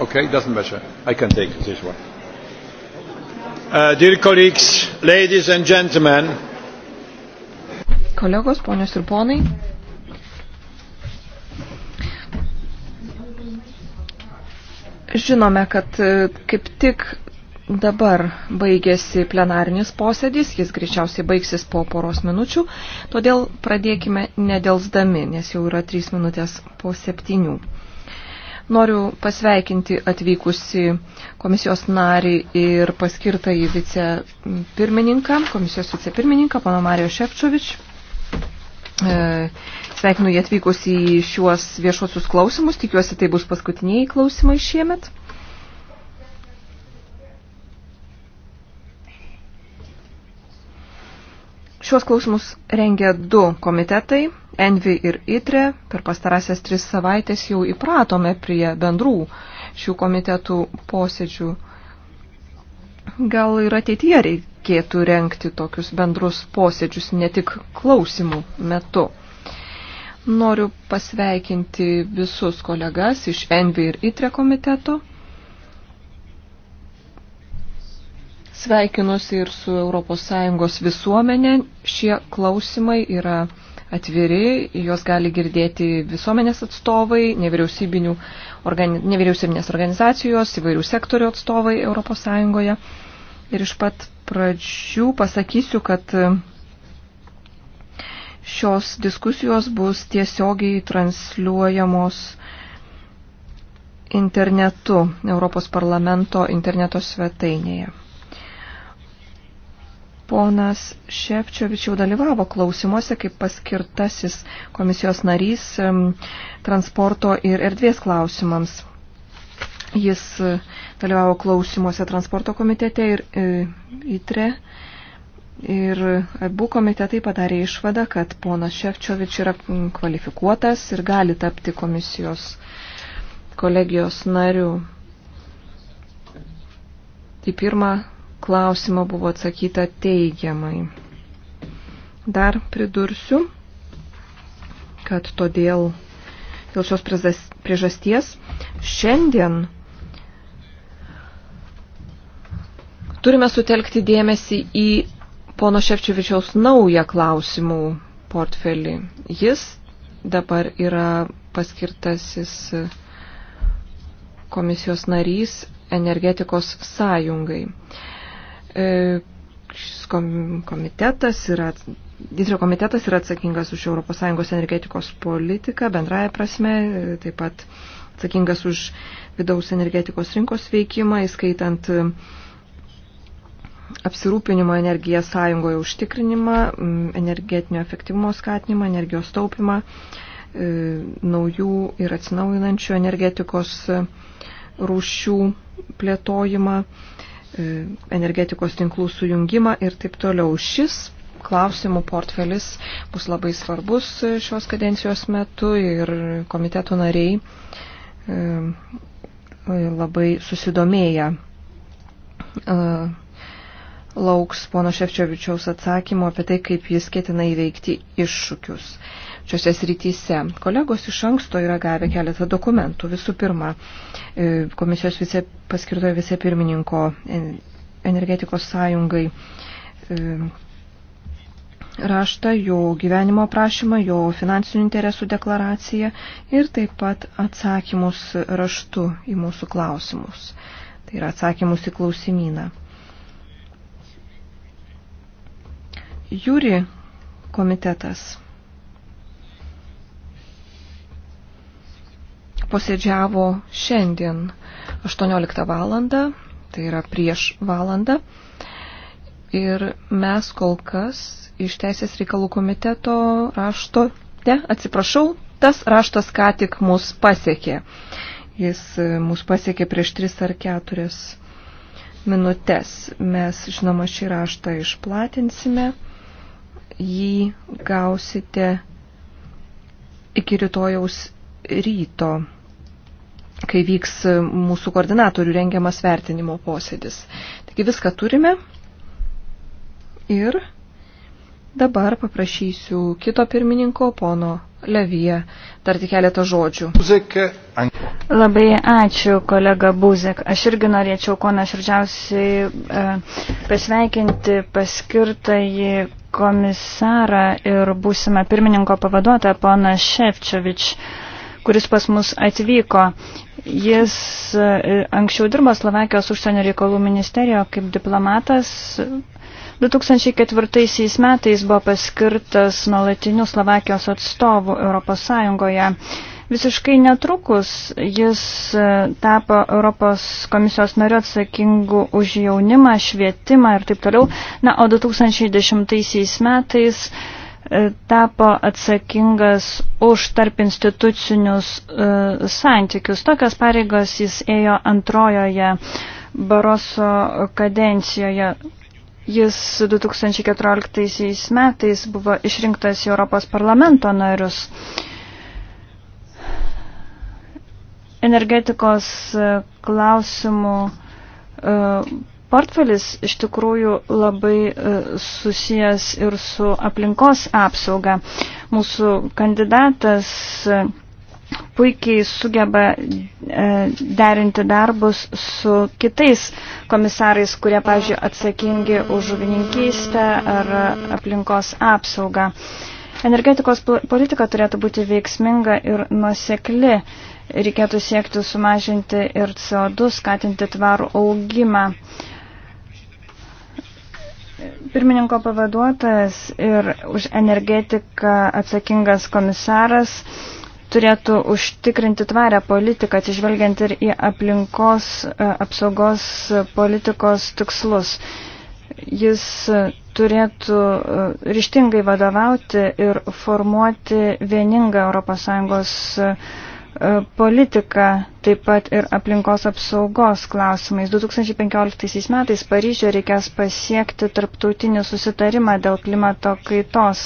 Okay, doesn't matter. I can take this one. Uh, dear colleagues, ladies and gentlemen. Kolegos, ponios ir ponai. Žinome, kad e, kaip tik dabar baigėsi plenarinis posėdis, jis greičiausiai baigsis po poros minučių, todėl pradėkime nedelsdami, nes jau yra trys minutės po septynių. Noriu pasveikinti atvykusi komisijos narį ir paskirtą į vicepirmininką, komisijos vicepirmininką, pono Mario Šepčovič. E, sveikinu jį atvykus į šiuos viešuosius klausimus, tikiuosi tai bus paskutiniai klausimai šiemet. Šiuos klausimus rengia du komitetai Envi ir ITRE per pastarąsias tris savaitės jau įpratome prie bendrų šių komitetų posėdžių. Gal ir ateityje reikėtų renkti tokius bendrus posėdžius ne tik klausimų metu. Noriu pasveikinti visus kolegas iš Envi ir ITRE komiteto. Sveikinuosi ir su ES visuomenė. Šie klausimai yra atviri, juos gali girdėti visuomenės atstovai, organi nevyriausybinės organizacijos, įvairių sektorių atstovai ES. Ir iš pat pradžių pasakysiu, kad e, šios diskusijos bus tiesiogiai transliuojamos internetu Europos parlamento interneto svetainėje. Ponas Šefčiovičiau dalyvavo klausimuose kaip paskirtasis komisijos narys transporto ir erdvės klausimams. Jis e, dalyvavo klausimuose transporto komitete ir įtre. E, ir abu komitetai padarė išvadą, kad ponas Šefčiovič yra kvalifikuotas ir gali tapti komisijos kolegijos narių. Tai pirmą klausimo buvo atsakyta teigiamai. Dar pridursiu, kad todėl dėl šios priežasties šiandien turime sutelkti dėmesį į pono Šepčiovičiaus naują klausimų portfelį. Jis dabar yra paskirtasis komisijos narys energetikos sąjungai. E, šis komitetas yra, Izraelio komitetas yra atsakingas už ES energetikos politiką bendraja prasme, e, taip pat atsakingas už vidaus energetikos rinkos veikimą, įskaitant e, apsirūpinimo energiją sąjungoje užtikrinimą, energetinio efektyvumo skatinimą, energijos taupimą, naujų ir atsinaujinančių energetikos rūšių plėtojimą, E, energetikos tinklų sujungimą ir taip toliau. Šis klausimų portfelis bus labai svarbus šios kadencijos metu ir komitetų nariai e, labai susidomėję e, lauks pono Šefčiovičiaus atsakymo apie tai, kaip jis ketina įveikti iššūkius šiuose srityse. Kolegos iš anksto yra gavę keletą dokumentų. Visų pirma, e, komisijos vice, paskirtojo vicepirmininko e, energetikos sąjungai e, raštą, jo gyvenimo aprašymą, jo finansinių interesų deklaraciją ir taip pat atsakymus raštu į mūsų klausimus. Tai yra atsakymus į klausimyną. Jūri komitetas posėdžiavo šiandien 18 valandą, tai yra prieš valandą. Ir mes kol kas iš Teisės reikalų komiteto rašto, ne, atsiprašau, tas raštas ką tik mus pasiekė. Jis e, mus pasiekė prieš 3 ar 4 minutės. Mes, žinoma, šį raštą išplatinsime. Jį gausite iki rytojaus ryto kai vyks mūsų koordinatorių rengiamas vertinimo posėdis. Taigi viską turime ir dabar paprašysiu kito pirmininko, pono Levyje, tarti keletą žodžių. Labai ačiū, kolega Buzek. Aš irgi norėčiau kuo naširdžiausiai e, pasveikinti paskirtąjį komisarą ir būsimą pirmininko pavaduotą, poną Ševčiovič. E, kuris pas mus atvyko. Jis e, anksčiau dirbo Slovakijos užsienio reikalų ministerijoje kaip diplomatas. 2004 metais buvo paskirtas nuolatiniu Slovakijos atstovu Europos Sąjungoje. Visiškai netrukus jis e, tapo Europos komisijos nariu atsakingu už jaunimą, švietimą ir taip toliau. Na, o 2010 metais E, tapo atsakingas už tarp institucinius e, santykius. Tokias pareigos jis ėjo antrojoje Baroso kadencijoje. Jis 2014 metais buvo išrinktas Europos parlamento narius. Energetikos e, klausimų Portfelis iš tikrųjų labai e, susijęs ir su aplinkos apsauga. Mūsų kandidatas e, puikiai sugeba e, derinti darbus su kitais komisarais, kurie, pavyzdžiui, atsakingi už žuvininkystę ar aplinkos apsaugą. Energetikos politika turėtų būti veiksminga ir nusekli. Reikėtų siekti sumažinti ir CO2, skatinti tvarų augimą. Uh, Pirmininko pavaduotojas ir už energetiką atsakingas komisaras turėtų užtikrinti tvarę politiką, atsižvelgiant ir į aplinkos e, apsaugos politikos tikslus. Jis turėtų e, ryštingai vadovauti ir formuoti vieningą ES E, politiką, taip pat ir aplinkos apsaugos klausimais. 2015 metais Paryžioje reikės pasiekti tarptautinį susitarimą dėl klimato kaitos.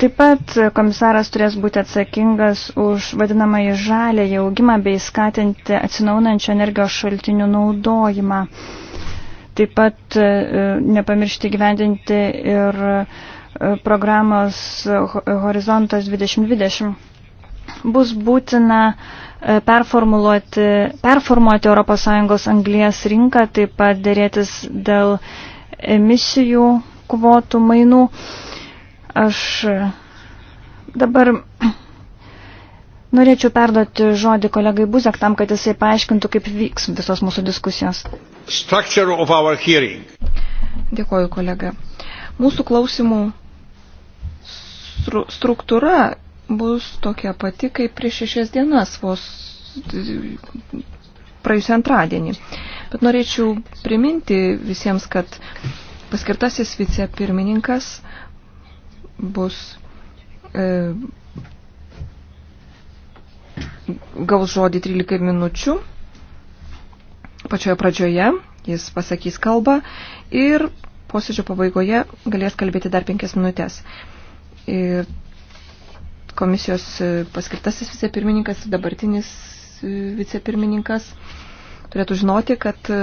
Taip pat komisaras turės būti atsakingas už vadinamąjį žalę jaugimą bei skatinti atsinaunančio energijos šaltinių naudojimą. Taip pat e, nepamiršti gyvendinti ir e, programos Horizontas 2020 bus būtina e, performuoti, performuoti ES anglijas rinką, taip pat dėrėtis dėl emisijų kvotų mainų. Aš dabar norėčiau perduoti žodį kolegai Buzek tam, kad jisai paaiškintų, kaip vyks visos mūsų diskusijos. Dėkuoju, kolega. Mūsų klausimų struktūra bus tokia pati kaip prieš šešias dienas, vos praėjusią antradienį. Bet norėčiau priminti visiems, kad paskirtasis vicepirmininkas bus e, gaus žodį 13 minučių pačioje pradžioje, jis pasakys kalbą ir posėdžio pabaigoje galės kalbėti dar 5 minutės. Ir komisijos e, paskirtasis vicepirmininkas ir dabartinis e, vicepirmininkas turėtų žinoti, kad e,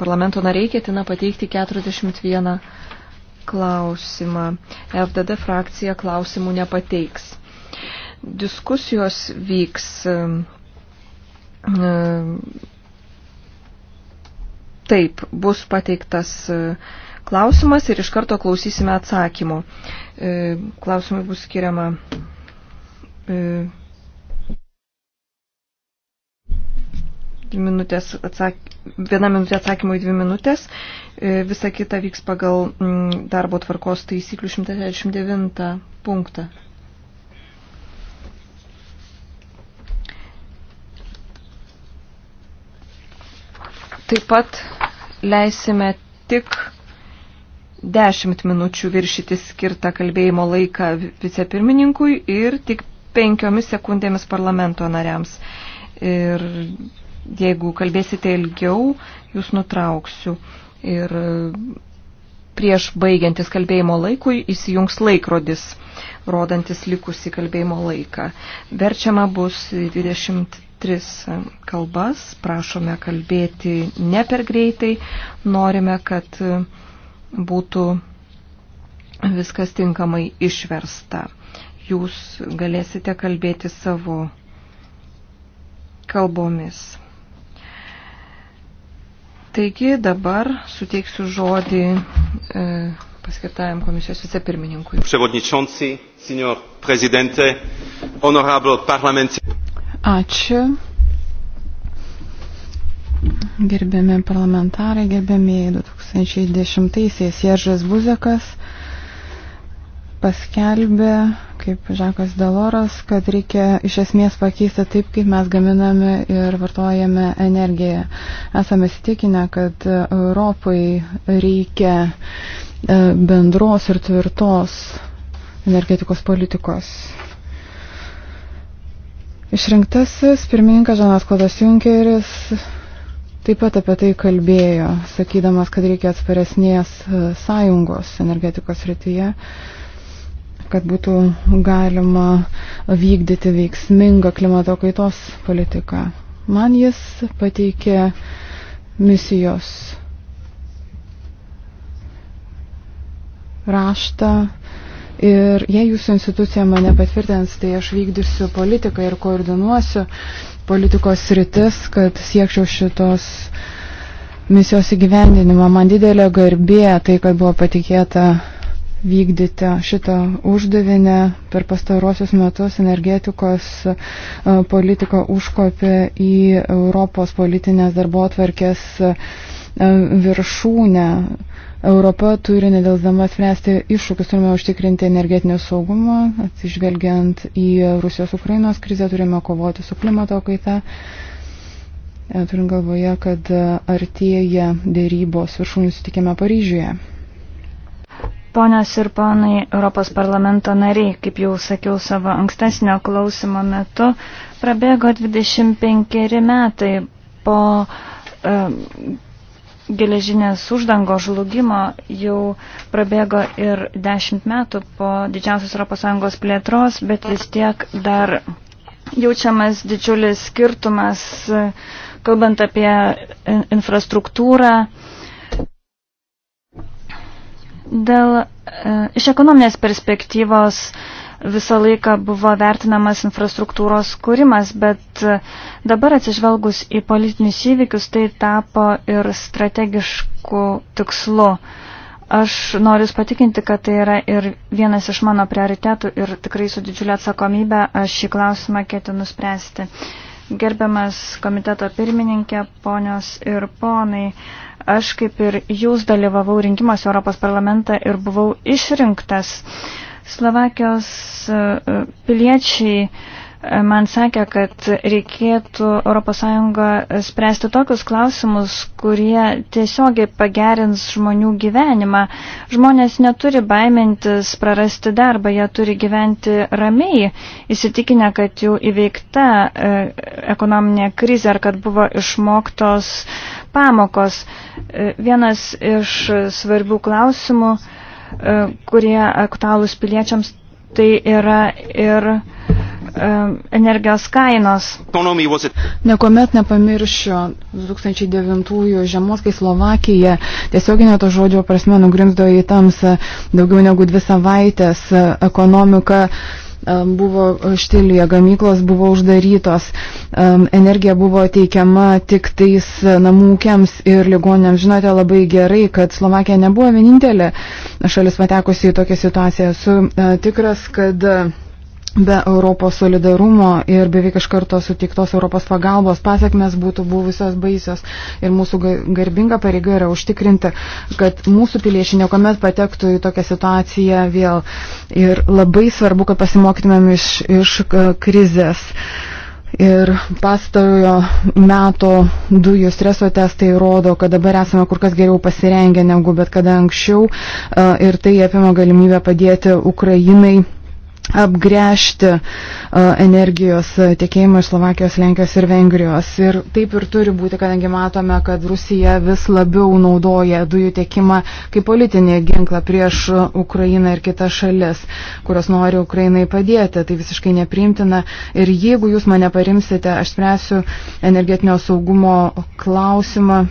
parlamento nariai ketina pateikti 41 klausimą. FDD frakcija klausimų nepateiks. Diskusijos vyks taip, bus pateiktas klausimas ir iš karto klausysime atsakymų. E, klausimai bus skiriama. E, minutės atsak... Viena minutė atsakymui dvi minutės. E, visa kita vyks pagal darbo tvarkos taisyklių 169 punktą. Taip pat leisime tik 10 minučių viršyti skirtą kalbėjimo laiką vicepirmininkui ir tik 5 sekundėmis parlamento nariams. Ir jeigu kalbėsite ilgiau, jūs nutrauksiu. Ir prieš baigiantis kalbėjimo laikui įsijungs laikrodis, rodantis likusi kalbėjimo laiką. Verčiama bus 20 tris kalbas, prašome kalbėti ne per greitai, norime, kad būtų viskas tinkamai išversta. Jūs galėsite kalbėti savo kalbomis. Taigi dabar suteiksiu žodį e, paskirtajam komisijos vicepirmininkui. Ačiū. Gerbiami parlamentarai, gerbiamieji 2010-aisiais Jeržas Buzekas paskelbė, kaip Žakas Deloras, kad reikia iš esmės pakeisti taip, kaip mes gaminame ir vartojame energiją. Esame įsitikinę, kad Europai reikia e, bendros ir tvirtos energetikos politikos. Išrinktasis pirmininkas Žanas Klodas Junkeris taip pat apie tai kalbėjo, sakydamas, kad reikia atsparesnės e, sąjungos energetikos rytyje kad būtų galima vykdyti veiksmingą klimato kaitos politiką. Man jis pateikė misijos raštą, Ir jei jūsų institucija mane patvirtins, tai aš vykdysiu politiką ir koordinuosiu politikos rytis, kad siekčiau šitos misijos įgyvendinimo. Man didelė garbė tai, kad buvo patikėta vykdyti šitą uždavinę per pastarosius metus energetikos e, politika užkopė į Europos politinės darbo atvarkės e, viršūnę. Europa turi nedelsdama spręsti iššūkius, turime užtikrinti energetinio saugumą, atsižvelgiant į Rusijos-Ukrainos krizę, turime kovoti su klimato kaita. E, Turim galvoje, kad artėja dėrybos viršūnių sutikime Paryžiuje. Ponios ir ponai Europos parlamento nariai, kaip jau sakiau savo ankstesnio klausimo metu, prabėgo 25 metai po e, geležinės uždango žlugimo jau prabėgo ir dešimt metų po didžiausios ES plėtros, bet vis tiek dar jaučiamas didžiulis skirtumas, kalbant apie infrastruktūrą. Dėl e, iš ekonominės perspektyvos e, visą laiką buvo vertinamas infrastruktūros kūrimas, bet e, dabar atsižvelgus į politinius įvykius, tai tapo ir strategišku tikslu. Aš noriu patikinti, kad tai yra ir vienas iš mano prioritetų ir tikrai su didžiulė atsakomybė aš šį klausimą ketinu spręsti. Gerbiamas komiteto pirmininkė, ponios ir ponai, aš kaip ir jūs dalyvavau rinkimuose Europos parlamentą ir buvau išrinktas. Uh, Slovakijos e, e, piliečiai e, man sakė, kad reikėtų ES spręsti tokius klausimus, kurie tiesiogiai pagerins žmonių gyvenimą. Žmonės neturi baimintis prarasti darbą, jie turi gyventi ramiai, įsitikinę, kad jau įveikta ekonominė krizė ar kad buvo išmoktos pamokos. Vienas iš svarbių klausimų E, kurie aktualūs piliečiams, tai yra ir e, energijos kainos. Niekuomet nepamiršiu 2009 žiemos, kai Slovakija tiesioginio to žodžio prasme nugrimzdo į tamsą daugiau negu dvi savaitės ekonomika buvo e, štilyje, gamyklos buvo uždarytos, energija buvo teikiama tik tais e, namūkiams ir ligonėms. Žinote labai gerai, kad Slovakija nebuvo vienintelė šalis patekusi į tokią situaciją. Esu e, tikras, kad be Europos solidarumo ir beveik iš karto suteiktos Europos pagalbos pasiekmes būtų buvusios baisios. Ir mūsų garbinga pareiga yra užtikrinti, kad mūsų piliečiai niekuomet patektų į tokią situaciją vėl. Ir labai svarbu, kad pasimokytumėm iš, iš e, krizės. Ir pastarojo meto dujų streso testai rodo, kad dabar esame kur kas geriau pasirengę negu bet kada anksčiau e, ir tai apima galimybę padėti Ukrainai apgręžti energijos tiekėjimą iš Slovakijos, Lenkijos ir Vengrijos. Ir taip ir turi būti, kadangi matome, kad Rusija vis labiau naudoja dujų tiekimą kaip politinį ginklą prieš Ukrainą ir kitas šalis, kurios nori Ukrainai padėti. Tai visiškai nepriimtina. Ir jeigu jūs mane parimsite, aš spręsiu energetinio saugumo klausimą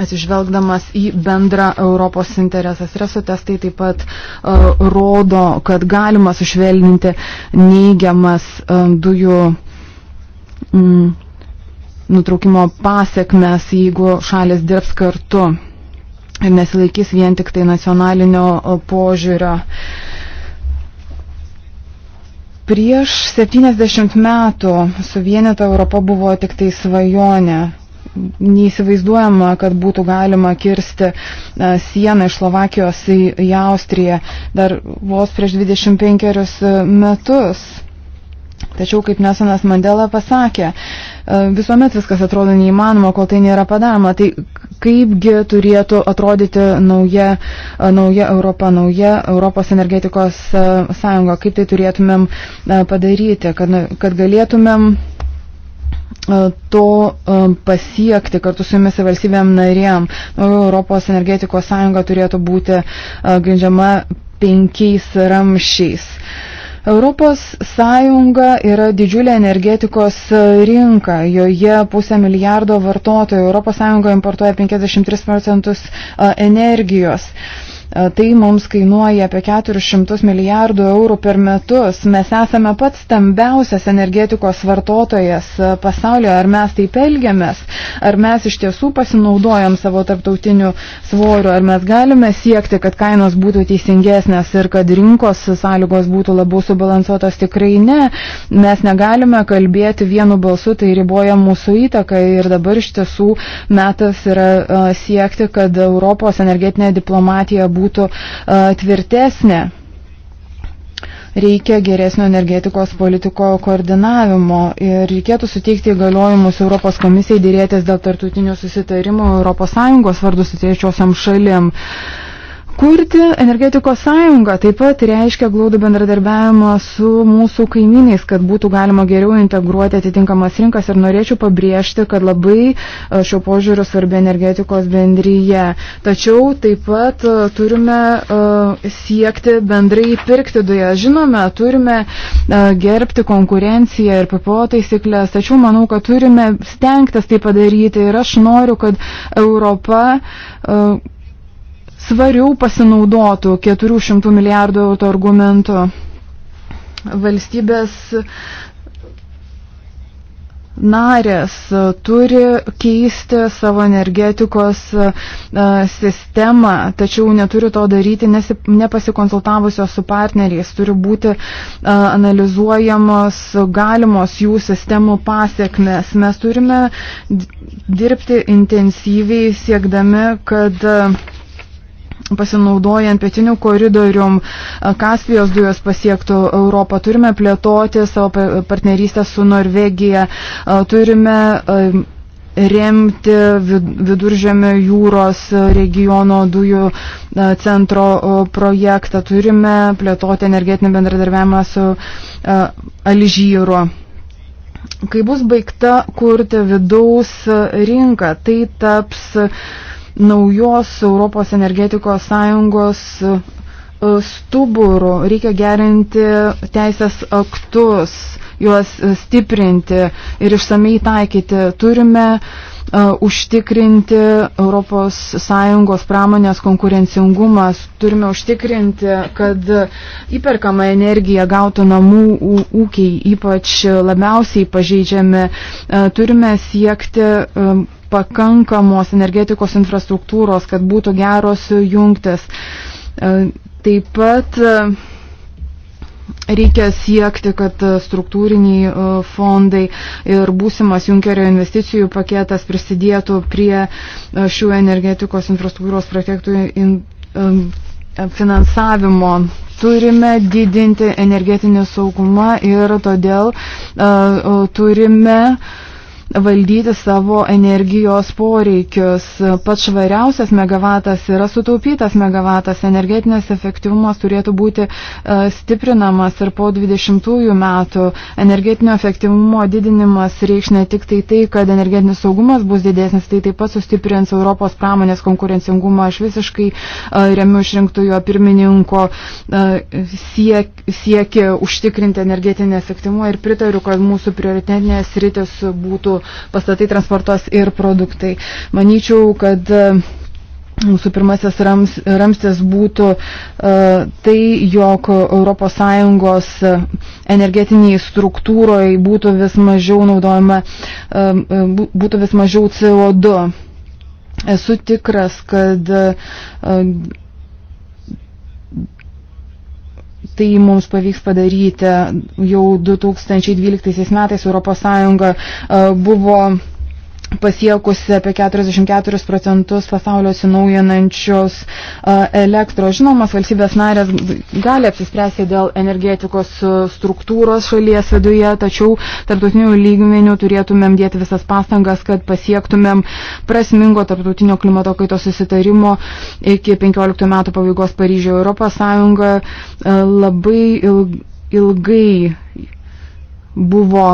Atsižvelgdamas į bendrą Europos interesą, streso testai taip pat uh, rodo, kad galima sušvelninti neigiamas uh, dujų mm, nutraukimo pasiekmes, jeigu šalis dirbs kartu ir nesilaikys vien tik tai nacionalinio e, požiūrio. Prieš 70 metų suvienyta Europa buvo tik tai svajonė neįsivaizduojama, kad būtų galima kirsti e, sieną iš Slovakijos į, į Austriją dar vos prieš 25 e, metus. Tačiau, kaip Nesanas Mandela pasakė, e, visuomet viskas atrodo neįmanoma, kol tai nėra padaroma. Tai kaipgi turėtų atrodyti nauja, nauja Europa, nauja Europos energetikos sąjunga, kaip tai turėtumėm padaryti, kad, kad galėtumėm E, to e, pasiekti kartu su jumis ir valstybėm narėm. Europos energetikos sąjunga turėtų būti e, grindžiama penkiais ramšiais. Europos sąjunga yra didžiulė energetikos rinka, joje pusę milijardo vartotojų, Europos sąjunga importuoja 53 procentus energijos. Uh, E, tai mums kainuoja apie 400 milijardų eurų per metus. Mes esame pats stambiausias energetikos vartotojas e, pasaulyje. Ar mes taip elgiamės? Ar mes iš tiesų pasinaudojam savo tarptautiniu svoriu? Ar mes galime siekti, kad kainos būtų teisingesnės ir kad rinkos sąlygos būtų labiau subalansuotos? Tikrai ne. Mes negalime kalbėti vienu balsu, tai riboja mūsų įtaką. Ir dabar iš tiesų metas yra e, siekti, kad Europos energetinė diplomatija būtų būtų tvirtesnė. Reikia geresnio energetikos politiko koordinavimo ir reikėtų suteikti įgaliojimus Europos komisijai dėrėtis dėl tartutinių susitarimų Europos Sąjungos vardu su trečiosiam šalim. Uh, Kurti energetikos sąjungą taip pat reiškia glaudų bendradarbiavimą su mūsų kaimynais, kad būtų galima geriau integruoti atitinkamas rinkas ir norėčiau pabrėžti, kad labai e, šio požiūriu svarbi energetikos bendryje. Tačiau taip pat e, turime e, siekti bendrai pirkti dujas. Žinome, turime gerbti konkurenciją ir PPO taisyklės, tačiau manau, kad turime stengtis tai padaryti ir aš noriu, kad Europa svariau pasinaudotų 400 milijardų eurų argumentų. Valstybės narės turi keisti savo energetikos e, sistemą, tačiau neturi to daryti nepasikonsultavusios su partneriais. Turi būti e, analizuojamos galimos jų sistemų pasiekmes. Mes turime dirbti intensyviai siekdami, kad pasinaudojant pietinių koridorium e, Kaspijos dujos pasiektų Europą. Turime plėtoti savo partnerystę su Norvegija, e, turime e, remti viduržėmio jūros regiono dujų centro projektą, turime plėtoti energetinį bendradarbiavimą su Alžyru. Kai bus baigta kurti vidaus rinką, tai taps uh, naujos Europos energetikos sąjungos e, stuburų, reikia gerinti teisės aktus, juos stiprinti ir išsamei taikyti. Turime uh, užtikrinti ES pramonės konkurencingumas, turime užtikrinti, kad įperkama energija gautų namų ūkiai, ypač labiausiai pažeidžiami. Uh, turime siekti uh, pakankamos energetikos infrastruktūros, kad būtų geros jungtis. E, taip pat e, reikia siekti, kad struktūriniai e, fondai ir būsimas Junkerio investicijų paketas prisidėtų prie šių energetikos infrastruktūros projektų in, finansavimo. Turime didinti energetinį saugumą ir todėl uh, turime uh, valdyti savo energijos poreikius. Pats švariausias megavatas yra sutaupytas megavatas, energetinės efektyvumas turėtų būti e, stiprinamas ir po 20 metų energetinio efektyvumo didinimas reikš ne tik tai tai, kad energetinis saugumas bus didesnis, tai taip pat sustiprins Europos pramonės konkurencingumą. Aš visiškai e, remiu išrinktojo pirmininko e, siek, siekį užtikrinti energetinį efektyvumą ir pritariu, kad mūsų prioritetinės rytis būtų pastatai transportos ir produktai. Manyčiau, kad e, mūsų pirmasis rams, ramstis būtų uh, tai, jog ES e, energetiniai struktūroje būtų vis mažiau naudojama, uh, būtų vis mažiau CO2. Esu tikras, kad uh, Tai mums pavyks padaryti jau 2012 metais Europos Sąjunga e, buvo pasiekusi apie 44 procentus pasaulio atsinaujinančios elektros. Žinomas, valstybės narės gali apsispręsti dėl energetikos struktūros šalies viduje, tačiau tarptautinių lygmenių turėtumėm dėti visas pastangas, kad pasiektumėm prasmingo tarptautinio klimato kaitos susitarimo iki 15 metų pabaigos Paryžioje. Europos Sąjunga labai ilgai buvo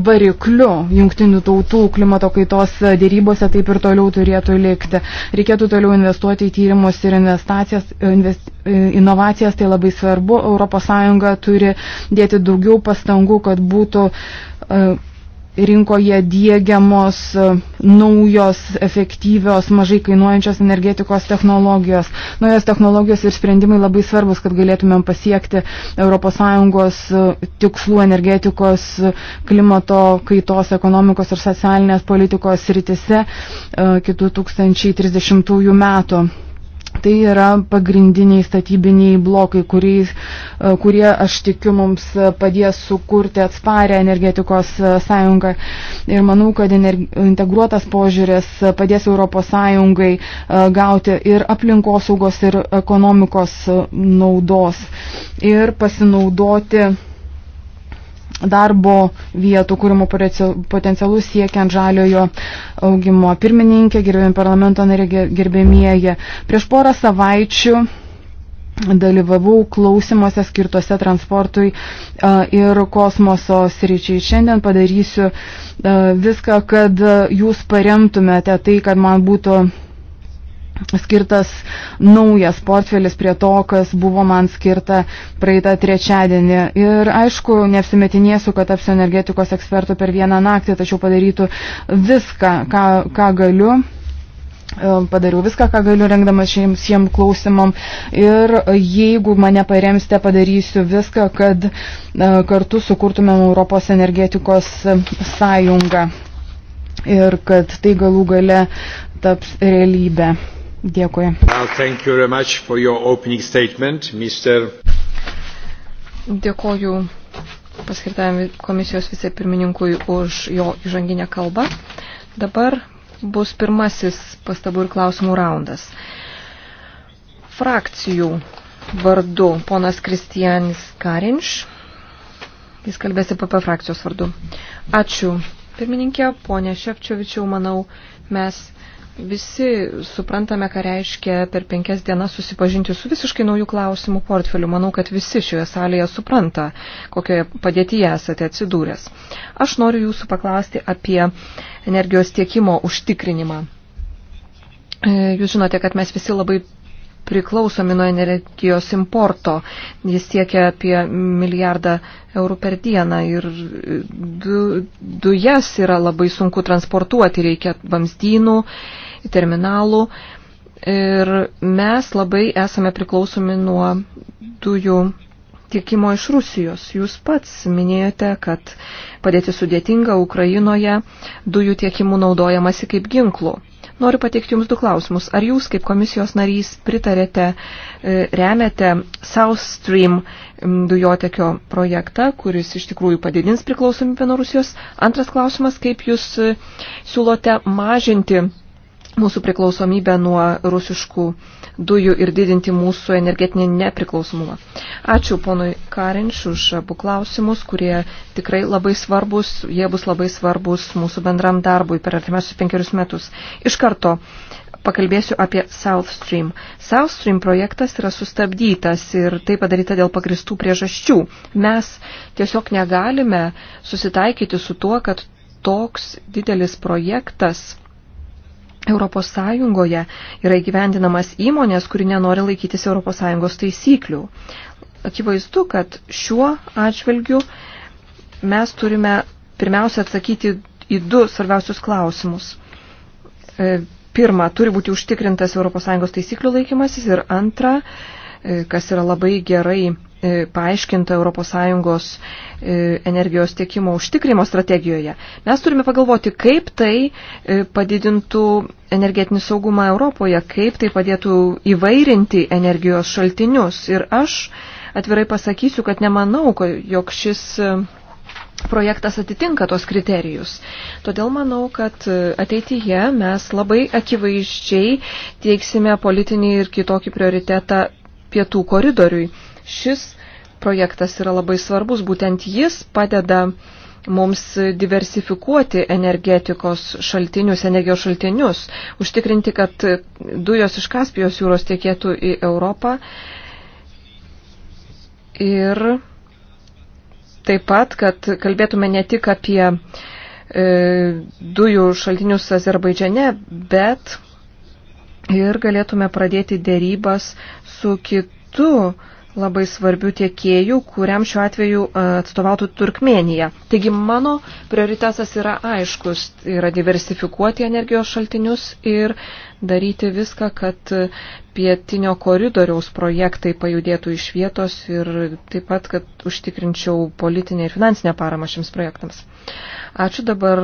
varikliu jungtinių tautų klimato kaitos dėrybose taip ir toliau turėtų likti. Reikėtų toliau investuoti į tyrimus ir investacijas, invest, inovacijas, tai labai svarbu. ES turi dėti daugiau pastangų, kad būtų uh, rinkoje dėgiamos e, naujos, efektyvios, mažai kainuojančios energetikos technologijos. Naujos technologijos ir sprendimai labai svarbus, kad galėtumėm pasiekti ES e, tikslų energetikos, e, klimato kaitos, ekonomikos ir socialinės politikos sritise iki 2030 metų. Tai yra pagrindiniai statybiniai blokai, kuriais, e, kurie, aš tikiu, mums padės sukurti atsparę energetikos e, sąjungą. Ir manau, kad integruotas požiūris padės ES e, gauti ir aplinkosaugos, ir ekonomikos naudos ir pasinaudoti darbo vietų kūrimo potencialus siekiant žaliojo augimo. Pirmininkė, gerbėjim parlamento nariai, gerbėmieji, prieš porą savaičių dalyvavau klausimuose skirtose transportui ir kosmoso sričiai. Šiandien padarysiu viską, kad jūs paremtumėte tai, kad man būtų skirtas naujas portfelis prie to, kas buvo man skirta praeitą trečiadienį. Ir aišku, neapsimetinėsiu, kad tapsiu energetikos ekspertų per vieną naktį, tačiau padarytų viską, ką, ką galiu e, padariau viską, ką galiu rengdamas šiems, šiem klausimam ir jeigu mane paremsite, padarysiu viską, kad e, kartu sukurtumėm Europos energetikos sąjungą ir kad tai galų gale taps realybė. Dėkui. Dėkoju paskirtam komisijos vicepirmininkui už jo įžanginę kalbą. Dabar bus pirmasis pastabų ir klausimų raundas. Frakcijų vardu ponas Kristijanis Karinš. Jis kalbėsi PP frakcijos vardu. Ačiū. Pirmininkė, ponė Šepčiovičiau, manau, mes Visi suprantame, ką reiškia per penkias dienas susipažinti su visiškai naujų klausimų portfeliu. Manau, kad visi šioje salėje supranta, kokioje padėtyje esate atsidūręs. Aš noriu jūsų paklausti apie energijos tiekimo užtikrinimą. E, jūs žinote, kad mes visi labai priklausomi nuo energijos importo. Jis siekia apie milijardą eurų per dieną ir du, dujas yra labai sunku transportuoti, reikia vamzdynų, terminalų ir mes labai esame priklausomi nuo dujų tiekimo iš Rusijos. Jūs pats minėjote, kad padėti sudėtinga Ukrainoje dujų tiekimų naudojamasi kaip ginklų. Noriu pateikti Jums du klausimus. Ar Jūs kaip komisijos narys pritarėte, e, remiate South Stream dujotekio projektą, kuris iš tikrųjų padidins priklausomybę nuo Rusijos? Antras klausimas, kaip Jūs e, siūlote mažinti mūsų priklausomybę nuo rusiškų dujų ir didinti mūsų energetinį nepriklausomumą. Ačiū ponui Karinš už abu klausimus, kurie tikrai labai svarbus, jie bus labai svarbus mūsų bendram darbui per artimiausius penkerius metus. Iš karto pakalbėsiu apie South Stream. South Stream projektas yra sustabdytas ir tai padaryta dėl pagristų priežasčių. Mes tiesiog negalime susitaikyti su tuo, kad toks didelis projektas Europos Sąjungoje yra įgyvendinamas įmonės, kuri nenori laikytis Europos Sąjungos taisyklių. Akivaizdu, kad šiuo atžvilgiu mes turime pirmiausia atsakyti į du svarbiausius klausimus. E, pirma, turi būti užtikrintas ES taisyklių laikymasis ir antra, e, kas yra labai gerai E, paaiškinta ES e, energijos tiekimo užtikrimo strategijoje. Mes turime pagalvoti, kaip tai e, padidintų energetinį saugumą Europoje, kaip tai padėtų įvairinti energijos šaltinius. Ir aš atvirai pasakysiu, kad nemanau, jog šis projektas atitinka tos kriterijus. Todėl manau, kad ateityje mes labai akivaizdžiai teiksime politinį ir kitokį prioritetą pietų koridoriui. Šis projektas yra labai svarbus, būtent jis padeda mums diversifikuoti energetikos šaltinius, energijos šaltinius, užtikrinti, kad dujos iš Kaspijos jūros tiekėtų į Europą ir taip pat, kad kalbėtume ne tik apie e, dujų šaltinius Azerbaidžiane, bet ir galėtume pradėti dėrybas su kitu labai svarbių tiekėjų, kuriam šiuo atveju e, atstovautų Turkmenija. Taigi mano prioritetas yra aiškus, yra diversifikuoti energijos šaltinius ir daryti viską, kad pietinio koridoriaus projektai pajudėtų iš vietos ir taip pat, kad užtikrinčiau politinę ir finansinę paramą šiems projektams. Ačiū dabar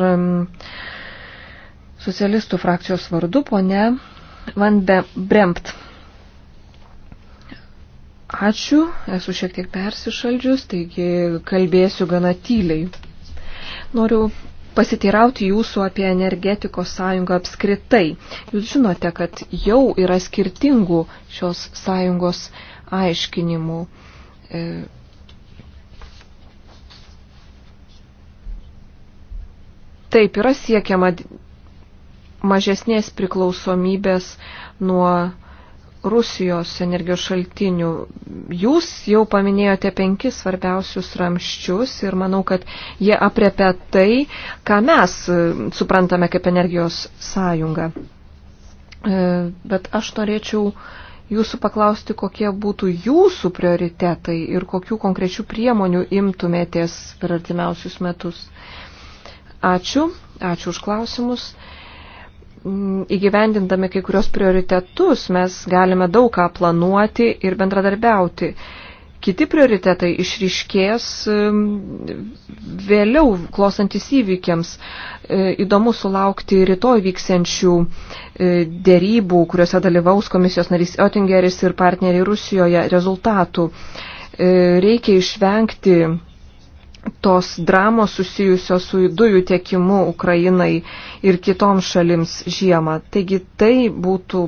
socialistų frakcijos vardu, ponė Van Brempt. Ačiū, esu šiek tiek persišaldžius, taigi kalbėsiu gana tyliai. Noriu pasitirauti jūsų apie energetikos sąjungą apskritai. Jūs žinote, kad jau yra skirtingų šios sąjungos aiškinimų. E, taip yra siekiama mažesnės priklausomybės nuo Rusijos energijos šaltinių. Jūs jau paminėjote penkis svarbiausius ramščius ir manau, kad jie apriepia tai, ką mes e, suprantame kaip energijos sąjunga. E, bet aš norėčiau jūsų paklausti, kokie būtų jūsų prioritetai ir kokių konkrečių priemonių imtumėtės per artimiausius metus. Ačiū, ačiū už klausimus. Mm, įgyvendindami kai kurios prioritetus mes galime daug ką planuoti ir bendradarbiauti. Kiti prioritetai išriškės mm, vėliau, klostantis įvykiams. E, įdomu sulaukti rytoj vyksiančių e, dėrybų, kuriuose dalyvaus komisijos narys Oettingeris ir partneriai Rusijoje rezultatų. E, reikia išvengti tos dramos susijusios su dujų tiekimu Ukrainai ir kitoms šalims žiemą. Taigi tai būtų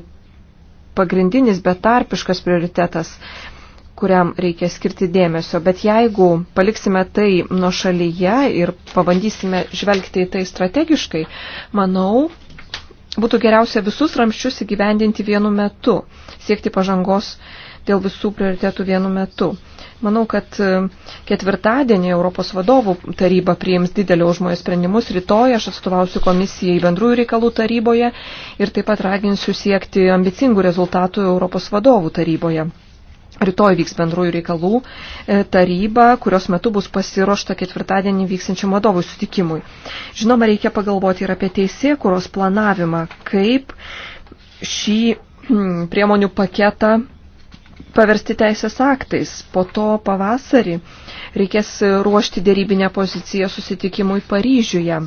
pagrindinis betarpiškas prioritetas, kuriam reikia skirti dėmesio. Bet jeigu paliksime tai nuo šalyje ir pabandysime žvelgti į tai strategiškai, manau, būtų geriausia visus ramščius įgyvendinti vienu metu, siekti pažangos dėl visų prioritetų vienu metu. Manau, kad e, ketvirtadienį Europos vadovų taryba priims didelio užmojo sprendimus. Rytoj aš atstovausiu komisijai bendrųjų reikalų taryboje ir taip pat raginsiu siekti ambicingų rezultatų Europos vadovų taryboje. Rytoj vyks bendrųjų reikalų e, taryba, kurios metu bus pasiruošta ketvirtadienį vyksančiam vadovų sutikimui. Žinoma, reikia pagalvoti ir apie teisėkuros planavimą, kaip šį hm, priemonių paketą paversti teisės aktais. Po to pavasarį reikės ruošti dėrybinę poziciją susitikimui Paryžiuje.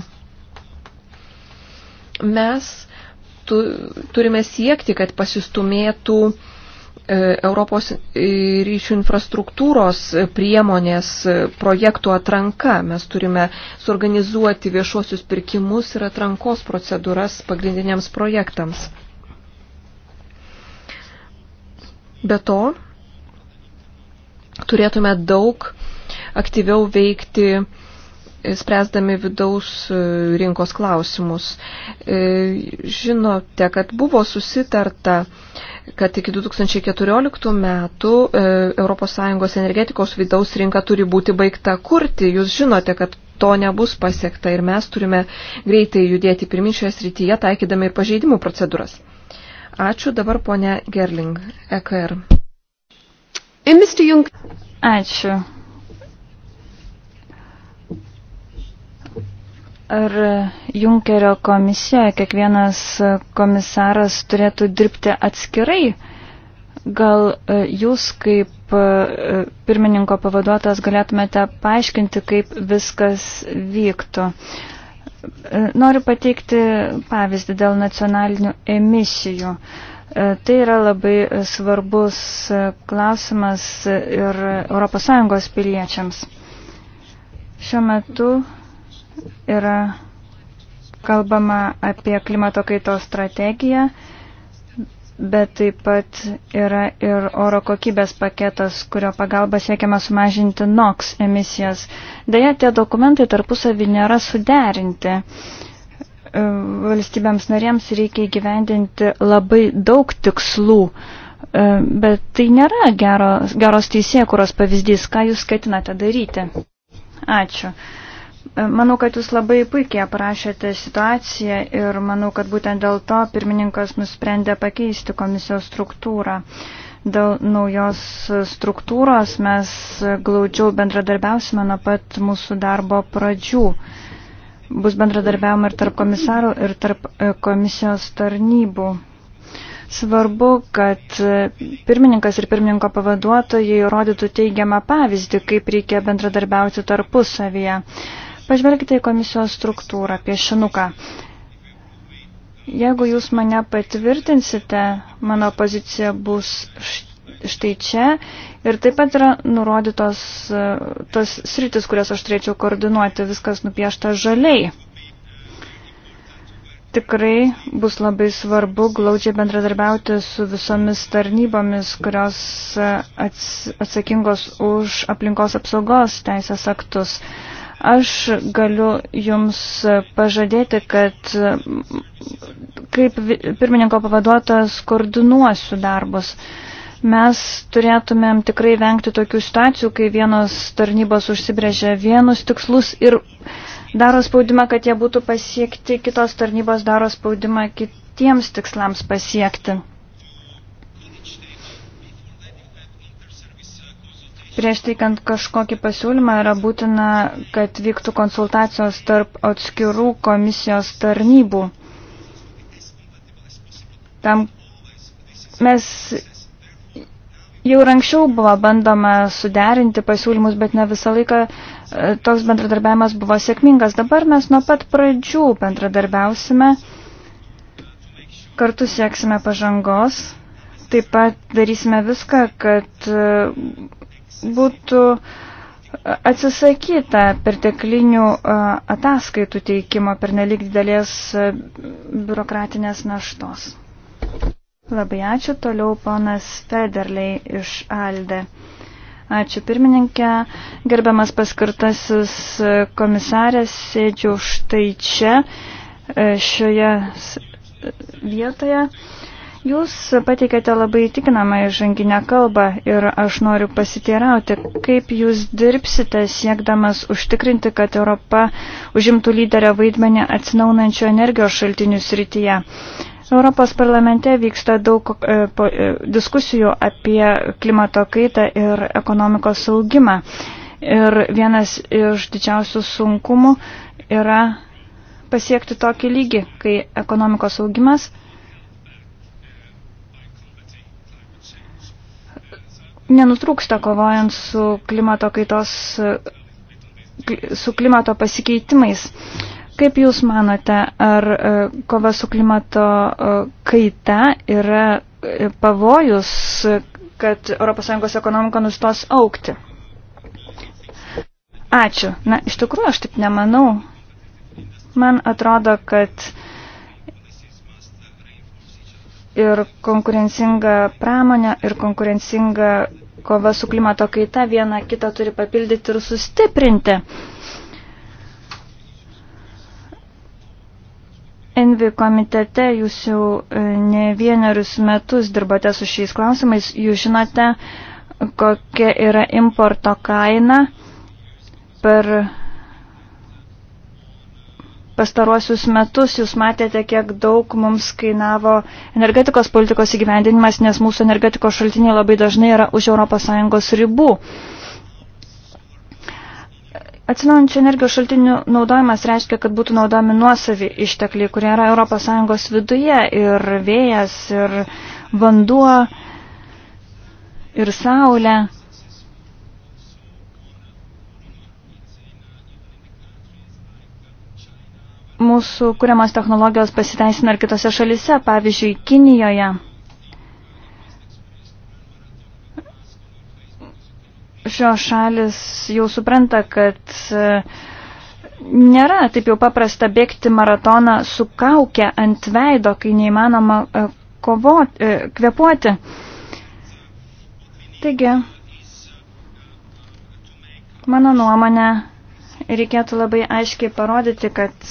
Mes tu, turime siekti, kad pasistumėtų e, Europos e, ryšių infrastruktūros priemonės e, projektų atranka. Mes turime suorganizuoti viešuosius pirkimus ir atrankos procedūras pagrindiniams projektams. Be to, turėtume daug aktyviau veikti e, spręsdami vidaus e, rinkos klausimus. E, žinote, kad buvo susitarta, kad iki 2014 metų ES energetikos vidaus rinka turi būti baigta kurti. Jūs žinote, kad to nebus pasiekta ir mes turime greitai judėti pirmin šioje srityje, taikydami ir pažeidimų procedūras. Ačiū dabar ponė Gerling, EKR. E, Ačiū. Ar Junkerio komisijoje kiekvienas komisaras turėtų dirbti atskirai? Gal e, jūs kaip e, pirmininko pavaduotojas galėtumėte paaiškinti, kaip viskas vyktų? Uh, E, noriu pateikti pavyzdį dėl nacionalinių emisijų. E, tai yra labai svarbus klausimas ir ES piliečiams. Šiuo metu yra kalbama apie klimato kaitos strategiją bet taip pat yra ir oro kokybės paketas, kurio pagalba siekiama sumažinti NOX emisijas. Deja, tie dokumentai tarpusavį nėra suderinti. E, valstybėms narėms reikia įgyvendinti labai daug tikslų, e, bet tai nėra geros, geros teisėkuros pavyzdys, ką jūs ketinate daryti. Ačiū. Manau, kad jūs labai puikiai aprašėte situaciją ir manau, kad būtent dėl to pirmininkas nusprendė pakeisti komisijos struktūrą. Dėl naujos struktūros mes glaudžiau bendradarbiausime nuo pat mūsų darbo pradžių. Bus bendradarbiavimo ir tarp komisarų, ir tarp e, komisijos tarnybų. Svarbu, kad pirmininkas ir pirmininko pavaduotojai rodytų teigiamą pavyzdį, kaip reikia bendradarbiauti tarpusavyje. Pažvelkite į komisijos struktūrą, piešinuką. Jeigu jūs mane patvirtinsite, mano pozicija bus štai čia ir taip pat yra nurodytos e, tas sritis, kurias aš turėčiau koordinuoti, viskas nupiešta žaliai tikrai bus labai svarbu glaudžiai bendradarbiauti su visomis tarnybomis, kurios e, atsakingos už aplinkos apsaugos teisės aktus. Aš galiu Jums pažadėti, kad kaip pirmininko pavaduotas koordinuosiu darbus. Mes turėtumėm tikrai vengti tokių situacijų, kai vienos tarnybos užsibrėžia vienus tikslus ir daro spaudimą, kad jie būtų pasiekti, kitos tarnybos daro spaudimą kitiems tikslams pasiekti. Prieš teikiant kažkokį pasiūlymą yra būtina, kad vyktų konsultacijos tarp atskirų komisijos tarnybų. Tam mes jau ir anksčiau buvo bandoma suderinti pasiūlymus, bet ne visą laiką e, toks bendradarbiavimas buvo sėkmingas. Dabar mes nuo pat pradžių bendradarbiausime, kartu sieksime pažangos, taip pat darysime viską, kad e, būtų atsisakyta perteklinių ataskaitų teikimo per nelik didelės biurokratinės naštos. Labai ačiū. Toliau ponas Federley iš Alde. Ačiū pirmininkė. Gerbiamas paskirtasis komisarės, sėdžiu štai čia, šioje vietoje. Jūs pateikėte labai įtikinamą įžanginę kalbą ir aš noriu pasiteirauti, kaip jūs dirbsite siekdamas užtikrinti, kad Europa užimtų lyderio vaidmenį atsinaunančio energijos šaltinių srityje. Europos parlamente vyksta daug e, po, e, diskusijų apie klimato kaitą ir ekonomikos augimą. Ir vienas iš didžiausių sunkumų yra pasiekti tokį lygį, kai ekonomikos augimas nenutrūksta kovojant su klimato kaitos, su klimato pasikeitimais. Kaip Jūs manote, ar e, kova su klimato e, kaita yra e, pavojus, kad ES ekonomika nustos aukti? Ačiū. Na, iš tikrųjų, aš taip nemanau. Man atrodo, kad uh, ir konkurencinga pramonė ir konkurencinga kova su klimato kaita viena kitą turi papildyti ir sustiprinti. Envi komitete jūs jau e, ne vienerius metus dirbate su šiais klausimais, jūs žinote, kokia yra importo kaina per pastaruosius metus jūs matėte, kiek daug mums kainavo energetikos politikos įgyvendinimas, nes mūsų energetikos šaltiniai labai dažnai yra už ES ribų. Atsinaujančių energijos šaltinių naudojimas reiškia, kad būtų naudojami nuosavi ištekliai, kurie yra ES viduje ir vėjas, ir vanduo, ir saulė. mūsų kuriamos technologijos pasiteisina ir kitose šalise, pavyzdžiui, Kinijoje. Šios šalis jau supranta, kad e, nėra taip jau paprasta bėgti maratoną su kaukė ant veido, kai neįmanoma e, kovoti, e, kvepuoti. Taigi, mano nuomonė, reikėtų labai aiškiai parodyti, kad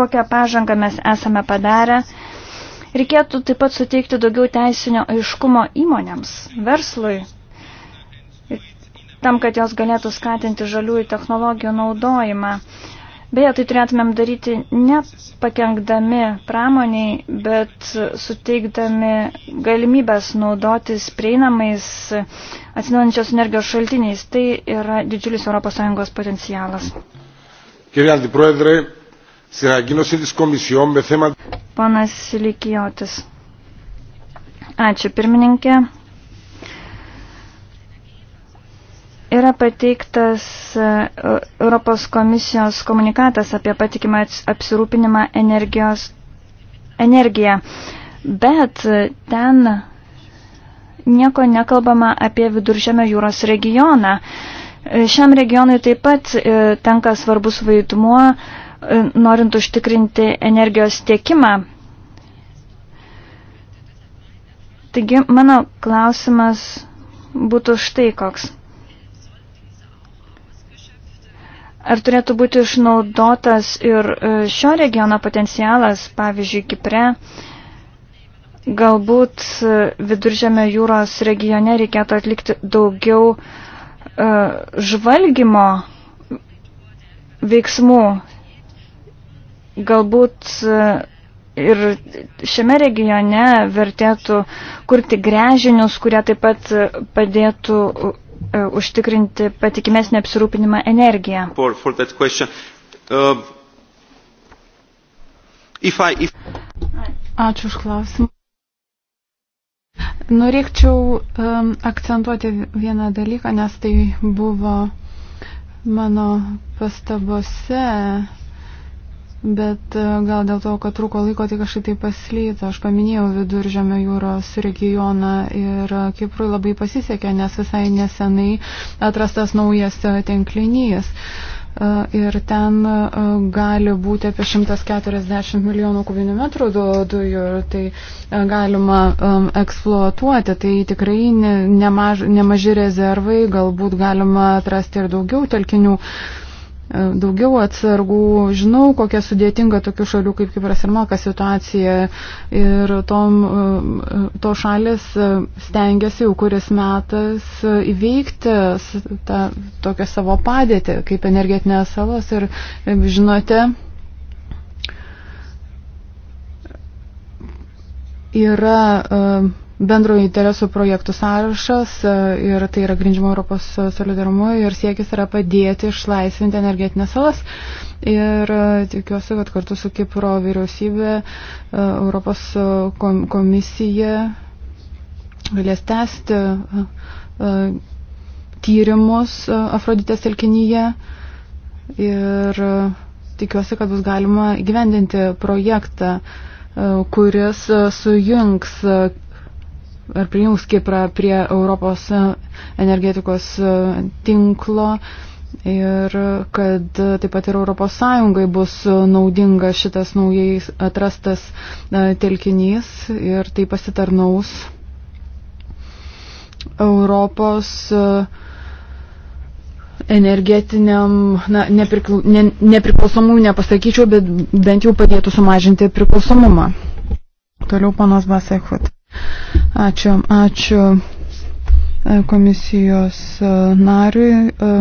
kokią pažangą mes esame padarę. Reikėtų taip pat suteikti daugiau teisinio aiškumo įmonėms, verslui, tam, kad jos galėtų skatinti žaliųjų technologijų naudojimą. Beje, tai turėtumėm daryti ne pakengdami pramoniai, bet suteikdami galimybės naudotis prieinamais atsinaujančios energijos šaltiniais. Tai yra didžiulis ES potencialas. Panas Silikijotis. Ačiū pirmininkė. Yra pateiktas e, e, Europos komisijos komunikatas apie patikimą apsirūpinimą energijos, energiją, bet e, ten nieko nekalbama apie viduržėmio jūros regioną. Šiam regionui taip pat tenka svarbus vaidmuo, norint užtikrinti energijos tiekimą. Taigi mano klausimas būtų štai koks. Ar turėtų būti išnaudotas ir e, šio regiono potencialas, pavyzdžiui, Kipre? Galbūt e, viduržėme jūros regione reikėtų atlikti daugiau e, žvalgymo veiksmų. Galbūt ir šiame regione vertėtų kurti grežinius, kurie taip pat padėtų E, užtikrinti patikimesnį apsirūpinimą energiją. For, for uh, if I, if... Ačiū už klausimą. Norėčiau um, akcentuoti vieną dalyką, nes tai buvo mano pastabose Bet e, gal dėl to, kad trūko laiko, tai kažkaip tai paslyto. Aš paminėjau viduržėmio jūros regioną ir e, Kiprui labai pasisekė, nes visai nesenai atrastas naujas e, tinklinys. Ir ten gali būti apie 140 milijonų kubinių metrų dujų ir tai galima eksploatuoti. Tai tikrai nemaž, nemaži rezervai, galbūt galima atrasti ir daugiau telkinių daugiau atsargų, žinau, kokia sudėtinga tokių šalių kaip Kipras ir Malka situacija ir tom, to šalis stengiasi jau kuris metas įveikti tą tokią savo padėtį kaip energetinės salos ir žinote, yra uh, bendrojo interesų projektų sąrašas e, ir tai yra grindžiama Europos solidarumu ir siekis yra padėti išlaisvinti energetinės salas. Ir e, tikiuosi, kad kartu su Kipro vyriausybė, e, Europos komisija galės tęsti tyrimus Afroditės telkinyje ir tikiuosi, kad bus galima gyvendinti projektą, kuris sujungs ar prijungs Kiprą prie Europos energetikos tinklo. Ir kad taip pat ir Europos Sąjungai bus naudinga šitas naujai atrastas e, telkinys ir tai pasitarnaus Europos e, energetiniam, na, neprikl, ne, nepriklausomumui nepasakyčiau, bet bent jau padėtų sumažinti priklausomumą. Toliau panas Basekvat. Ačiū, ačiū e, komisijos e, nariui. E,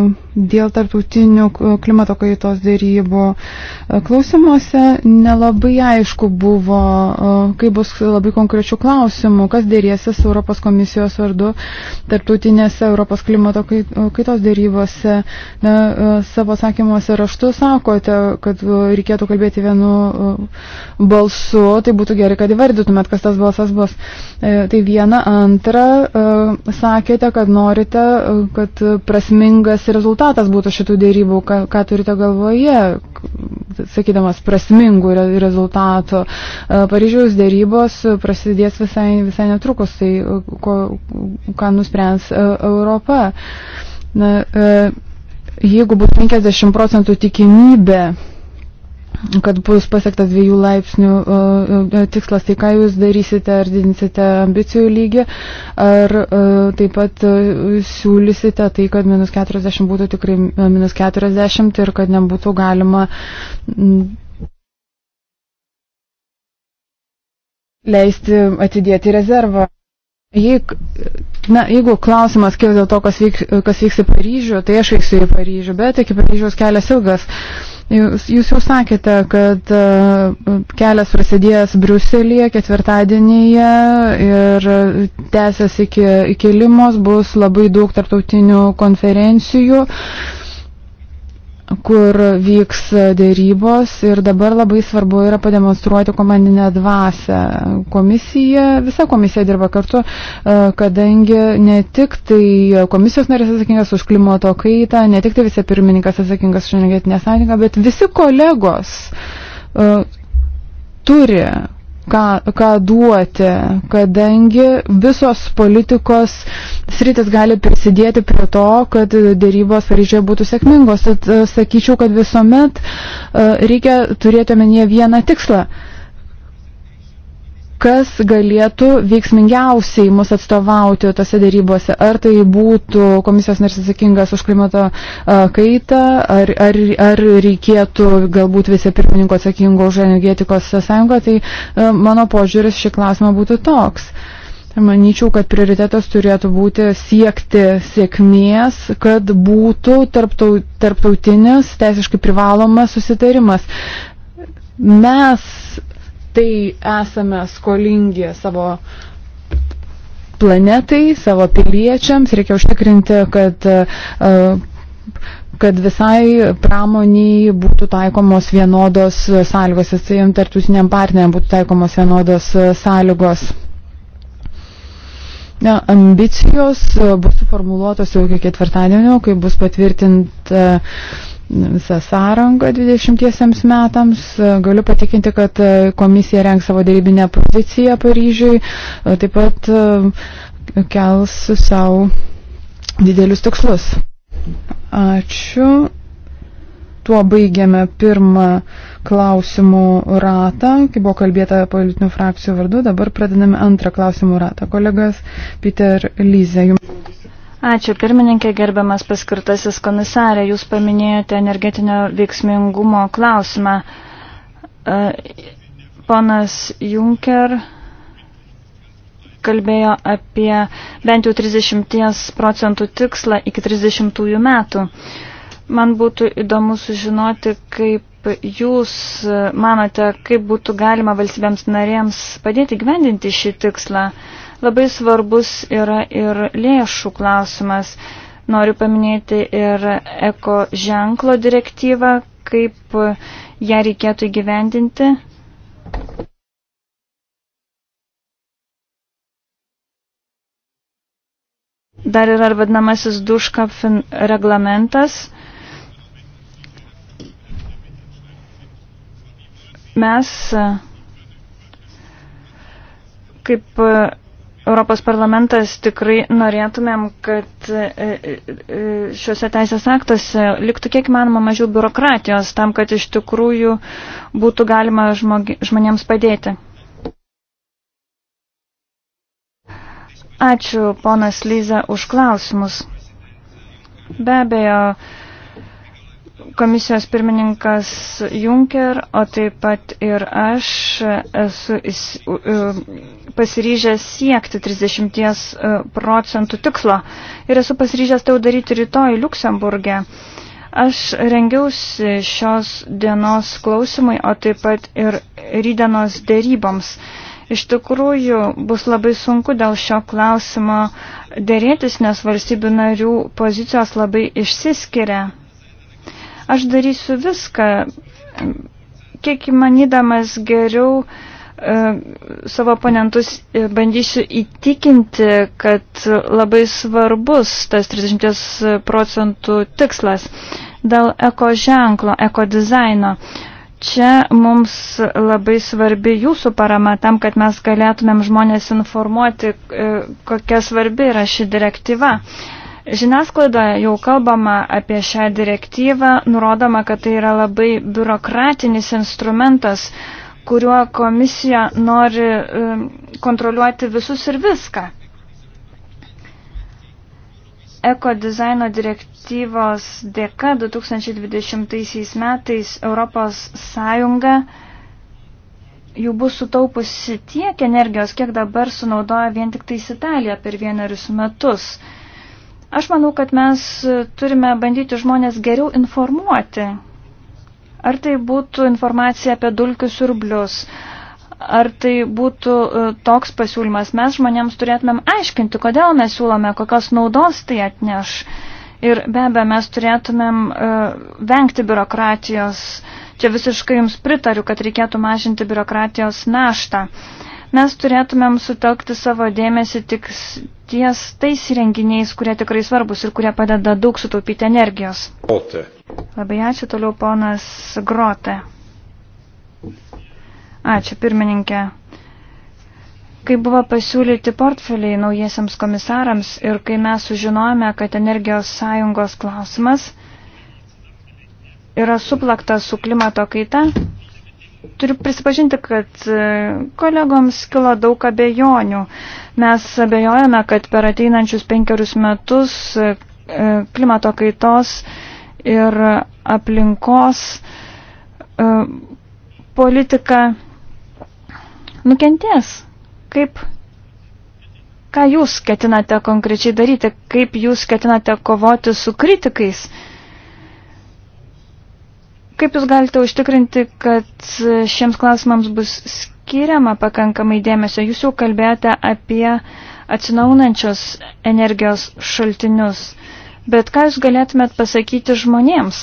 dėl tarptautinių klimato kaitos dėrybų. E, klausimuose nelabai aišku buvo, e, kai bus labai konkrečių klausimų, kas dėrėsis Europos komisijos vardu tarptautinėse Europos klimato e, kaitos dėrybose. Na, savo sakymuose raštu sakote, kad reikėtų kalbėti vienu balsu, tai būtų gerai, kad įvardytumėt, kas tas balsas bus. Tai viena, antra, sakėte, kad norite, kad prasmingas rezultatas rezultatas būtų šitų dėrybų, ką, ką turite galvoje, sakydamas, prasmingų re, rezultatų. E, Paryžiaus dėrybos prasidės visai, visai netrukus, tai e, ko, ką nuspręs e, Europa. Na, jeigu būtų 50 procentų tikimybė kad bus pasiektas dviejų laipsnių tikslas, tai ką jūs darysite, ar didinsite ambicijų lygį, ar taip pat siūlysite tai, kad minus 40 būtų tikrai e, minus 40 ir kad nebūtų galima leisti atidėti rezervą. Jeigu, na, jeigu klausimas kils dėl to, kas vyks, kas vyks į Paryžių, tai aš vyksiu į Paryžių, bet iki Paryžiaus kelias ilgas. Uh, Jūs, jūs jau sakėte, kad e, kelias prasidėjęs Briuselėje ketvirtadienyje ir tęsiasi iki, iki Limos, bus labai daug tarptautinių konferencijų. Uh, kur vyks dėrybos ir dabar labai svarbu yra pademonstruoti komandinę dvasę. Komisija, visa komisija dirba kartu, e, kadangi ne tik tai komisijos narės atsakingas už klimato kaitą, ne tik tai visi pirmininkas atsakingas už energetinę sąjungą, bet visi kolegos e, turi ką, ką duoti, kadangi visos politikos sritis gali prisidėti prie to, kad dėrybos Paryžioje būtų sėkmingos. Tad e, sakyčiau, kad visuomet e, reikia turėti omenyje vieną tikslą. Uh, kas galėtų veiksmingiausiai mus atstovauti tose dėrybose. Ar tai būtų komisijos narys atsakingas už klimato kaitą, ar, ar, ar reikėtų galbūt visi pirmininko atsakingo už energetikos sąjungą, tai mano požiūris šį klausimą būtų toks. Manyčiau, kad prioritetas turėtų būti siekti sėkmės, kad būtų tarptautinis teisiškai privalomas susitarimas. Mes tai esame skolingi savo planetai, savo piliečiams. Reikia užtikrinti, kad e, kad visai pramoniai būtų taikomos vienodos sąlygos, visiems tartusiniam partneriam būtų taikomos vienodos sąlygos. Na, ambicijos bus suformuluotos jau iki ketvirtadienio, kai bus patvirtinta uh, visą sąrangą 20 metams. Galiu patikinti, kad komisija renks savo dėrybinę poziciją Paryžiui, taip pat e, kels savo didelius tikslus. Ačiū. Tuo baigiame pirmą klausimų ratą, kai buvo kalbėta politinių frakcijų vardu, dabar pradedame antrą klausimų ratą. Kolegas Peter Lyze, jums. Ačiū pirmininkė, gerbiamas paskirtasis komisarė. Jūs paminėjote energetinio veiksmingumo klausimą. E, ponas Juncker kalbėjo apie bent jau 30 procentų tikslą iki 30 metų. Man būtų įdomu sužinoti, kaip jūs manote, kaip būtų galima valstybėms narėms padėti gyvendinti šį tikslą. Uh, Labai svarbus yra ir lėšų klausimas. Noriu paminėti ir eko ženklo direktyvą, kaip ją reikėtų įgyvendinti. Dar yra ir vadinamasis duškapfin reglamentas. Mes kaip Europos parlamentas tikrai norėtumėm, kad e, e, e, šiuose teisės aktuose liktų kiek manoma mažiau biurokratijos tam, kad iš tikrųjų būtų galima žmogi, žmonėms padėti. Ačiū ponas Lyza už klausimus. Be abejo, komisijos pirmininkas Juncker, o taip pat ir aš esu pasiryžęs siekti 30 e, procentų tikslo ir esu pasiryžęs tai daryti rytoj Luksemburgė. Aš rengiausi šios dienos klausimai, o taip pat ir rydienos dėryboms. Iš tikrųjų bus labai sunku dėl šio klausimo dėrėtis, nes valstybių narių pozicijos labai išsiskiria. Aš darysiu viską, kiek įmanydamas geriau e, savo oponentus e, bandysiu įtikinti, kad labai svarbus tas 30 procentų tikslas dėl eko ženklo, eko dizaino. Čia mums labai svarbi jūsų parama tam, kad mes galėtumėm žmonės informuoti, e, kokia svarbi yra ši direktyva. Uh, Žiniasklaidoje jau kalbama apie šią direktyvą, nurodoma, kad tai yra labai biurokratinis instrumentas, kuriuo komisija nori um, kontroliuoti visus ir viską. Eko dizaino direktyvos dėka 2020 metais Europos Sąjunga jau bus sutaupusi tiek energijos, kiek dabar sunaudoja vien tik tais Italija per vienerius metus. Aš manau, kad mes turime bandyti žmonės geriau informuoti. Ar tai būtų informacija apie dulkius ir blius, ar tai būtų e, toks pasiūlymas. Mes žmonėms turėtumėm aiškinti, kodėl mes siūlome, kokios naudos tai atneš. Ir be abejo, mes turėtumėm uh, vengti biurokratijos. Čia visiškai jums pritariu, kad reikėtų mažinti biurokratijos naštą. Uh, Mes turėtumėm sutelkti savo dėmesį tik ties tais renginiais, kurie tikrai svarbus ir kurie padeda daug sutaupyti energijos. Grote. Labai ačiū toliau ponas Grote. Ačiū pirmininkė. Kai buvo pasiūlyti portfeliai naujiesiams komisarams ir kai mes sužinojome, kad energijos sąjungos klausimas yra suplaktas su klimato kaita, Turiu prisipažinti, kad e, kolegoms kilo daug abejonių. Mes abejojame, kad per ateinančius penkerius metus e, e, klimato kaitos ir aplinkos politika nukentės. Kaip, ką jūs ketinate konkrečiai daryti, kaip jūs ketinate kovoti su kritikais? Kaip Jūs galite užtikrinti, kad šiems klausimams bus skiriama pakankamai dėmesio? Jūs jau kalbėjote apie atsinaunančios energijos šaltinius, bet ką Jūs galėtumėt pasakyti žmonėms?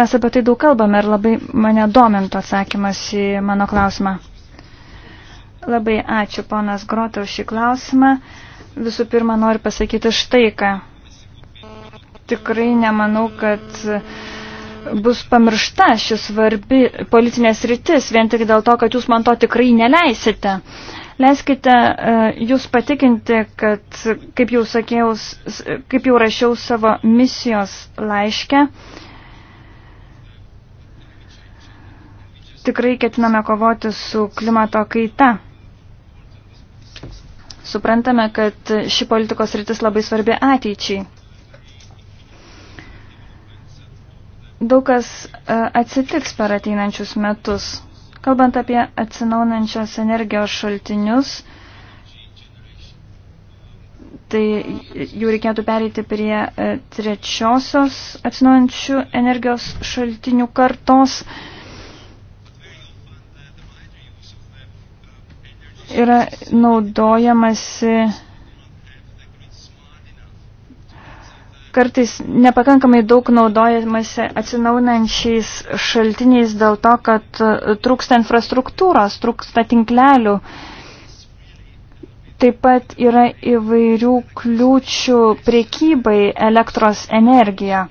Mes apie tai daug kalbame ir labai mane domintų atsakymas į mano klausimą. Labai ačiū, ponas Grota, už šį klausimą. Visų pirma, noriu pasakyti štai ką tikrai nemanau, kad bus pamiršta šis svarbi politinės rytis, vien tik dėl to, kad jūs man to tikrai neleisite. Leiskite e, jūs patikinti, kad, kaip jau, sakėjau, kaip jau rašiau savo misijos laiškę, tikrai ketiname kovoti su klimato kaita. Suprantame, kad ši politikos rytis labai svarbi ateičiai. daug kas e, atsitiks per ateinančius metus. Kalbant apie atsinaunančios energijos šaltinius, tai jų reikėtų pereiti prie e, trečiosios atsinaujančių energijos šaltinių kartos. Yra naudojamasi kartais nepakankamai daug naudojamasi atsinaunančiais šaltiniais dėl to, kad e, trūksta infrastruktūros, trūksta tinklelių. Taip pat yra įvairių kliūčių priekybai elektros energiją.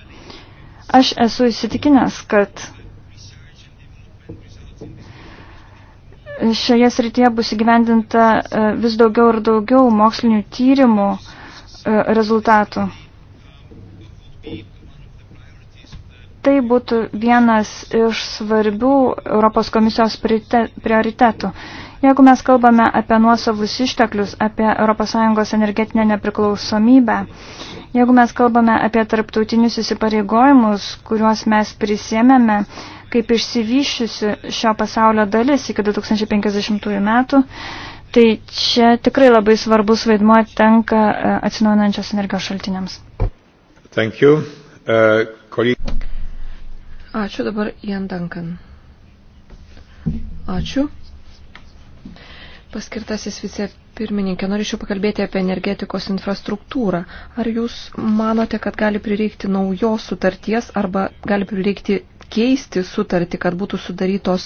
Aš esu įsitikinęs, kad šioje srityje bus įgyvendinta e, vis daugiau ir daugiau mokslinių tyrimų e, rezultatų. Tai būtų vienas iš svarbių Europos komisijos prioritetų. Jeigu mes kalbame apie nuosavus išteklius, apie ES energetinę nepriklausomybę, jeigu mes kalbame apie tarptautinius įsipareigojimus, kuriuos mes prisėmėme kaip išsivyščiusi šio pasaulio dalis iki 2050 metų, tai čia tikrai labai svarbus vaidmuo tenka e, atsinaujinančios energijos šaltiniams. Thank you. Uh, colleague... Ačiū dabar Jan Duncan. Ačiū. Paskirtasis vicepirmininkė, norėčiau pakalbėti apie energetikos infrastruktūrą. Ar jūs manote, kad gali prireikti naujos sutarties arba gali prireikti keisti sutartį, kad būtų sudarytos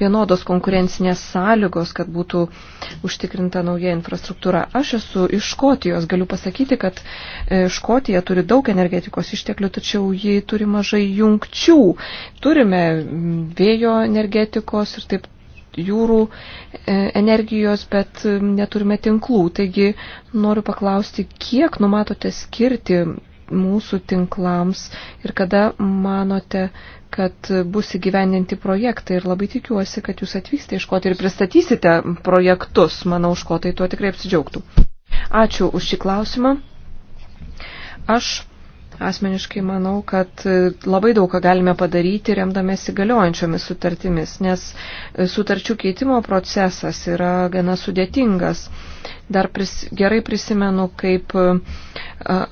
vienodos konkurencinės sąlygos, kad būtų užtikrinta nauja infrastruktūra. Aš esu iš Škotijos, galiu pasakyti, kad e, Škotija turi daug energetikos išteklių, tačiau ji turi mažai jungčių. Turime vėjo energetikos ir taip jūrų e, energijos, bet neturime tinklų. Taigi noriu paklausti, kiek numatote skirti mūsų tinklams ir kada manote, kad bus įgyvendinti projektai. Ir labai tikiuosi, kad jūs atvyksite iš Škotai ir pristatysite projektus. Manau, Škotai tuo tikrai apsidžiaugtų. Ačiū už šį klausimą. Aš asmeniškai manau, kad labai daug ką galime padaryti remdamėsi galiojančiomis sutartimis, nes sutarčių keitimo procesas yra gana sudėtingas. Dar pris, gerai prisimenu, kaip e,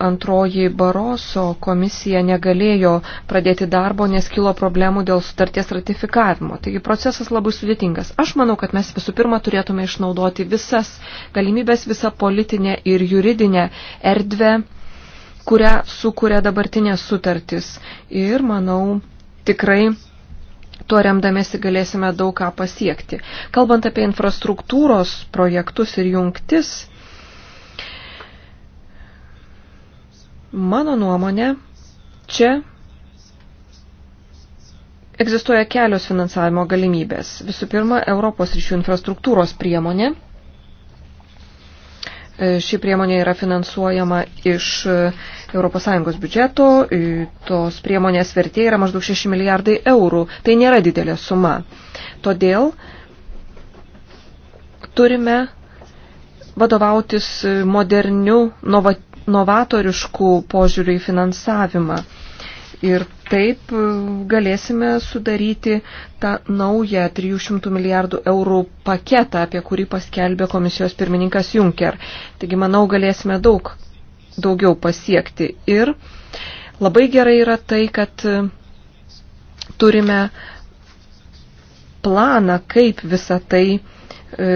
antroji Baroso komisija negalėjo pradėti darbo, nes kilo problemų dėl sutarties ratifikavimo. Taigi procesas labai sudėtingas. Aš manau, kad mes visų pirma turėtume išnaudoti visas galimybės, visą politinę ir juridinę erdvę kurią sukuria dabartinės sutartis. Ir manau, tikrai Tuo remdamėsi galėsime daug ką pasiekti. Kalbant apie infrastruktūros projektus ir jungtis, mano nuomonė, čia egzistuoja kelios finansavimo galimybės. Visų pirma, Europos ryšių infrastruktūros priemonė. E, ši priemonė yra finansuojama iš ES biudžeto, tos priemonės vertė yra maždaug 6 milijardai eurų. Tai nėra didelė suma. Todėl turime vadovautis modernių, nova, novatoriškų požiūrių į finansavimą. Ir taip e, galėsime sudaryti tą naują 300 milijardų eurų paketą, apie kurį paskelbė komisijos pirmininkas Juncker. Taigi, manau, galėsime daug daugiau pasiekti. Ir labai gerai yra tai, kad e, turime planą, kaip visą tai e,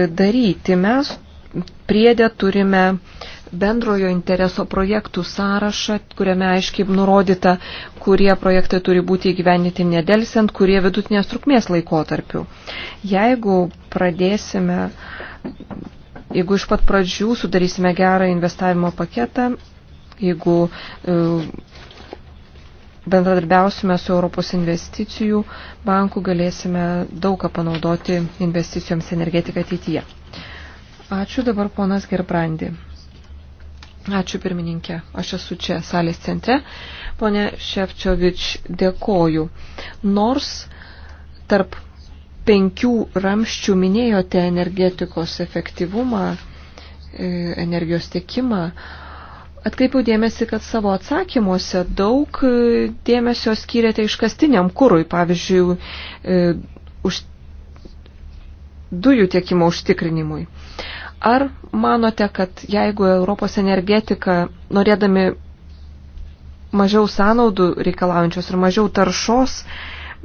daryti. Mes priedę turime bendrojo intereso projektų sąrašą, kuriame aiškiai nurodyta, kurie projektai turi būti įgyveninti nedelsiant, kurie vidutinės trukmės laikotarpių. Jeigu pradėsime Jeigu iš pat pradžių sudarysime gerą investavimo paketą, jeigu e, bendradarbiausime su Europos investicijų banku, galėsime daugą panaudoti investicijoms energetiką ateityje. Ačiū dabar ponas Gerbrandi. Ačiū pirmininkė, aš esu čia salės centre. Pone Ševčiovič, dėkoju. Nors tarp penkių ramščių minėjote energetikos efektyvumą, e, energijos tiekimą. Atkreipiau dėmesį, kad savo atsakymuose daug e, dėmesio skiriate iškastiniam kūrui, pavyzdžiui, e, už dujų tiekimo užtikrinimui. Ar manote, kad jeigu Europos energetika, norėdami mažiau sąnaudų reikalaujančios ir mažiau taršos,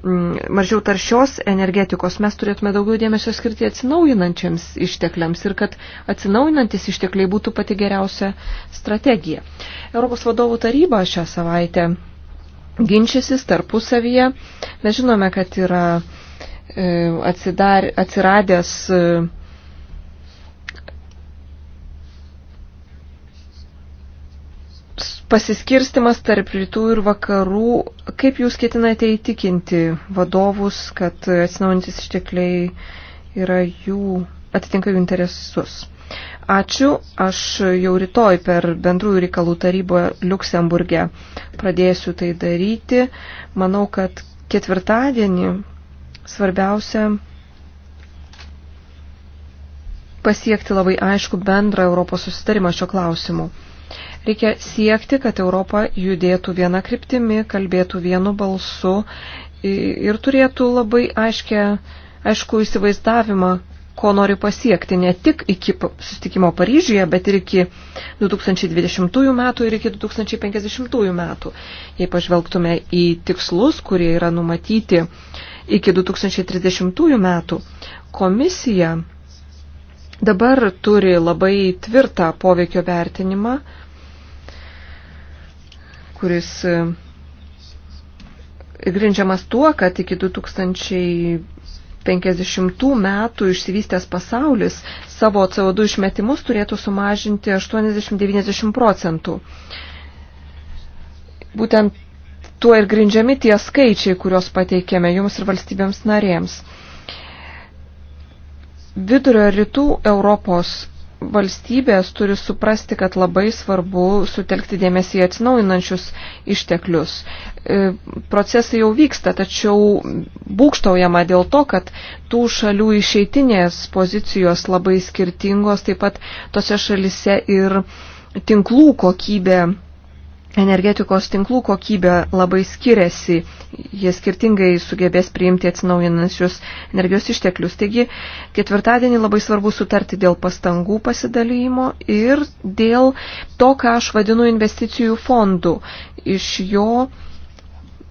Mm, mažiau taršios energetikos mes turėtume daugiau dėmesio skirti atsinaujinančiams ištekliams ir kad atsinaujinantis ištekliai būtų pati geriausia strategija. Europos vadovų taryba šią savaitę ginčiasis tarpusavyje. Mes žinome, kad yra e, atsidar, atsiradęs e, pasiskirstimas tarp rytų ir vakarų, kaip jūs ketinate įtikinti vadovus, kad atsinaujantis ištekliai yra jų, atitinka jų interesus? Ačiū, aš jau rytoj per bendrųjų reikalų tarybą Luksemburgė pradėsiu tai daryti. Manau, kad ketvirtadienį svarbiausia pasiekti labai aišku bendrą Europos susitarimą šio klausimu. Reikia siekti, kad Europa judėtų viena kryptimi, kalbėtų vienu balsu ir turėtų labai aiškę, aišku įsivaizdavimą, ko nori pasiekti ne tik iki sustikimo Paryžyje, bet ir iki 2020 metų ir iki 2050 metų. Jei pažvelgtume į tikslus, kurie yra numatyti iki 2030 metų, komisija dabar turi labai tvirtą poveikio vertinimą kuris e, grindžiamas tuo, kad iki 2050 metų išsivystęs pasaulis savo CO2 išmetimus turėtų sumažinti 80-90 procentų. Būtent tuo ir grindžiami tie skaičiai, kuriuos pateikėme jums ir valstybėms narėms. Vidurio rytų Europos valstybės turi suprasti, kad labai svarbu sutelkti dėmesį į atsinaujinančius išteklius. E, procesai jau vyksta, tačiau būkštaujama dėl to, kad tų šalių išeitinės pozicijos labai skirtingos, taip pat tose šalise ir tinklų kokybė energetikos tinklų kokybė labai skiriasi, jie skirtingai sugebės priimti atsinaujinančius energijos išteklius. Taigi ketvirtadienį labai svarbu sutarti dėl pastangų pasidalymo ir dėl to, ką aš vadinu investicijų fondų. Iš jo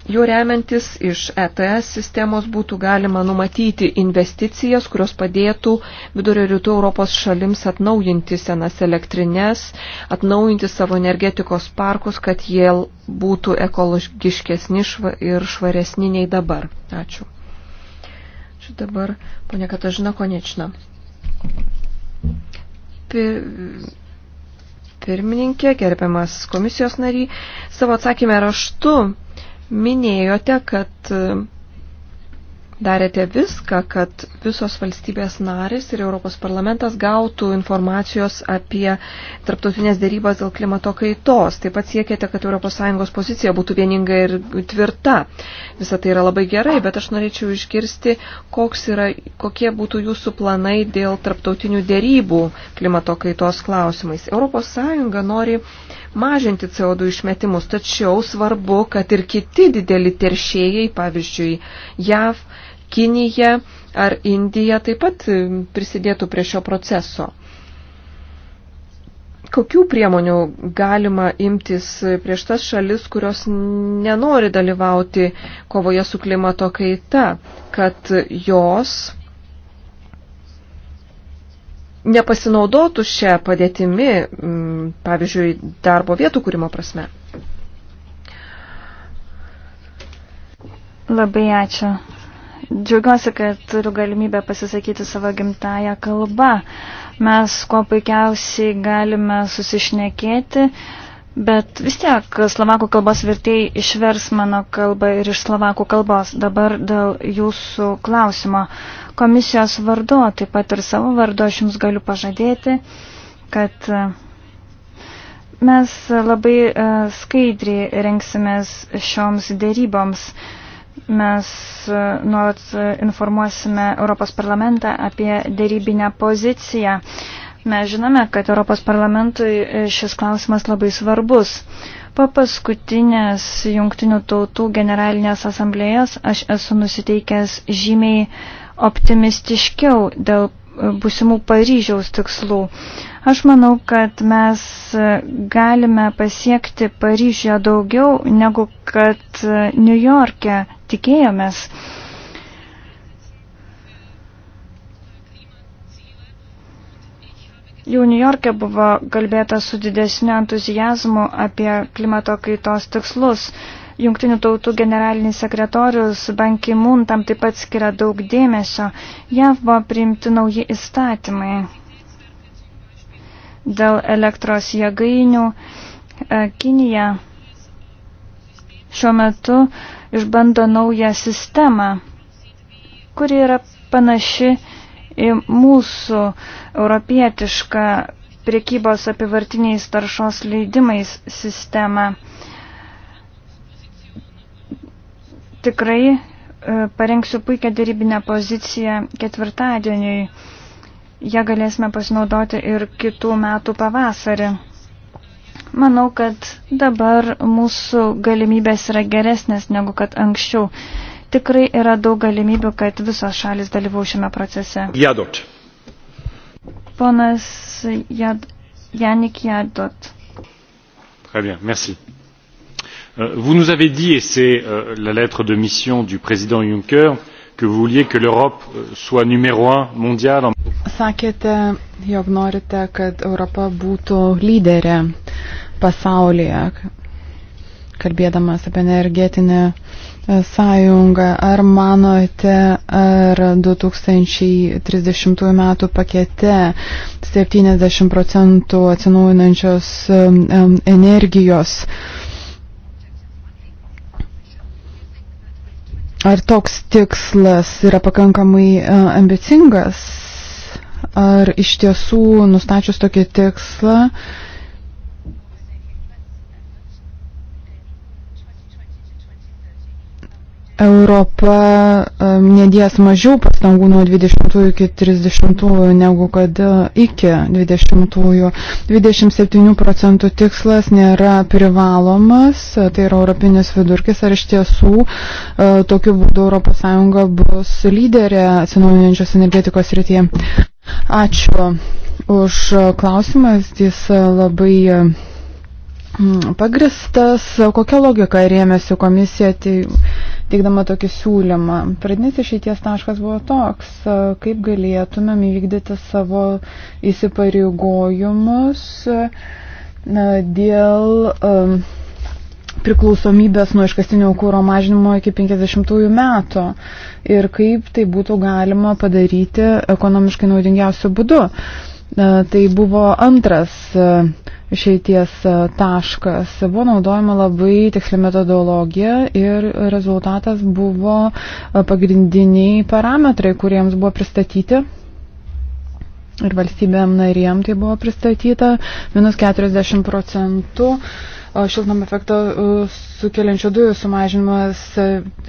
Jau remiantis iš ETS sistemos būtų galima numatyti investicijas, kurios padėtų vidurio rytų Europos šalims atnaujinti senas elektrinės, atnaujinti savo energetikos parkus, kad jie būtų ekologiškesni ir švaresni nei dabar. Ačiū. Ačiū dabar, ponia Katažina Konečna. Pir pirmininkė, gerbiamas komisijos nary, savo atsakymę raštu Minėjote, kad e, darėte viską, kad visos valstybės narės ir Europos parlamentas gautų informacijos apie tarptautinės dėrybas dėl klimato kaitos. Taip pat siekėte, kad ES pozicija būtų vieninga ir tvirta. Visa tai yra labai gerai, bet aš norėčiau išgirsti, yra, kokie būtų jūsų planai dėl tarptautinių dėrybų klimato kaitos klausimais. ES nori mažinti CO2 išmetimus, tačiau svarbu, kad ir kiti dideli teršėjai, pavyzdžiui, JAV, Kinija ar Indija taip pat prisidėtų prie šio proceso. Kokių priemonių galima imtis prieš tas šalis, kurios nenori dalyvauti kovoje su klimato kaita, kad jos nepasinaudotų šią padėtimi, pavyzdžiui, darbo vietų kūrimo prasme. Labai ačiū. Džiaugiuosi, kad turiu galimybę pasisakyti savo gimtają kalbą. Mes kuo puikiausiai galime susišnekėti. Uh, Bet vis tiek slovakų kalbos vertėjai išvers mano kalbą ir iš slovakų kalbos. Dabar dėl jūsų klausimo. Komisijos vardu, taip pat ir savo vardu, aš jums galiu pažadėti, kad e, mes labai e, skaidriai rengsimės šioms dėryboms. Mes e, nuolat informuosime Europos parlamentą apie dėrybinę poziciją. Mes žinome, kad Europos parlamentui šis klausimas labai svarbus. Po paskutinės jungtinių tautų generalinės asamblėjos aš esu nusiteikęs žymiai optimistiškiau dėl busimų Paryžiaus tikslų. Aš manau, kad mes galime pasiekti Paryžioje daugiau negu kad Niujorke tikėjomės. Jau New York'e buvo kalbėta su didesniu entuzijazmu apie klimato kaitos tikslus. Jungtinių tautų generalinis sekretorius Bankimun tam taip pat skiria daug dėmesio. JAV buvo priimti nauji įstatymai dėl elektros jėgainių. E, Kinija šiuo metu išbando naują sistemą, kuri yra panaši į mūsų europietišką priekybos apivartiniais taršos leidimais sistemą. Tikrai e, parengsiu puikią dėrybinę poziciją ketvirtadieniui. Ja galėsime pasinaudoti ir kitų metų pavasarį. Manau, kad dabar mūsų galimybės yra geresnės negu kad anksčiau tikrai yra daug galimybių, kad visos šalis dalyvau šiame procese. Jadot. Ponas Jad... Janik Jadot. Très bien, merci. Euh, vous nous avez dit, et c'est euh, la lettre de mission du président Juncker, que vous vouliez que l'Europe euh, soit numéro un mondial. En... Sakėte, jog norite, kad Europa būtų lyderė pasaulyje, kalbėdamas apie energetinę e, sąjungą. Ar manote, ar 2030 metų pakete 70 procentų atsinaujinančios e, e, energijos Ar toks tikslas yra pakankamai ambicingas? Ar iš tiesų nustačius tokį tikslą Europa e, nedės mažiau pastangų nuo 20 iki 30 negu kad e, iki 20. -ųjų. 27 procentų tikslas nėra privalomas, e, tai yra europinis vidurkis, ar iš tiesų tokiu būdu ES bus lyderė atsinaujinančios energetikos rytyje. Ačiū už klausimą, jis labai Mm, pagristas, kokia logika rėmėsi komisija teikdama tokį siūlymą. Pradinis išeities taškas buvo toks, kaip galėtumėm įvykdyti savo įsipareigojimus dėl um, priklausomybės nuo iškastinio kūro mažinimo iki 50 metų ir kaip tai būtų galima padaryti ekonomiškai naudingiausiu būdu. Tai buvo antras išeities e, taškas. Buvo naudojama labai tiksli metodologija ir rezultatas buvo e, pagrindiniai parametrai, kuriems buvo pristatyti. Ir valstybėm narėm tai buvo pristatyta minus 40 procentų e, šiltnam efekto sukeliančių dujų sumažinimas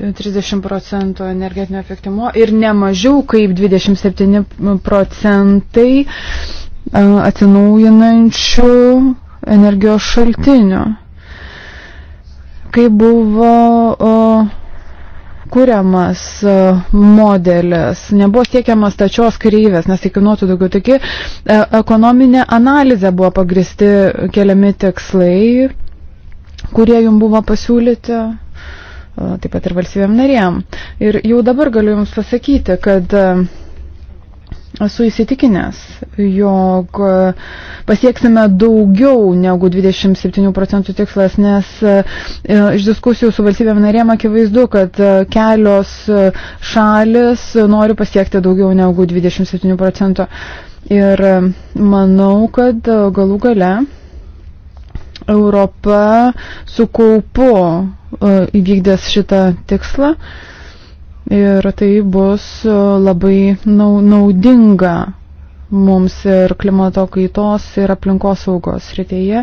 30 procentų energetinio efektyvumo ir nemažiau kaip 27 procentai E, atsinaujinančių energijos šaltinių. Kai buvo o, e, kuriamas e, modelis, nebuvo siekiamas tačios kreivės, nes tai kainuotų daugiau. Taigi ekonominė analizė buvo pagristi keliami tikslai, kurie jums buvo pasiūlyti taip pat ir valstybėm narėm. Ir jau dabar galiu Jums pasakyti, kad uh, Esu įsitikinęs, jog pasieksime daugiau negu 27 procentų tikslas, nes e, iš diskusijų su valstybėm narėm akivaizdu, kad e, kelios e, šalis nori pasiekti daugiau negu 27 procentų. Ir manau, kad galų gale Europa su kaupu įvykdęs šitą tikslą. Uh, Ir tai bus e, labai naudinga mums ir klimato kaitos ir aplinkos saugos srityje,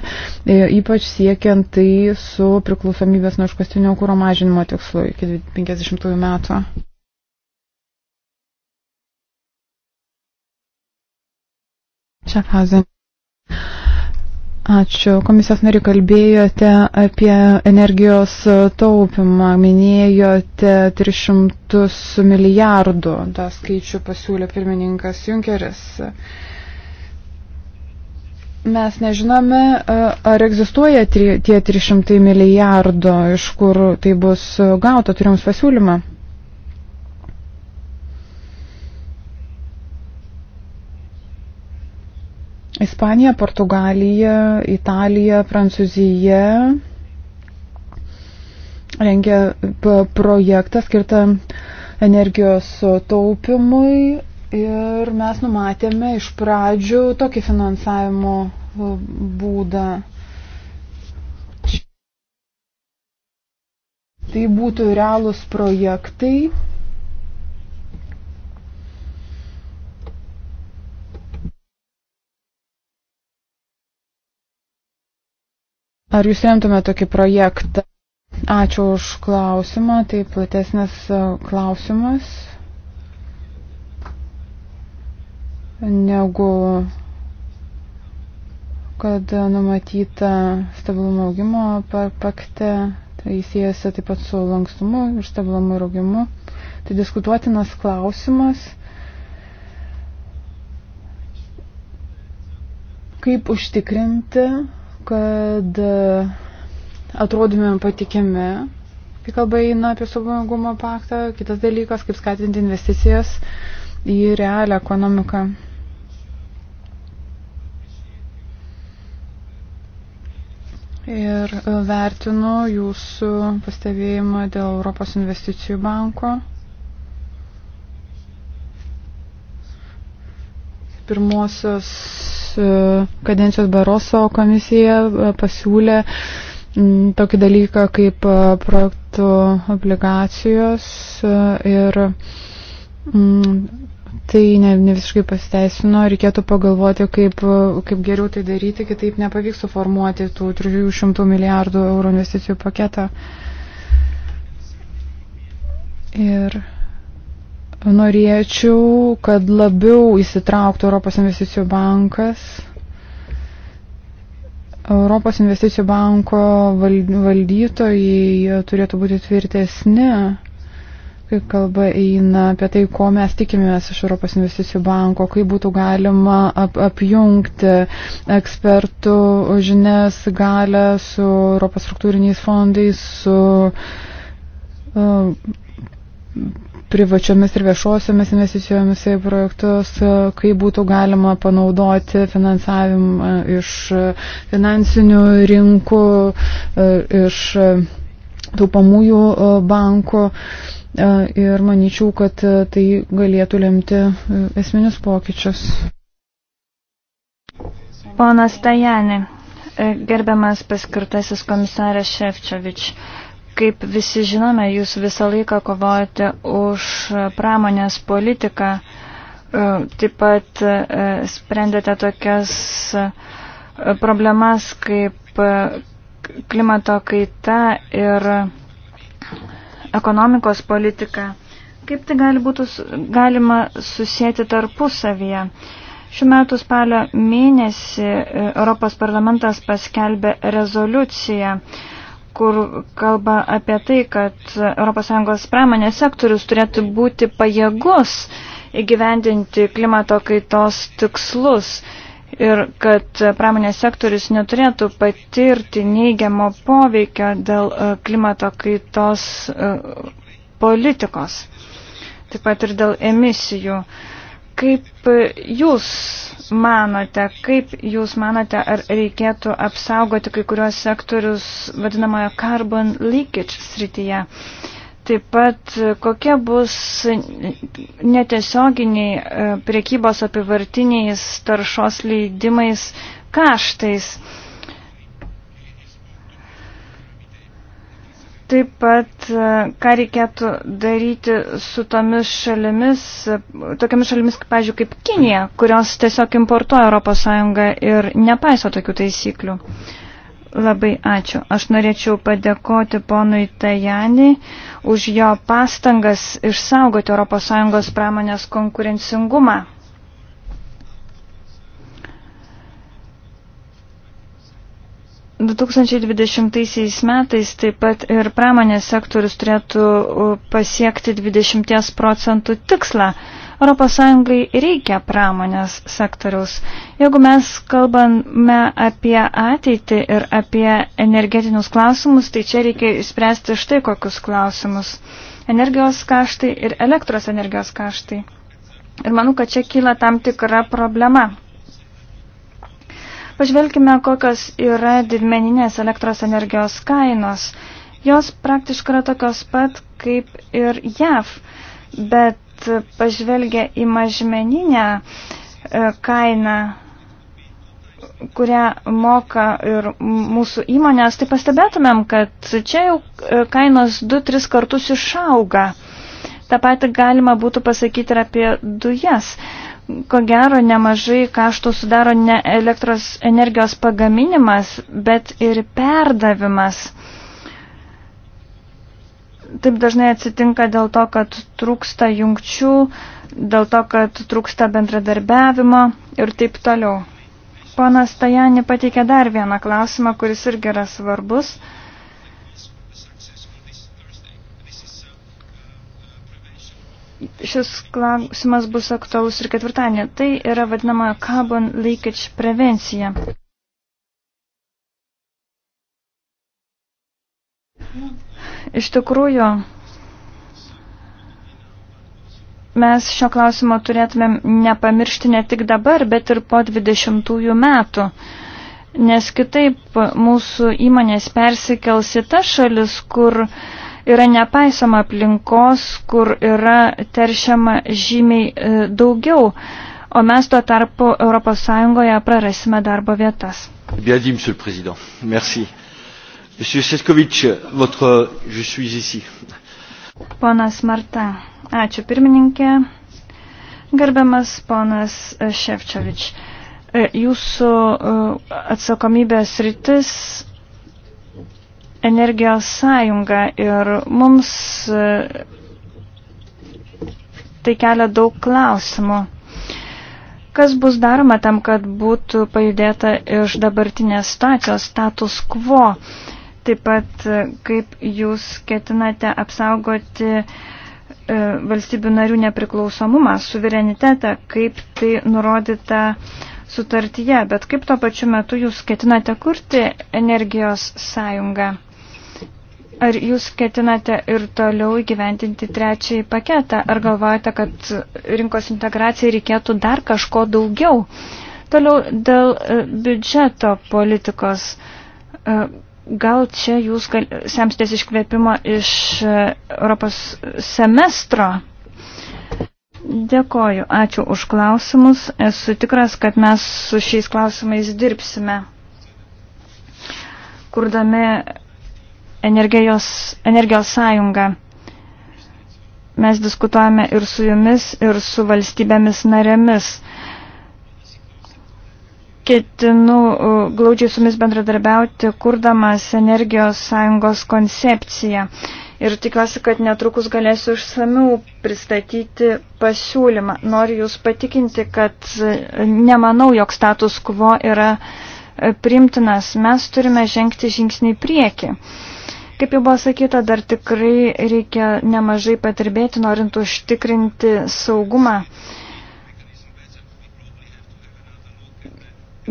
e, ypač siekiant tai su priklausomybės nuo iškastinio kūro mažinimo tikslu iki 50 metų. Šią fazę. Ačiū. Komisijos nari kalbėjote apie energijos taupimą, minėjote 300 milijardų, tą skaičių pasiūlė pirmininkas Junkeris. Mes nežinome, ar egzistuoja tie 300 milijardų, iš kur tai bus gauta, turim pasiūlymą. Ispanija, Portugalija, Italija, Prancūzija rengia projektą skirtą energijos taupimui ir mes numatėme iš pradžių tokį finansavimo e, būdą. Tai būtų realūs projektai Ar jūs remtume tokį projektą? Ačiū už klausimą, tai platesnis e, klausimas negu kad numatyta stabilumo augimo pakte, tai įsijęsi taip pat su lankstumu ir stabilumu ir augimu. Tai diskutuotinas klausimas. Kaip užtikrinti kad atrodomėm patikimi, kai kalba eina apie saugumo paktą. Kitas dalykas, kaip skatinti investicijas į realią ekonomiką. Ir vertinu jūsų pastebėjimą dėl Europos investicijų banko. pirmosios e, kadencijos Baroso komisija e, pasiūlė tokį dalyką kaip e, projektų obligacijos ir tai ne, ne visiškai pasiteisino, reikėtų pagalvoti, kaip, kaip geriau tai daryti, kitaip nepavyks suformuoti tų 300 milijardų eurų investicijų paketą. Ir Norėčiau, kad labiau įsitrauktų Europos investicijų bankas. Europos investicijų banko valdytojai turėtų būti tvirtesni, kai kalba eina apie tai, ko mes tikimės iš Europos investicijų banko, kaip būtų galima ap apjungti ekspertų žinias galę su Europos struktūriniais fondais, su uh, privačiomis ir viešosiomis investicijomis į projektus, e, kaip būtų galima panaudoti finansavimą iš e, finansinių rinkų, e, iš taupamųjų bankų. Ir manyčiau, kad tai galėtų lemti esminius pokyčius. Ponas Tajani, gerbiamas paskirtasis komisaras Šefčiovič. Kaip visi žinome, jūs visą laiką kovojate už pramonės politiką, e, taip pat e, sprendėte tokias e, problemas kaip klimato kaita ir ekonomikos politika. Kaip tai gali būtų galima susijęti tarpusavyje? Šiuo metu spalio mėnesį Europos parlamentas paskelbė rezoliuciją kur kalba apie tai, kad ES pramonės sektorius turėtų būti pajėgus įgyvendinti klimato kaitos tikslus ir kad pramonės sektorius neturėtų patirti neigiamo poveikio dėl e, klimato kaitos e, politikos, taip pat ir dėl emisijų. Kaip jūs manote, kaip jūs manote, ar reikėtų apsaugoti kai kuriuos sektorius vadinamojo carbon leakage srityje? Taip pat, kokie bus netiesioginiai e, priekybos apivartiniais taršos leidimais kaštais? Taip pat, e, ką reikėtų daryti su tomis šalimis, e, tokiamis šalimis, kaip, pažiūrėjau, kaip Kinija, kurios tiesiog importuoja ES ir nepaiso tokių taisyklių. Labai ačiū. Aš norėčiau padėkoti ponui Tajani už jo pastangas išsaugoti ES pramonės konkurencingumą. 2020 metais taip pat ir pramonės sektorius turėtų pasiekti 20 procentų tikslą. ES reikia pramonės sektoriaus. Jeigu mes kalbame apie ateitį ir apie energetinius klausimus, tai čia reikia spręsti štai kokius klausimus. Energijos kaštai ir elektros energijos kaštai. Ir manau, kad čia kyla tam tikra problema. Pažvelkime, kokios yra didmeninės elektros energijos kainos. Jos praktiškai yra tokios pat kaip ir JAV, bet pažvelgia į mažmeninę e, kainą, kurią moka ir mūsų įmonės, tai pastebėtumėm, kad čia jau e, kainos 2-3 kartus išauga. Ta pati galima būtų pasakyti ir apie dujas. Yes ko gero nemažai kaštų sudaro ne elektros energijos pagaminimas, bet ir perdavimas. Taip dažnai atsitinka dėl to, kad trūksta jungčių, dėl to, kad trūksta bendradarbiavimo ir taip toliau. Ponas Tajani pateikė dar vieną klausimą, kuris irgi yra svarbus. šis klausimas bus aktualus ir ketvirtadienį. Tai yra vadinama carbon leakage prevencija. Iš tikrųjų, mes šio klausimo turėtumėm nepamiršti ne tik dabar, bet ir po 20 metų. Nes kitaip mūsų įmonės persikels į tas šalis, kur uh, yra nepaisama aplinkos, kur yra teršiama žymiai e, daugiau, o mes tuo tarpu ES prarasime darbo vietas. Bien dit, Monsieur le Président. Merci. Monsieur Seskovic, votre... je suis ici. Ponas Marta, ačiū pirmininkė. Gerbiamas ponas Ševčiovič, e, jūsų e, atsakomybės rytis energijos sąjungą ir mums e, tai kelia daug klausimų. Kas bus daroma tam, kad būtų pajudėta iš dabartinės situacijos status quo? Taip pat, e, kaip jūs ketinate apsaugoti e, valstybių narių nepriklausomumą, suverenitetą, kaip tai nurodyta sutartyje, bet kaip tuo pačiu metu jūs ketinate kurti energijos sąjungą? Ar jūs ketinate ir toliau įgyventinti trečiąjį paketą, ar galvojate, kad rinkos integracijai reikėtų dar kažko daugiau? Toliau dėl e, biudžeto politikos. E, gal čia jūs gal, semstės iškvėpimo iš e, Europos semestro? Dėkoju, ačiū už klausimus. Esu tikras, kad mes su šiais klausimais dirbsime, kurdami energijos, energijos sąjungą. Mes diskutuojame ir su jumis, ir su valstybėmis narėmis. Ketinu uh, glaudžiai su jumis bendradarbiauti, kurdamas energijos sąjungos koncepciją. Ir tikiuosi, kad netrukus galėsiu išsamiau pristatyti pasiūlymą. Noriu jūs patikinti, kad uh, nemanau, jog status quo yra uh, primtinas. Mes turime žengti žingsnį į priekį. Uh, Kaip jau buvo sakyta, dar tikrai reikia nemažai patirbėti, norint užtikrinti saugumą.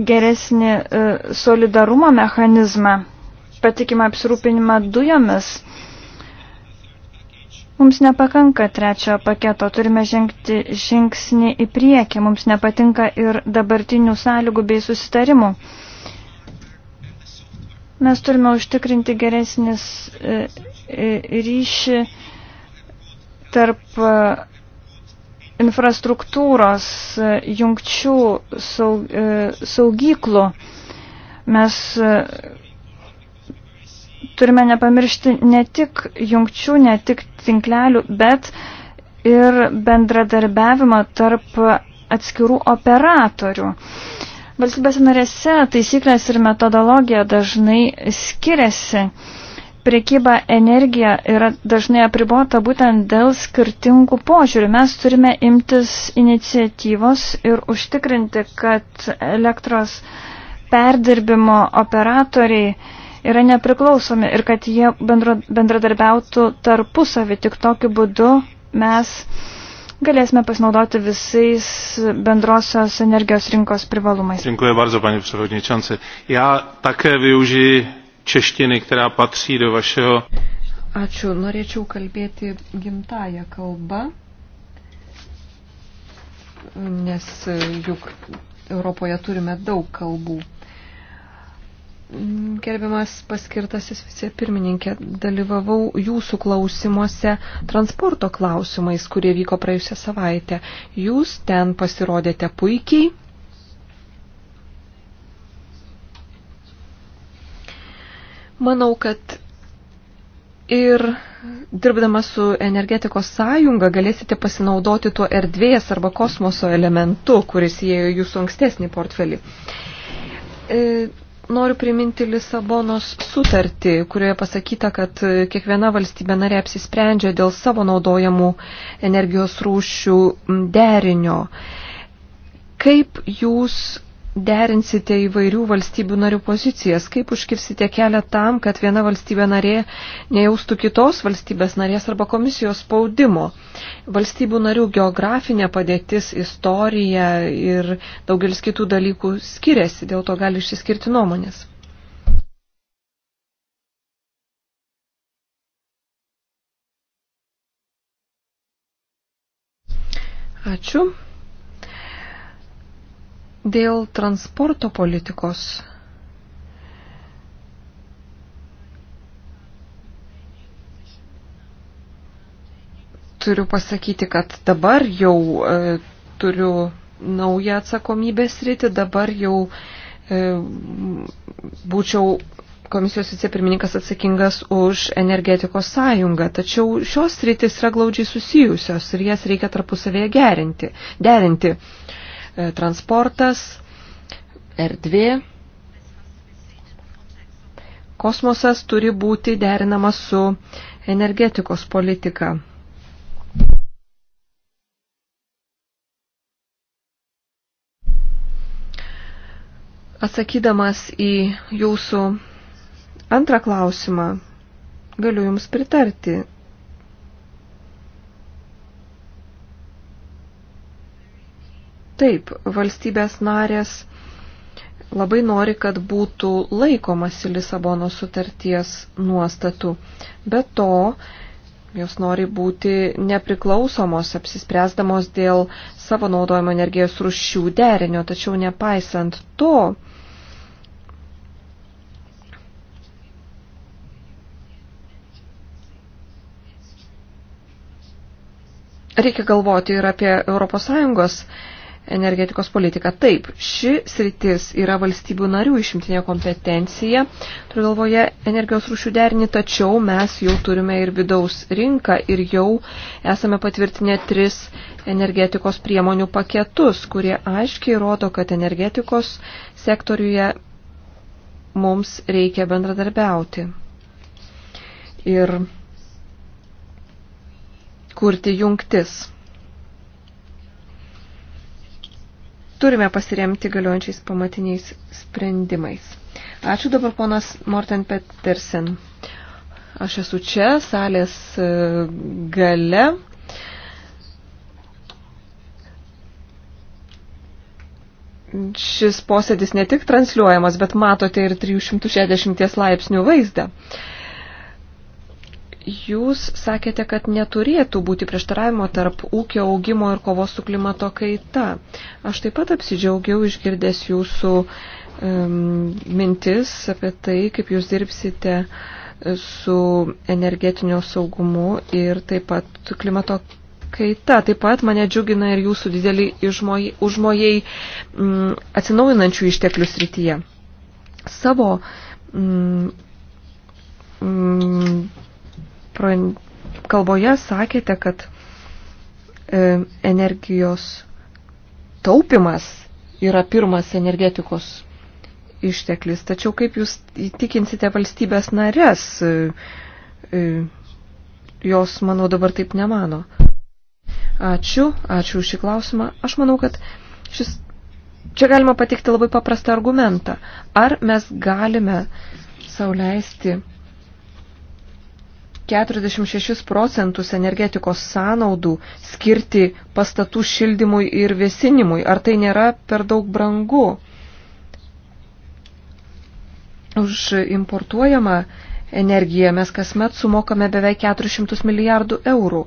geresnį e, solidarumo mechanizmą, patikimą apsirūpinimą dujomis. Mums nepakanka trečiojo paketo, turime žengti žingsnį į priekį, mums nepatinka ir dabartinių sąlygų bei susitarimų. Mes turime užtikrinti geresnis e, e, ryšį tarp e, infrastruktūros, jungčių, saugyklų. Mes turime nepamiršti ne tik jungčių, ne tik tinklelių, bet ir bendradarbiavimą tarp atskirų operatorių. Uh, Valstybės narėse taisyklės ir metodologija dažnai skiriasi. Priekyba energija yra dažnai apribota būtent dėl skirtingų požiūrių. Mes turime imtis iniciatyvos ir užtikrinti, kad elektros perdirbimo operatoriai yra nepriklausomi ir kad jie bendradarbiautų tarpusavį. Tik tokiu būdu mes galėsime pasinaudoti visais bendrosios energijos rinkos privalumais. Dziękuję bardzo, panie przewodniczący. Ja také využiji češtiny, která patří do vašeho. Ačiū, norėčiau kalbėti gimtają kalbą, nes juk Europoje turime daug kalbų. Mm, gerbiamas paskirtasis vicepirmininkė, dalyvavau jūsų klausimuose transporto klausimais, kurie vyko praėjusią savaitę. Jūs ten pasirodėte puikiai. Manau, kad ir dirbdamas su energetikos sąjunga galėsite pasinaudoti tuo erdvės arba kosmoso elementu, kuris įėjo jūsų ankstesnį portfelį. E, noriu priminti Lisabonos sutartį, kurioje pasakyta, kad kiekviena valstybė narė apsisprendžia dėl savo naudojamų energijos rūšių derinio. Kaip jūs derinsite įvairių valstybių narių pozicijas? Kaip užkirsite kelią tam, kad viena valstybė narė nejaustų kitos valstybės narės arba komisijos spaudimo? Valstybių narių geografinė padėtis, istorija ir daugelis kitų dalykų skiriasi, dėl to gali išsiskirti nuomonės. Ačiū. Dėl transporto politikos turiu pasakyti, kad dabar jau e, turiu naują atsakomybės rytį, dabar jau e, būčiau komisijos vicepirmininkas atsakingas už energetikos sąjungą, tačiau šios rytis yra glaudžiai susijusios ir jas reikia tarpusavėje gerinti, derinti. derinti. E, transportas, erdvė. Kosmosas turi būti derinamas su energetikos politika. Atsakydamas į jūsų antrą klausimą, galiu Jums pritarti. Taip, valstybės narės labai nori, kad būtų laikomasi Lisabono sutarties nuostatų. Be to, jos nori būti nepriklausomos, apsispręsdamos dėl savo naudojimo energijos rušių derinio, tačiau nepaisant to, Reikia galvoti ir apie ES energetikos politiką. Taip, ši sritis yra valstybių narių išimtinė kompetencija, turiu galvoje energijos rūšių derinį, tačiau mes jau turime ir vidaus rinką ir jau esame patvirtinę tris energetikos priemonių paketus, kurie aiškiai rodo, kad energetikos sektoriuje mums reikia bendradarbiauti. Ir kurti jungtis. turime pasiremti galiojančiais pamatiniais sprendimais. Ačiū dabar ponas Morten Petersen. Aš esu čia, salės e, gale. Šis posėdis ne tik transliuojamas, bet matote ir 360 laipsnių vaizdą. Uh, Jūs sakėte, kad neturėtų būti prieštaravimo tarp ūkio augimo ir kovos su klimato kaita. Aš taip pat apsidžiaugiau išgirdęs jūsų um, mintis apie tai, kaip jūs dirbsite e, su energetinio saugumu ir taip pat klimato kaita. Taip pat mane džiugina ir jūsų didelį užmojai, užmojai um, atsinaujinančių išteklių srityje. Savo mm, kalboje sakėte, kad e, energijos taupimas yra pirmas energetikos išteklis. Tačiau kaip jūs įtikinsite valstybės narės, e, e, jos, manau, dabar taip nemano. Ačiū, ačiū už šį klausimą. Aš manau, kad šis, čia galima patikti labai paprastą argumentą. Ar mes galime sauliaisti leisti 46 procentus energetikos sąnaudų skirti pastatų šildymui ir vėsinimui. Ar tai nėra per daug brangu? Už importuojamą energiją mes kasmet sumokame beveik 400 milijardų eurų.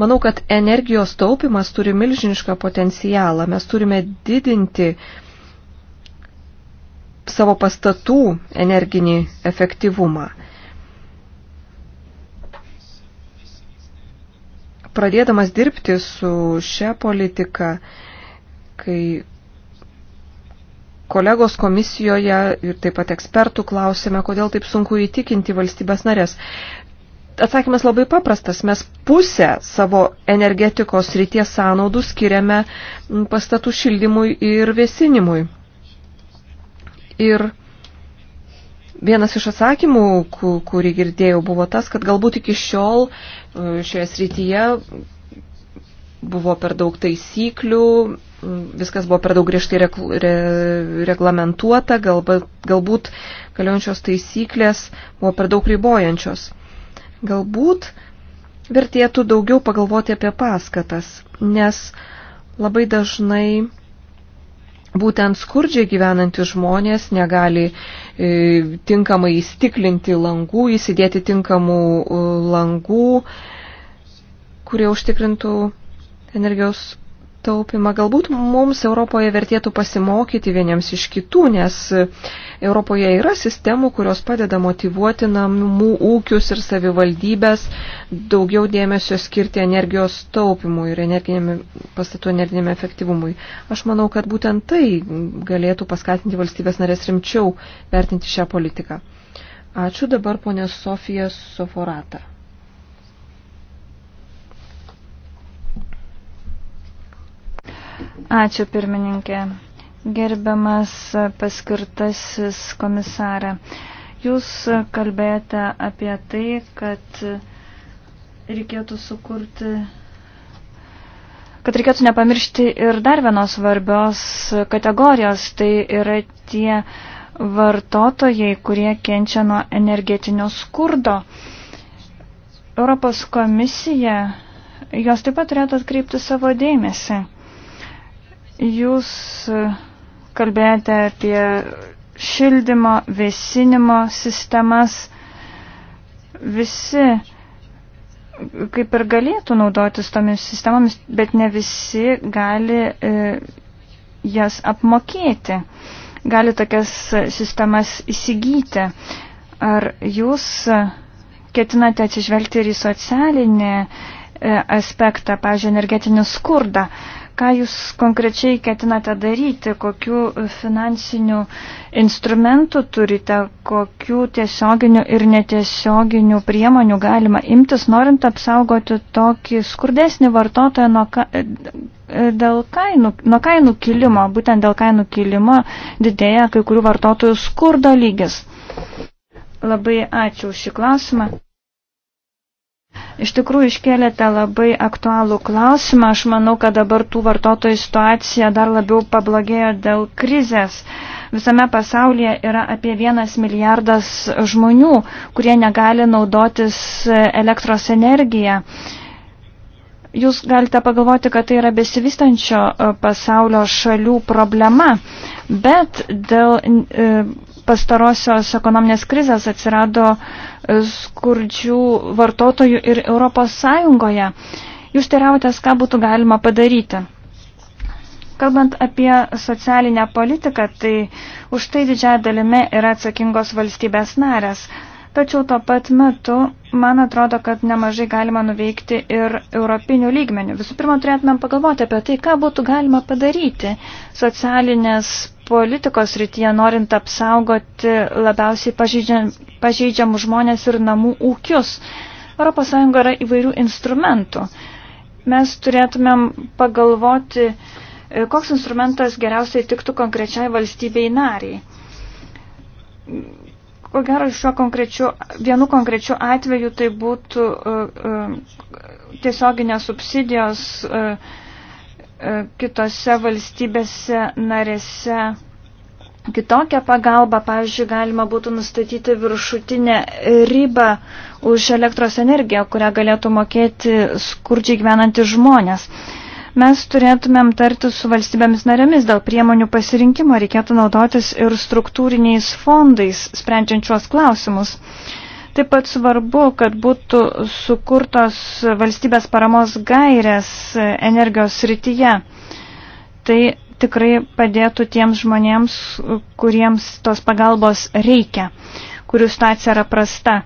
Manau, kad energijos taupimas turi milžinišką potencialą. Mes turime didinti savo pastatų energinį efektyvumą. pradėdamas dirbti su šia politika, kai kolegos komisijoje ir taip pat ekspertų klausime, kodėl taip sunku įtikinti valstybės narės. Atsakymas labai paprastas. Mes pusę savo energetikos ryties sąnaudų skiriame pastatų šildymui ir vėsinimui. Ir Vienas iš atsakymų, kurį girdėjau, buvo tas, kad galbūt iki šiol e, šioje srityje buvo per daug taisyklių, viskas buvo per daug griežtai rekl re reglamentuota, galbūt, galbūt galiojančios taisyklės buvo per daug ribojančios. Galbūt vertėtų daugiau pagalvoti apie paskatas, nes labai dažnai būtent skurdžiai gyvenantys žmonės negali e, tinkamai įstiklinti langų, įsidėti tinkamų e, langų, kurie užtikrintų energijos taupimą. Galbūt mums Europoje vertėtų pasimokyti vieniems iš kitų, nes Europoje yra sistemų, kurios padeda motivuoti namų ūkius ir savivaldybės daugiau dėmesio skirti energijos taupimui ir pastatų energinėme efektyvumui. Aš manau, kad būtent tai galėtų paskatinti valstybės narės rimčiau vertinti šią politiką. Ačiū dabar ponė Sofija Soforata. Ačiū pirmininkė. Gerbiamas paskirtasis komisarė, jūs kalbėjote apie tai, kad reikėtų sukurti, kad reikėtų nepamiršti ir dar vienos svarbios kategorijos, tai yra tie vartotojai, kurie kenčia nuo energetinio skurdo. Europos komisija, jos taip pat turėtų atkreipti savo dėmesį. Jūs e, kalbėjote apie šildymo, vėsinimo sistemas. Visi kaip ir galėtų naudotis tomis sistemomis, bet ne visi gali e, jas apmokėti, gali tokias sistemas įsigyti. Ar jūs ketinate atsižvelgti ir į socialinį e, aspektą, pažiūrėjau, energetinį skurdą, Ką jūs konkrečiai ketinate daryti, kokių finansinių instrumentų turite, kokių tiesioginių ir netiesioginių priemonių galima imtis, norint apsaugoti tokį skurdesnį vartotoją nuo, ka, dėl kainų, nuo kainų kilimo. Būtent dėl kainų kilimo didėja kai kurių vartotojų skurdo lygis. Labai ačiū už šį klausimą. Iš tikrųjų, iškėlėte labai aktualų klausimą. Aš manau, kad dabar tų vartotojų situacija dar labiau pablogėjo dėl krizės. Visame pasaulyje yra apie vienas milijardas žmonių, kurie negali naudotis elektros energiją. Uh, Jūs galite pagalvoti, kad tai yra besivystančio e, pasaulio šalių problema, bet dėl e, pastarosios ekonominės krizės atsirado e, skurdžių vartotojų ir Europos Sąjungoje. Jūs teravotės, ką būtų galima padaryti. Kalbant apie socialinę politiką, tai už tai didžiąją dalimi yra atsakingos valstybės narės. Tačiau tuo pat metu, man atrodo, kad nemažai galima nuveikti ir europinių lygmenių. Visų pirma, turėtumėm pagalvoti apie tai, ką būtų galima padaryti socialinės politikos rytyje, norint apsaugoti labiausiai pažeidžiam, pažeidžiamų žmonės ir namų ūkius. ES yra įvairių instrumentų. Mes turėtumėm pagalvoti, e, koks instrumentas geriausiai tiktų konkrečiai valstybei nariai Ko gero, šiuo konkrečiu, vienu konkrečiu atveju tai būtų e, e, tiesioginės subsidijos e, kitose valstybėse narėse. Kitokią pagalbą, pavyzdžiui, galima būtų nustatyti viršutinę ribą už elektros energiją, kurią galėtų mokėti skurdžiai gyvenantys žmonės. Uh, mes turėtumėm tarti su valstybėmis narėmis dėl priemonių pasirinkimo, reikėtų naudotis ir struktūriniais fondais, sprendžiančios klausimus. Taip pat svarbu, kad būtų sukurtos valstybės paramos gairės energijos srityje. Tai tikrai padėtų tiems žmonėms, kuriems tos pagalbos reikia, kurių stacija yra prasta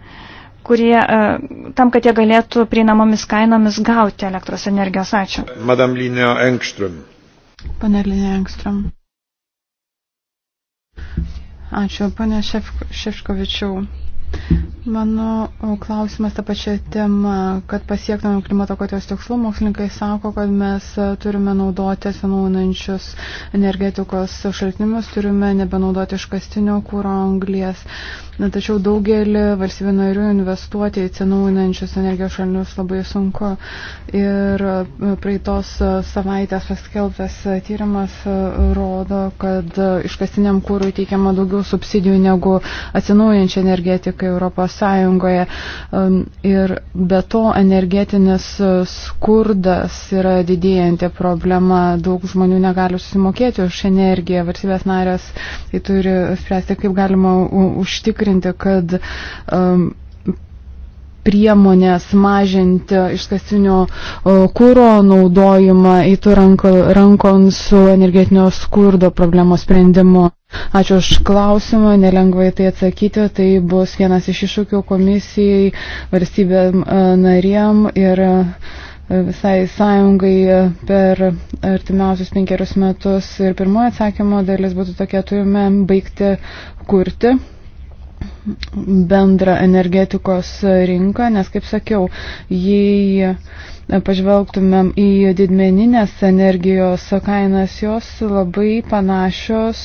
kurie, e, tam, kad jie galėtų prieinamomis kainomis gauti elektros energijos. Ačiū. Madam Linio Engström. Pane Linio Engström. Ačiū, pane Šef, Šefkovičiau. Mano klausimas tą pačią temą, kad pasiektume klimato kaitos tikslų, mokslininkai sako, kad mes turime naudoti atsinaujinančius energetikos šaltinius, turime nebenaudoti iškastinio kūro anglies. Na, tačiau daugelį valstybių narių investuoti į atsinaujinančius energijos šaltinius labai sunku. Ir praeitos savaitės paskelbtas tyrimas rodo, kad iškastiniam kūrui teikiama daugiau subsidijų negu atsinaujinančiai energetikai ekonomikai Europos Sąjungoje. Ir be to energetinis e, skurdas yra didėjanti problema. Daug žmonių negali susimokėti už energiją. Varsybės narės tai turi spręsti, kaip galima užtikrinti, kad um, priemonės mažinti iškasinio kūro naudojimą eitų rankon su energetinio skurdo problemos sprendimu. Ačiū už klausimą, nelengvai tai atsakyti, tai bus vienas iš iššūkių komisijai, valstybėm e, narėm ir e, visai sąjungai per artimiausius penkerius metus. Ir pirmoji atsakymo dalis būtų tokia, turime baigti kurti bendrą energetikos rinką, nes, kaip sakiau, jei pažvelgtumėm į didmeninės energijos kainas, jos labai panašios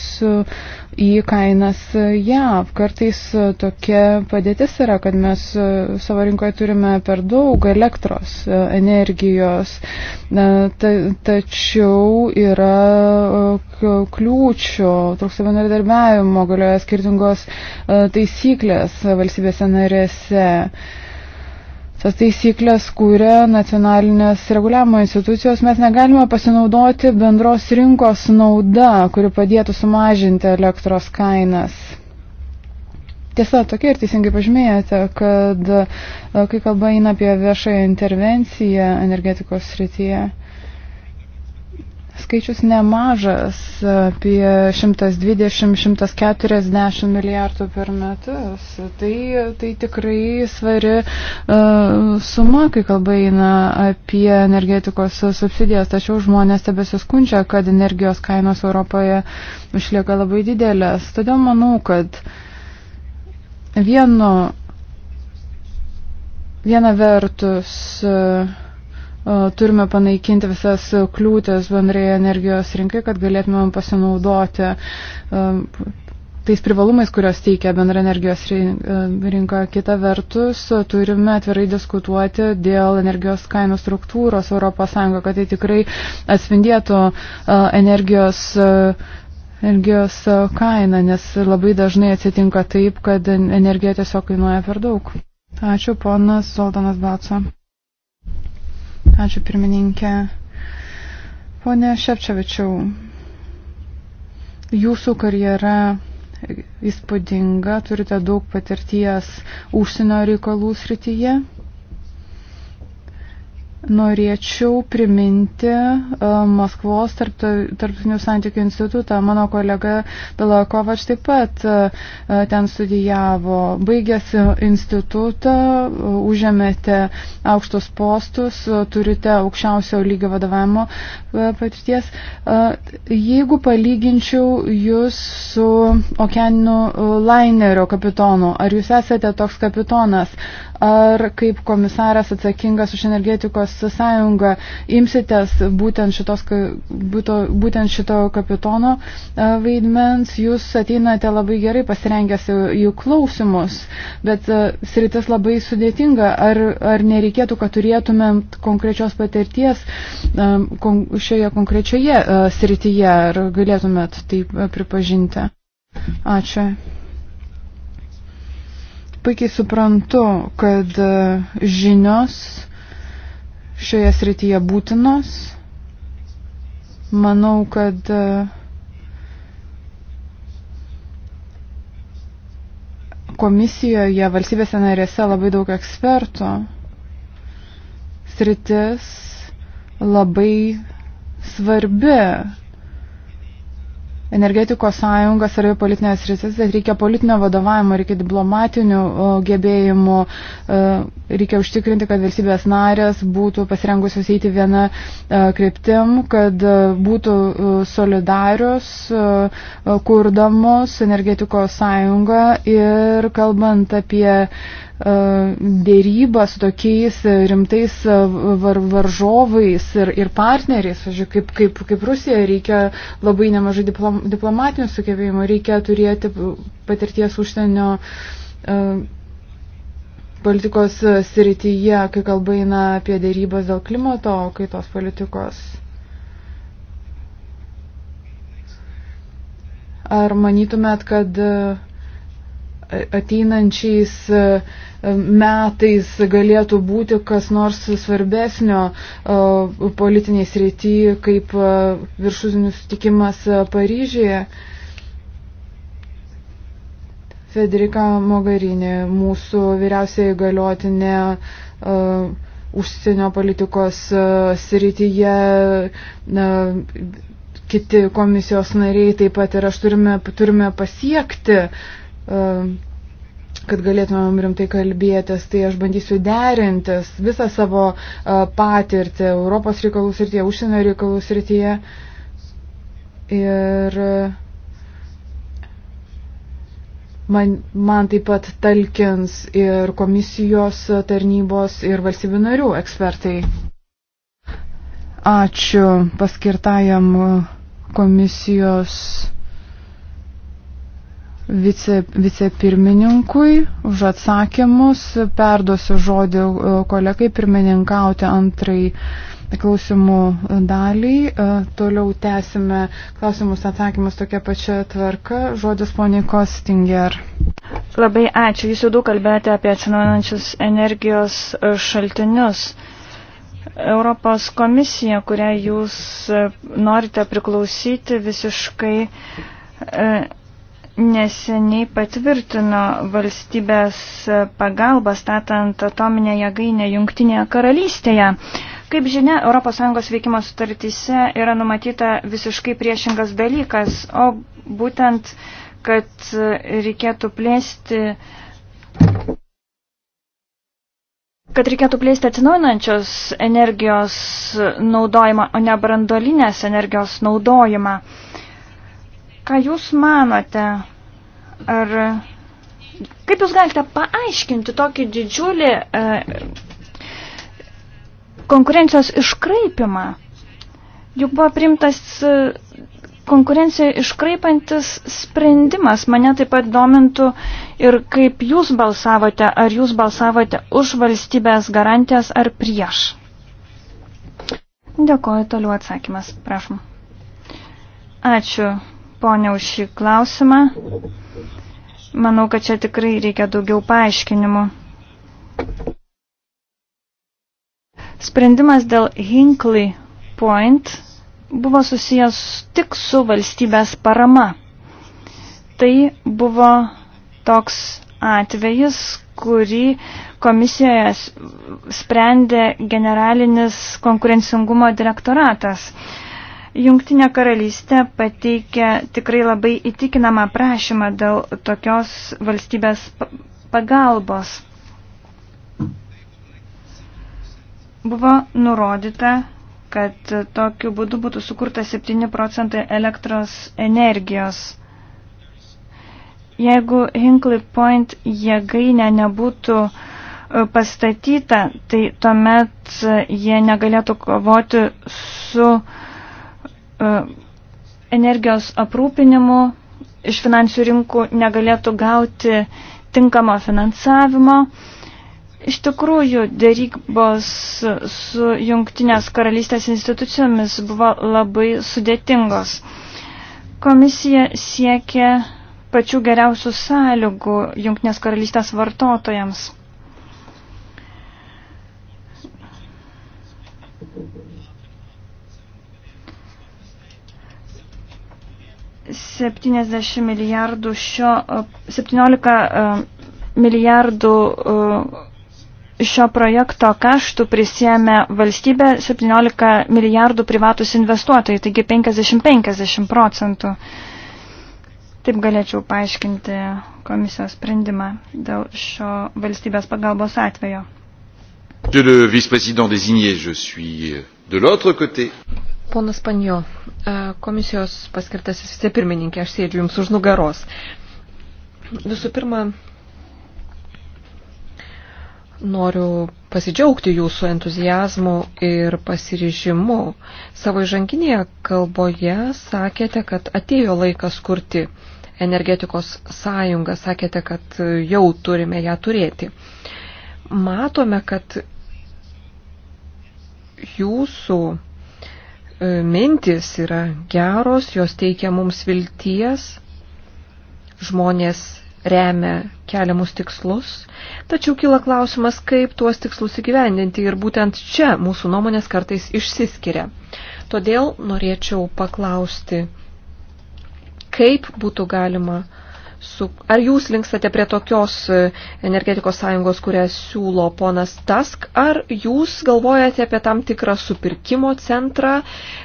į kainas JAV. Kartais tokia padėtis yra, kad mes savo rinkoje turime per daug elektros energijos, ta, tačiau yra e, kliūčių, trūksta bendradarbiavimo, galioja skirtingos e, taisyklės valstybėse narėse tas taisyklės kūrė nacionalinės reguliavimo institucijos, mes negalime pasinaudoti bendros rinkos nauda, kuri padėtų sumažinti elektros kainas. Tiesa, tokia ir teisingai pažymėjote, kad e, kai kalba eina apie viešąją intervenciją energetikos srityje, skaičius nemažas, apie 120-140 milijardų per metus. Tai, tai tikrai svari uh, suma, kai kalba eina apie energetikos subsidijas, tačiau žmonės tebesiskunčia, kad energijos kainos Europoje išlieka labai didelės. Todėl manau, kad vienu, viena vertus uh, turime panaikinti visas kliūtis bendrai energijos rinkai, kad galėtumėm pasinaudoti tais privalumais, kurios teikia bendra energijos rinka. Kita vertus, turime atvirai diskutuoti dėl energijos kainų struktūros ES, kad tai tikrai atspindėtų energijos energijos kainą, nes labai dažnai atsitinka taip, kad energija tiesiog kainuoja per daug. Ačiū, ponas Zoltanas Batsa. Ačiū pirmininkė. Pone Šepčevičiau, jūsų karjera įspūdinga, turite daug patirties užsienio reikalų srityje. Norėčiau priminti e, Maskvos tarptautinių santykių institutą. Mano kolega Pilakovač taip pat e, e, ten studijavo. Baigęs institutą, užėmėte aukštus postus, turite aukščiausio lygio vadovavimo patirties. Jeigu palyginčiau jūs su okeaniniu lainerio kapitonu, ar jūs esate toks kapitonas? ar kaip komisaras atsakingas už energetikos sąjungą imsitės būtent, šitos, būtent šito kapitono e, vaidmens. Jūs ateinate labai gerai pasirengęs jų klausimus, bet e, sritis labai sudėtinga. Ar, ar nereikėtų, kad turėtumėm konkrečios patirties e, šioje konkrečioje srityje, ar galėtumėt tai pripažinti? Ačiū. Puikiai suprantu, kad e, žinios šioje srityje būtinos. Manau, kad e, komisijoje valstybėse narėse labai daug ekspertų. Sritis labai svarbi energetikos sąjungas ar politinės rytis, bet reikia politinio vadovavimo, reikia diplomatinių gebėjimų, e, reikia užtikrinti, kad valstybės narės būtų pasirengusios eiti vieną e, kryptim, kad e, būtų solidarius, kurdamos energetikos sąjungą ir kalbant apie E, dėrybą su tokiais rimtais e, var, varžovais ir, ir partneriais, žiūrėk, kaip, kaip, kaip Rusija, reikia labai nemažai diplom, diplomatinių sugebėjimų, reikia turėti patirties užsienio e, politikos srityje, kai kalba eina apie dėrybas dėl klimato kaitos politikos. Ar manytumėt, kad uh, ateinančiais e, metais galėtų būti kas nors svarbesnio e, politiniai srity, kaip e, viršūzinis sutikimas Paryžyje. Federika Mogarinė, mūsų vyriausiai galiotinė uh, užsienio politikos uh, srityje, uh, kiti komisijos nariai taip pat ir aš turime, turime pasiekti E, kad galėtumėm rimtai kalbėtis, tai aš bandysiu derintis visą savo e, patirtį Europos reikalų srityje, užsienio reikalų srityje. Ir e, man, man taip pat talkins ir komisijos tarnybos ir valstybių narių ekspertai. Ačiū paskirtajam komisijos vice, vicepirmininkui už atsakymus. Perduosiu žodį e, kolegai pirmininkauti antrai klausimų daliai. E, toliau tęsime klausimus atsakymus tokia pačia tvarka. Žodis poniai Kostinger. Labai ačiū. Jūs jau daug kalbėjote apie atsinaujinančius energijos šaltinius. Europos komisija, kurią jūs norite priklausyti, visiškai e, neseniai patvirtino valstybės pagalbą statant atominę jėgainę Junktinėje karalystėje. Kaip žinia, ES veikimo sutartyse yra numatyta visiškai priešingas dalykas, o būtent, kad reikėtų plėsti kad reikėtų plėsti atsinaujinančios energijos naudojimą, o ne brandolinės energijos naudojimą. Uh, Ką Jūs manote? Ar kaip Jūs galite paaiškinti tokį didžiulį e, konkurencijos iškraipimą? Juk buvo primtas e, konkurencijoje iškraipantis sprendimas. Mane taip pat domintų ir kaip jūs balsavote, ar jūs balsavote už valstybės garantijas ar prieš. Dėkoju, toliau atsakymas, prašom. Ačiū, ponia už šį klausimą. Manau, kad čia tikrai reikia daugiau paaiškinimų. Sprendimas dėl Hinkley Point buvo susijęs tik su valstybės parama. Tai buvo toks atvejis, kurį komisijoje sprendė generalinis konkurencingumo direktoratas. Jungtinė karalystė pateikė tikrai labai įtikinamą prašymą dėl tokios valstybės pagalbos. Buvo nurodyta, kad tokiu būdu būtų sukurta 7 procentai elektros energijos. Jeigu Hinkley Point jėgainė nebūtų e, pastatyta, tai tuomet e, jie negalėtų kovoti su uh, E, energijos aprūpinimu iš finansų rinkų negalėtų gauti tinkamo finansavimo. Iš tikrųjų, dėrybos su jungtinės karalystės institucijomis buvo labai sudėtingos. Komisija siekia pačių geriausių sąlygų jungtinės karalystės vartotojams. 70 milijardų šio, 17 e, milijardų e, šio projekto kaštų prisėmė valstybė, 17 milijardų privatus investuotojai, taigi 50-50 procentų. Taip galėčiau paaiškinti komisijos sprendimą dėl šio valstybės pagalbos atvejo. Monsieur le vice-président désigné, je suis de l'autre côté. Ponas Panjo, e, komisijos paskirtasis vicepirmininkė, aš sėdžiu jums už nugaros. Visų pirma, noriu pasidžiaugti jūsų entuzijazmu ir pasiryžimu. Savo įžanginėje kalboje sakėte, kad atėjo laikas kurti energetikos sąjungą, sakėte, kad jau turime ją turėti. Matome, kad jūsų mintis yra geros, jos teikia mums vilties, žmonės remia keliamus tikslus, tačiau kyla klausimas, kaip tuos tikslus įgyvendinti ir būtent čia mūsų nuomonės kartais išsiskiria. Todėl norėčiau paklausti, kaip būtų galima uh, su, ar jūs linkstate prie tokios e, energetikos sąjungos, kurią siūlo ponas Tusk, ar jūs galvojate apie tam tikrą supirkimo centrą,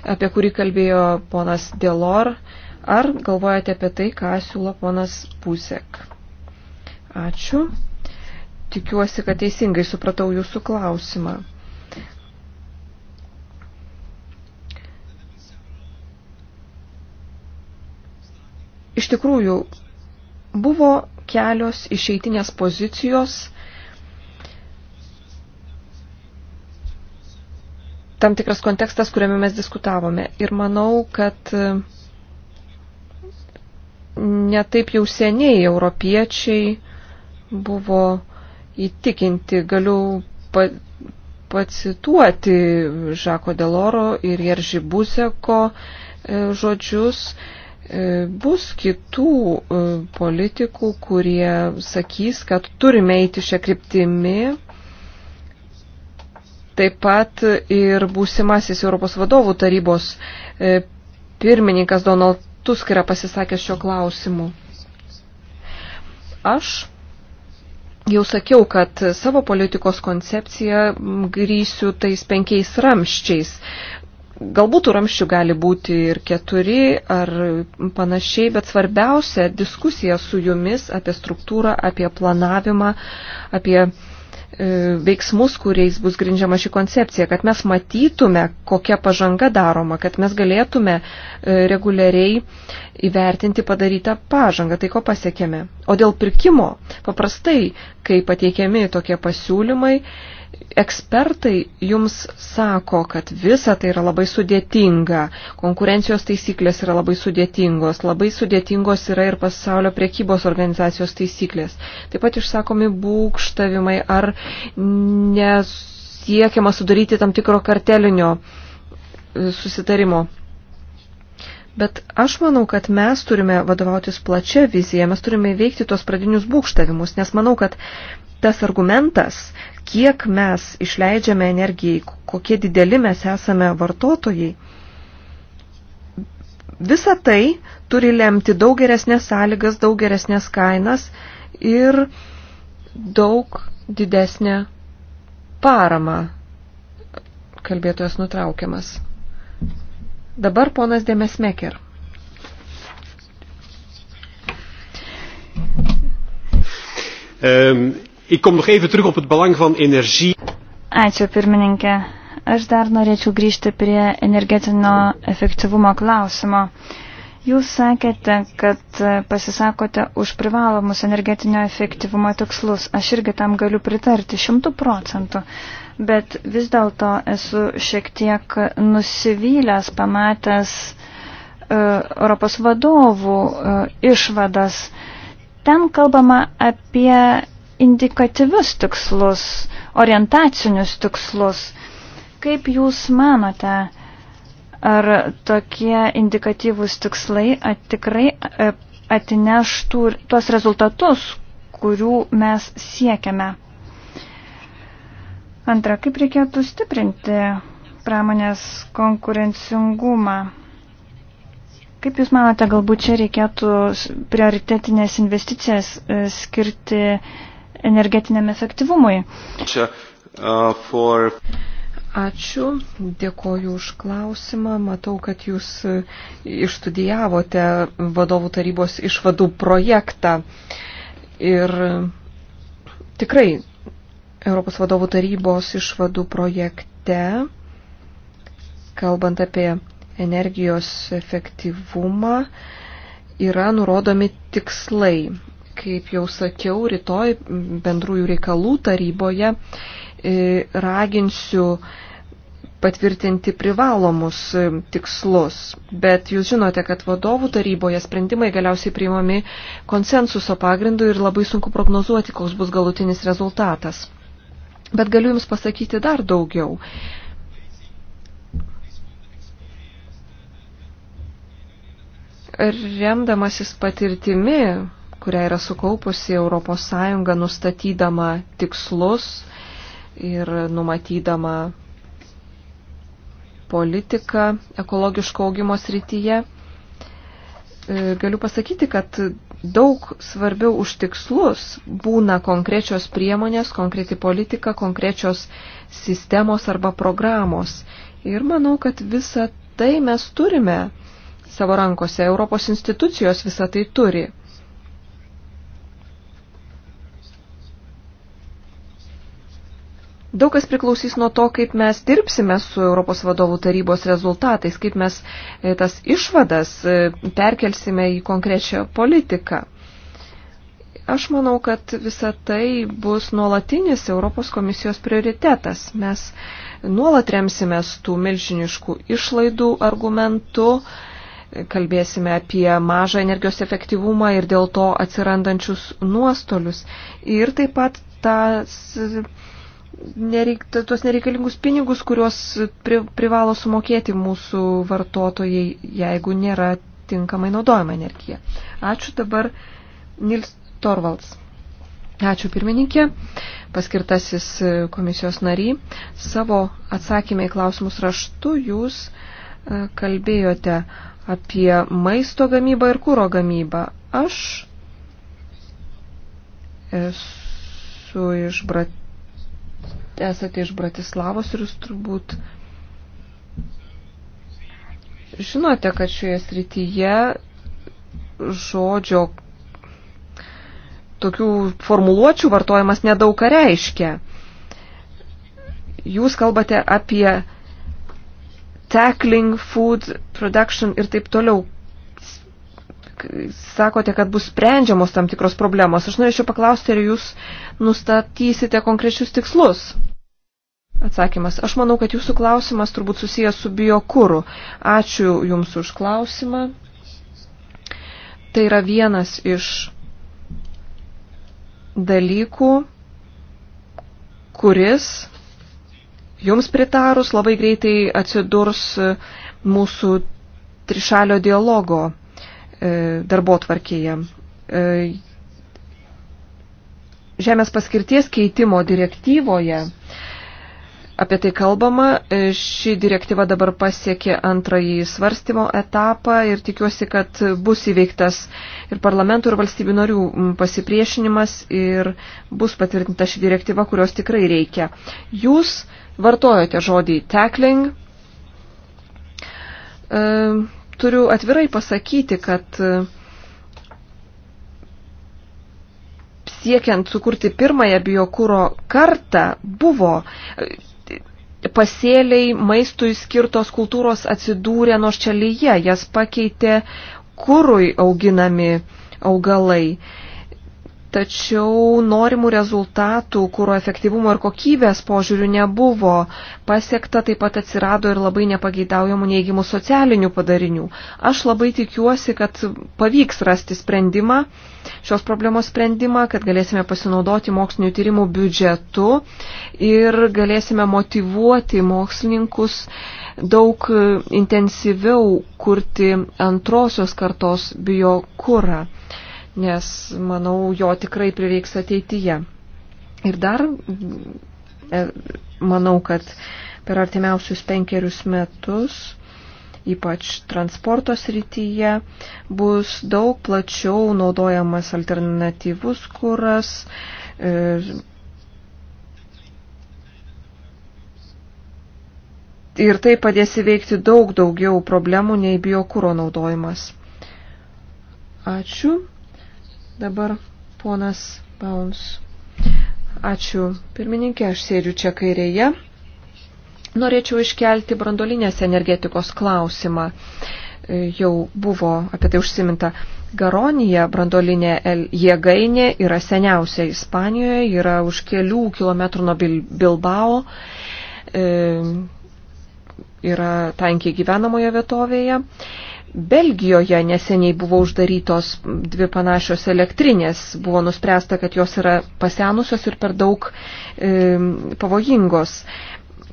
apie kurį kalbėjo ponas Delor, ar galvojate apie tai, ką siūlo ponas Pusek? Ačiū. Tikiuosi, kad teisingai supratau jūsų klausimą. Iš tikrųjų, Buvo kelios išeitinės pozicijos, tam tikras kontekstas, kuriame mes diskutavome. Ir manau, kad e, netaip jau seniai europiečiai buvo įtikinti, galiu pa, pacituoti Žako Deloro ir Jeržibuseko e, žodžius. E, bus kitų e, politikų, kurie sakys, kad turime eiti šią kryptimį. Taip pat ir būsimasis Europos vadovų tarybos e, pirmininkas Donald Tusk yra pasisakęs šio klausimu. Aš jau sakiau, kad savo politikos koncepciją grįsiu tais penkiais ramščiais. Galbūt ramščių gali būti ir keturi ar panašiai, bet svarbiausia diskusija su jumis apie struktūrą, apie planavimą, apie e, veiksmus, kuriais bus grindžiama ši koncepcija, kad mes matytume, kokia pažanga daroma, kad mes galėtume e, reguliariai įvertinti padarytą pažangą, tai ko pasiekėme. O dėl pirkimo, paprastai, kai pateikiami tokie pasiūlymai, ekspertai jums sako, kad visa tai yra labai sudėtinga, konkurencijos taisyklės yra labai sudėtingos, labai sudėtingos yra ir pasaulio priekybos organizacijos taisyklės. Taip pat išsakomi būkštavimai, ar nesiekiama sudaryti tam tikro kartelinio e, susitarimo. Bet aš manau, kad mes turime vadovautis plačia vizija, mes turime veikti tos pradinius būkštavimus, nes manau, kad tas argumentas, kiek mes išleidžiame energijai, kokie dideli mes esame vartotojai, visa tai turi lemti daug geresnės sąlygas, daug geresnės kainas ir daug didesnę paramą. Kalbėtojas nutraukiamas. Dabar ponas Dėmesmeker. Um, Ik kom nog even terug op het belang van energie. Ačiū pirmininkė. Aš dar norėčiau grįžti prie energetinio efektyvumo klausimo. Jūs sakėte, kad pasisakote už privalomus energetinio efektyvumo tikslus. Aš irgi tam galiu pritarti šimtų procentų, bet vis dėlto esu šiek tiek nusivylęs pamatęs uh, Europos vadovų uh, išvadas. Ten kalbama apie indikatyvius tikslus, orientacinius tikslus. Kaip Jūs manote, ar tokie indikatyvūs tikslai at tikrai e, atineš tuos rezultatus, kurių mes siekiame? Antra, kaip reikėtų stiprinti pramonės konkurencingumą? Kaip Jūs manote, galbūt čia reikėtų prioritetinės investicijas e, skirti energetiniam efektyvumui. Čia, uh, for... Ačiū, dėkoju už klausimą. Matau, kad jūs e, išstudijavote vadovų tarybos išvadų projektą. Ir e, tikrai Europos vadovų tarybos išvadų projekte, kalbant apie energijos efektyvumą, yra nurodomi tikslai. Kaip jau sakiau, rytoj bendrųjų reikalų taryboje e, raginsiu patvirtinti privalomus e, tikslus, bet jūs žinote, kad vadovų taryboje sprendimai galiausiai priimami konsensuso pagrindu ir labai sunku prognozuoti, koks bus galutinis rezultatas. Bet galiu Jums pasakyti dar daugiau. Remdamasis patirtimi, kurią yra sukaupusi ES nustatydama tikslus ir numatydama politiką ekologiško augimo srityje. E, galiu pasakyti, kad daug svarbiau už tikslus būna konkrečios priemonės, konkreti politika, konkrečios sistemos arba programos. Ir manau, kad visą tai mes turime savo rankose, Europos institucijos visą tai turi. Daug kas priklausys nuo to, kaip mes dirbsime su Europos vadovų tarybos rezultatais, kaip mes e, tas išvadas e, perkelsime į konkrečią politiką. Aš manau, kad visa tai bus nuolatinis Europos komisijos prioritetas. Mes nuolat remsime tų milžiniškų išlaidų argumentų, kalbėsime apie mažą energijos efektyvumą ir dėl to atsirandančius nuostolius. Ir taip pat tas nereik, tos nereikalingus pinigus, kuriuos pri, privalo sumokėti mūsų vartotojai, jeigu nėra tinkamai naudojama energija. Ačiū dabar Nils Torvalds. Ačiū pirmininkė, paskirtasis komisijos nary. Savo atsakymę į klausimus raštu jūs e, kalbėjote apie maisto gamybą ir kūro gamybą. Aš esu iš Brat esate iš Bratislavos ir jūs turbūt žinote, kad šioje srityje žodžio tokių formuluočių vartojimas nedaug ką reiškia. Jūs kalbate apie tackling food production ir taip toliau sakote, kad bus sprendžiamos tam tikros problemos. Aš norėčiau paklausti, ar jūs nustatysite konkrečius tikslus. Atsakymas. Aš manau, kad jūsų klausimas turbūt susijęs su biokūru. Ačiū Jums už klausimą. Tai yra vienas iš dalykų, kuris Jums pritarus labai greitai atsidurs mūsų trišalio dialogo E, darbo tvarkėje. E, žemės paskirties keitimo direktyvoje apie tai kalbama. E, ši direktyva dabar pasiekė antrąjį svarstymo etapą ir tikiuosi, kad bus įveiktas ir parlamentų, ir valstybių narių pasipriešinimas ir bus patvirtinta ši direktyva, kurios tikrai reikia. Jūs vartojote žodį tackling. E, turiu atvirai pasakyti, kad e, siekiant sukurti pirmąją biokūro kartą buvo e, pasėliai maistui skirtos kultūros atsidūrė nuoščelyje, jas pakeitė kūrui auginami augalai tačiau norimų rezultatų, kūro efektyvumo ir kokybės požiūrių nebuvo pasiekta, taip pat atsirado ir labai nepageidaujamų neįgimų socialinių padarinių. Aš labai tikiuosi, kad pavyks rasti sprendimą, šios problemos sprendimą, kad galėsime pasinaudoti mokslinių tyrimų biudžetu ir galėsime motivuoti mokslininkus daug intensyviau kurti antrosios kartos biokūrą nes manau, jo tikrai prireiks ateityje. Ir dar e, manau, kad per artimiausius penkerius metus, ypač transporto srityje, bus daug plačiau naudojamas alternatyvus kuras. E, ir tai padės įveikti daug daugiau problemų nei biokūro naudojimas. Ačiū. Dabar ponas Pauns. Ačiū. Pirmininkė, aš sėdžiu čia kairėje. Norėčiau iškelti brandolinės energetikos klausimą. E, jau buvo apie tai užsiminta. Garonija, brandolinė jėgainė, yra seniausia Ispanijoje, yra už kelių kilometrų nuo Bilbao, e, yra tankiai gyvenamoje vietovėje. E, Belgijoje neseniai buvo uždarytos dvi panašios elektrinės. Buvo nuspręsta, kad jos yra pasenusios ir per daug e, pavojingos.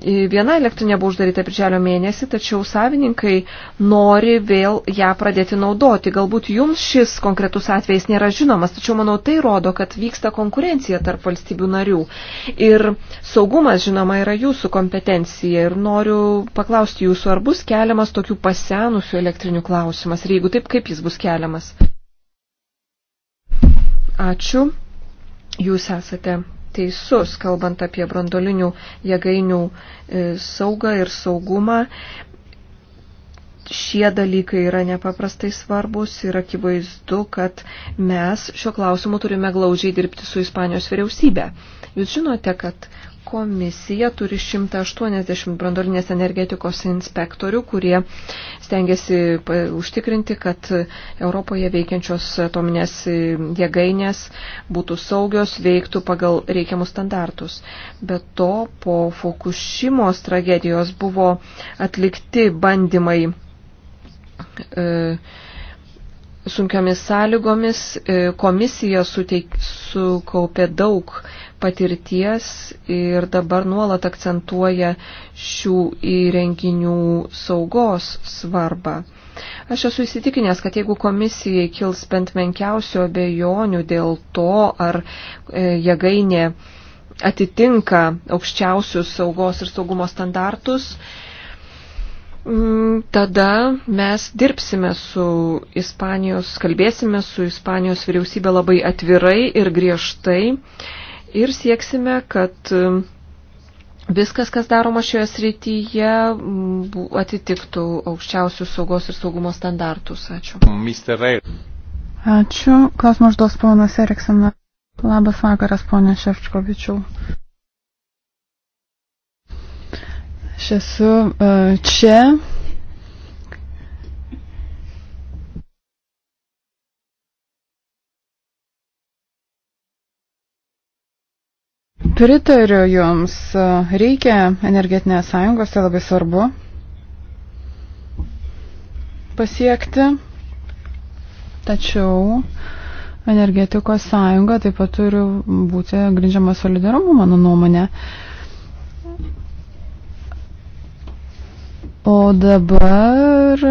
Viena elektrinė buvo uždaryta birželio mėnesį, tačiau savininkai nori vėl ją pradėti naudoti. Galbūt jums šis konkretus atvejs nėra žinomas, tačiau manau tai rodo, kad vyksta konkurencija tarp valstybių narių. Ir saugumas, žinoma, yra jūsų kompetencija. Ir noriu paklausti jūsų, ar bus keliamas tokių pasenusių elektrinių klausimas. Ir jeigu taip, kaip jis bus keliamas? Ačiū. Jūs esate teisus, kalbant apie brandolinių jėgainių e, saugą ir saugumą. Šie dalykai yra nepaprastai svarbus ir akivaizdu, kad mes šiuo klausimu turime glaudžiai dirbti su Ispanijos vyriausybė. Jūs žinote, kad Komisija turi 180 brandolinės energetikos inspektorių, kurie stengiasi užtikrinti, kad Europoje veikiančios atominės jėgainės būtų saugios, veiktų pagal reikiamus standartus. Be to, po Fukushimos tragedijos buvo atlikti bandymai. E, sunkiomis sąlygomis e, komisija suteik, sukaupė daug patirties ir dabar nuolat akcentuoja šių įrenginių saugos svarbą. Aš esu įsitikinęs, kad jeigu komisijai kils bent menkiausio abejonių dėl to, ar e, jėgainė atitinka aukščiausius saugos ir saugumo standartus, mm, Tada mes dirbsime su Ispanijos, kalbėsime su Ispanijos vyriausybė labai atvirai ir griežtai ir sieksime, kad um, viskas, kas daroma šioje srityje, um, atitiktų aukščiausius saugos ir saugumo standartus. Ačiū. Ačiū. Klausimą užduos ponas Eriksonas. Labas vakaras, ponė Šefčkovičiau. Aš esu e, čia Pritariu Jums, reikia energetinės sąjungos, tai labai svarbu pasiekti, tačiau energetikos sąjunga taip pat turi būti grindžiama solidarumu, mano nuomonė. O dabar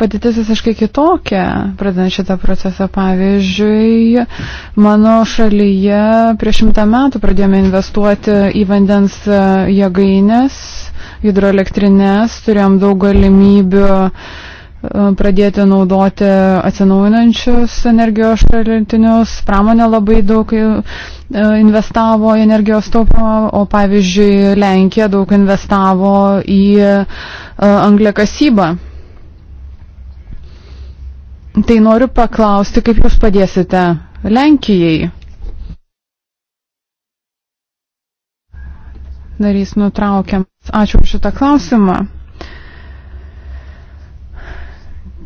padėtis visiškai kitokia, pradedant šitą procesą. Pavyzdžiui, mano šalyje prieš šimtą metų pradėjome investuoti į vandens e, jėgainės, hidroelektrinės, turėjom daug galimybių e, pradėti naudoti atsinaujinančius energijos šaltinius, pramonė labai daug e, investavo į energijos taupimą, o pavyzdžiui Lenkija daug investavo į angliakasybą. Tai noriu paklausti, kaip jūs padėsite Lenkijai. Narys nutraukiam. Ačiū už šitą klausimą.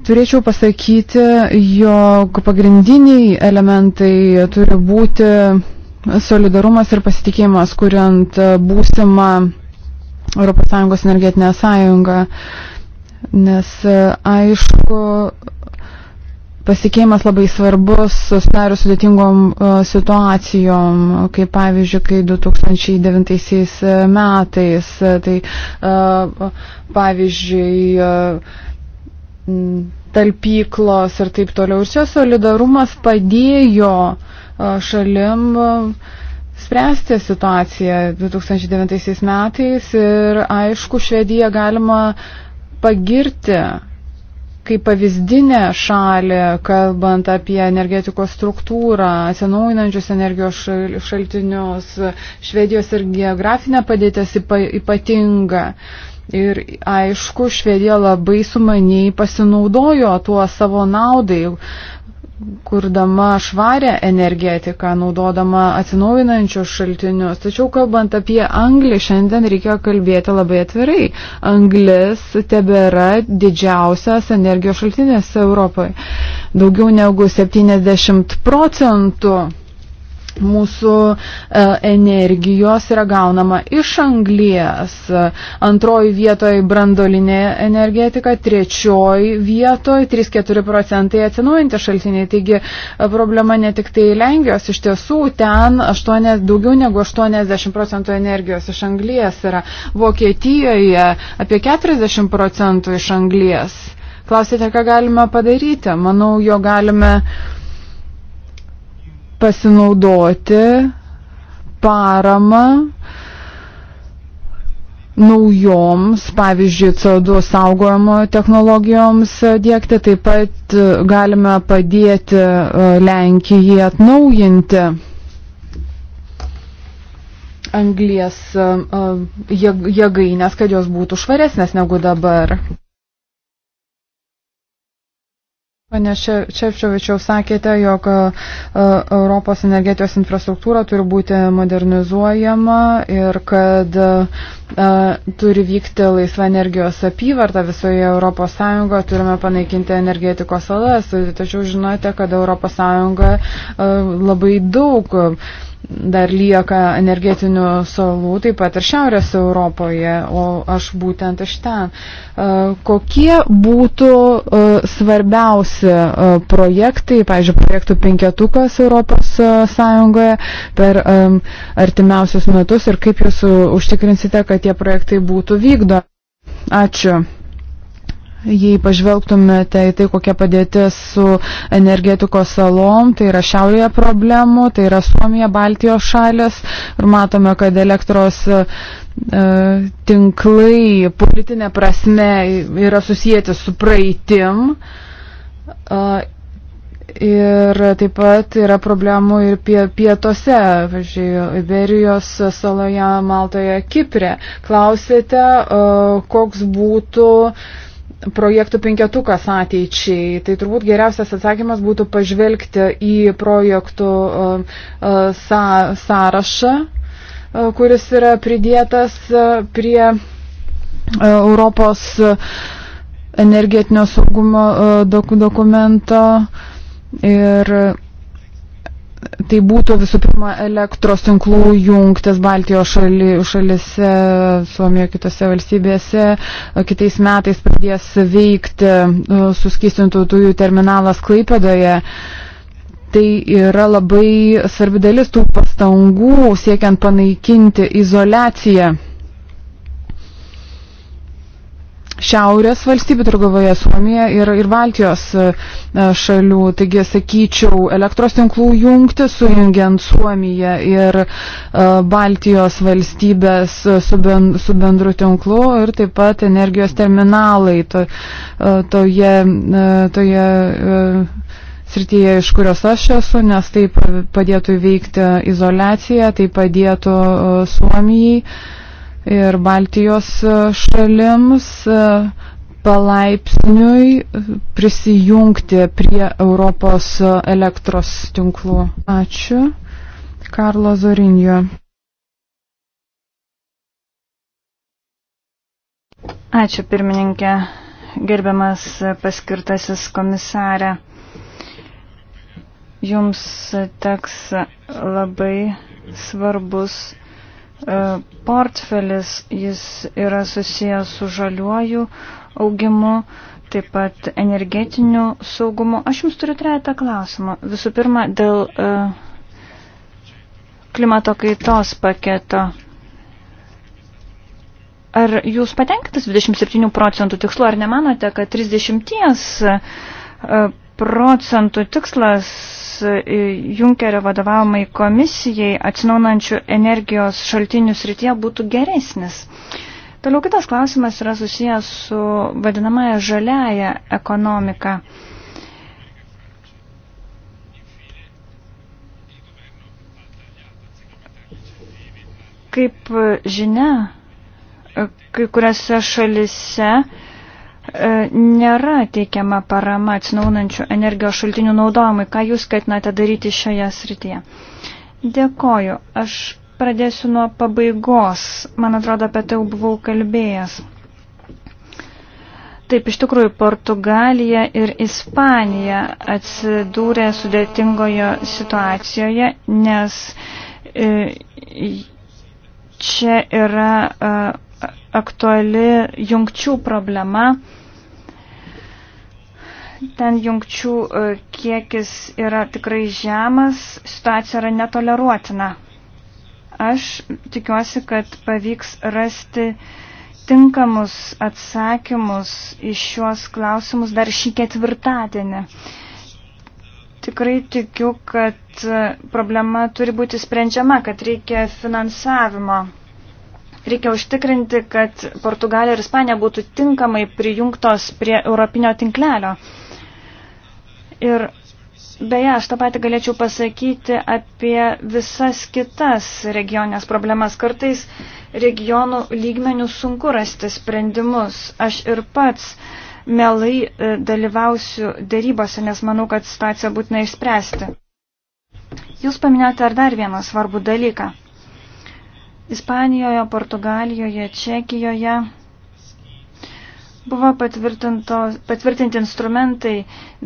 Turėčiau pasakyti, jog pagrindiniai elementai turi būti solidarumas ir pasitikėjimas, kuriant būsimą ES energetinę sąjungą. Nes aišku, pasikeimas labai svarbus susidarius sudėtingom e, situacijom, kaip pavyzdžiui, kai 2009 e, metais, e, tai pavyzdžiui, talpyklos ir taip toliau. Ir šios solidarumas padėjo šalim spręsti situaciją 2009 metais ir aišku, Švediją galima pagirti kaip pavyzdinę šalį, kalbant apie energetikos struktūrą, atsinaujinančius energijos šaltinius. Švedijos ir geografinė padėtis ypatinga. Ir aišku, Švedija labai sumaniai pasinaudojo tuo savo naudai, kurdama švarę energetiką, naudodama atsinaujinančius šaltinius. Tačiau kalbant apie anglį, šiandien reikia kalbėti labai atvirai. Anglis tebėra didžiausias energijos šaltinis Europoje. Daugiau negu 70 procentų mūsų e, energijos yra gaunama iš anglies, antroji vietoje brandolinė energetika, trečioji vietoje 3-4 procentai atsinaujantys šaltiniai. Taigi e, problema ne tik tai Lenkijos, iš tiesų ten 8, daugiau negu 80 procentų energijos iš anglies yra, Vokietijoje apie 40 procentų iš anglies. Klausite, ką galime padaryti? Manau, jo galime uh, pasinaudoti paramą naujoms, pavyzdžiui, CO2 saugojimo technologijoms dėkti, taip pat e, galime padėti e, Lenkijai atnaujinti anglies e, jėgainės, kad jos būtų švaresnės negu dabar. Pane Šefčiovičiau, sakėte, jog e, e, Europos energetijos infrastruktūra turi būti modernizuojama ir kad e, turi vykti laisva energijos apyvarta visoje Europos Sąjungoje, turime panaikinti energetikos salas, tačiau žinote, kad Europos Sąjunga labai daug dar lieka energetinių salų, taip pat ir Šiaurės Europoje, o aš būtent iš ten. E, kokie būtų e, svarbiausi e, projektai, pavyzdžiui, projektų penketukas Europos Sąjungoje per artimiausius metus ir kaip jūs užtikrinsite, kad tie projektai būtų vykdo? Ačiū. Jei pažvelgtumėte į tai, kokia padėtis su energetikos salom, tai yra šiaurėje problemų, tai yra Suomija, Baltijos šalis ir matome, kad elektros e, tinklai politinė prasme yra susijęti su praeitim. E, ir taip pat yra problemų ir pie, pietose, važiuoju, Iberijos saloje, Maltoje, Kiprė. Klausėte, e, koks būtų uh, projektų penketukas ateičiai. Tai turbūt geriausias atsakymas būtų pažvelgti į projektų e, e, sa sąrašą, e, kuris yra pridėtas prie Europos energetinio saugumo dokumento. Ir Tai būtų visų pirma elektros tinklų jungtis Baltijos šali, šalise, Suomijoje, kitose valstybėse. Kitais metais pradės veikti e, suskistintų dujų terminalas Klaipėdoje. Tai yra labai svarbi dalis tų pastangų siekiant panaikinti izolaciją šiaurės valstybių, turgovoje Suomija ir, ir Baltijos e, e, šalių. Taigi, sakyčiau, elektros tinklų jungti sujungiant Suomiją ir e, Baltijos valstybės su, ben, su bendru tinklu ir taip pat energijos terminalai to, toje, toje srityje, iš kurios aš esu, nes tai padėtų įveikti izolaciją, tai padėtų Suomijai ir Baltijos e, šalims e, palaipsniui e, prisijungti prie Europos elektros tinklų. Ačiū. Karlo Zorinjo. Ačiū pirmininkė, gerbiamas paskirtasis komisarė. Jums teks labai svarbus E, portfelis, jis yra susijęs su žaliuoju augimu, taip pat energetiniu saugumu. Aš jums turiu trejata klausimą. Visų pirma, dėl e, klimato kaitos paketo. Ar jūs patenkintas 27 procentų tikslu, ar nemanote, kad 30 e, procentų tikslas Junkerio vadovaujamai komisijai atsinaunančių energijos šaltinių srityje būtų geresnis. Toliau kitas klausimas yra susijęs su vadinamąją žaliają ekonomiką. Kaip žinia, kai kuriuose šalise uh, E, nėra teikiama parama atsinaunančių energijos šaltinių naudojimui. Ką jūs ketinate daryti šioje srityje? Dėkoju. Aš pradėsiu nuo pabaigos. Man atrodo, apie tai jau buvau kalbėjęs. Taip, iš tikrųjų, Portugalija ir Ispanija atsidūrė sudėtingojo situacijoje, nes e, čia yra e, aktuali jungčių problema. Ten jungčių e, kiekis yra tikrai žemas, situacija yra netoleruotina. Aš tikiuosi, kad pavyks rasti tinkamus atsakymus iš šiuos klausimus dar šį ketvirtadienį. Tikrai tikiu, kad e, problema turi būti sprendžiama, kad reikia finansavimo Reikia užtikrinti, kad Portugalija ir Ispanija būtų tinkamai prijungtos prie europinio tinklelio. Ir beje, aš tą patį galėčiau pasakyti apie visas kitas regionės problemas. Kartais regionų lygmenių sunku rasti sprendimus. Aš ir pats mielai e, dalyvausiu dėrybose, nes manau, kad situaciją būtina išspręsti. Jūs paminėjote ar dar vieną svarbų dalyką. Ispanijoje, Portugalijoje, Čekijoje buvo patvirtinti instrumentai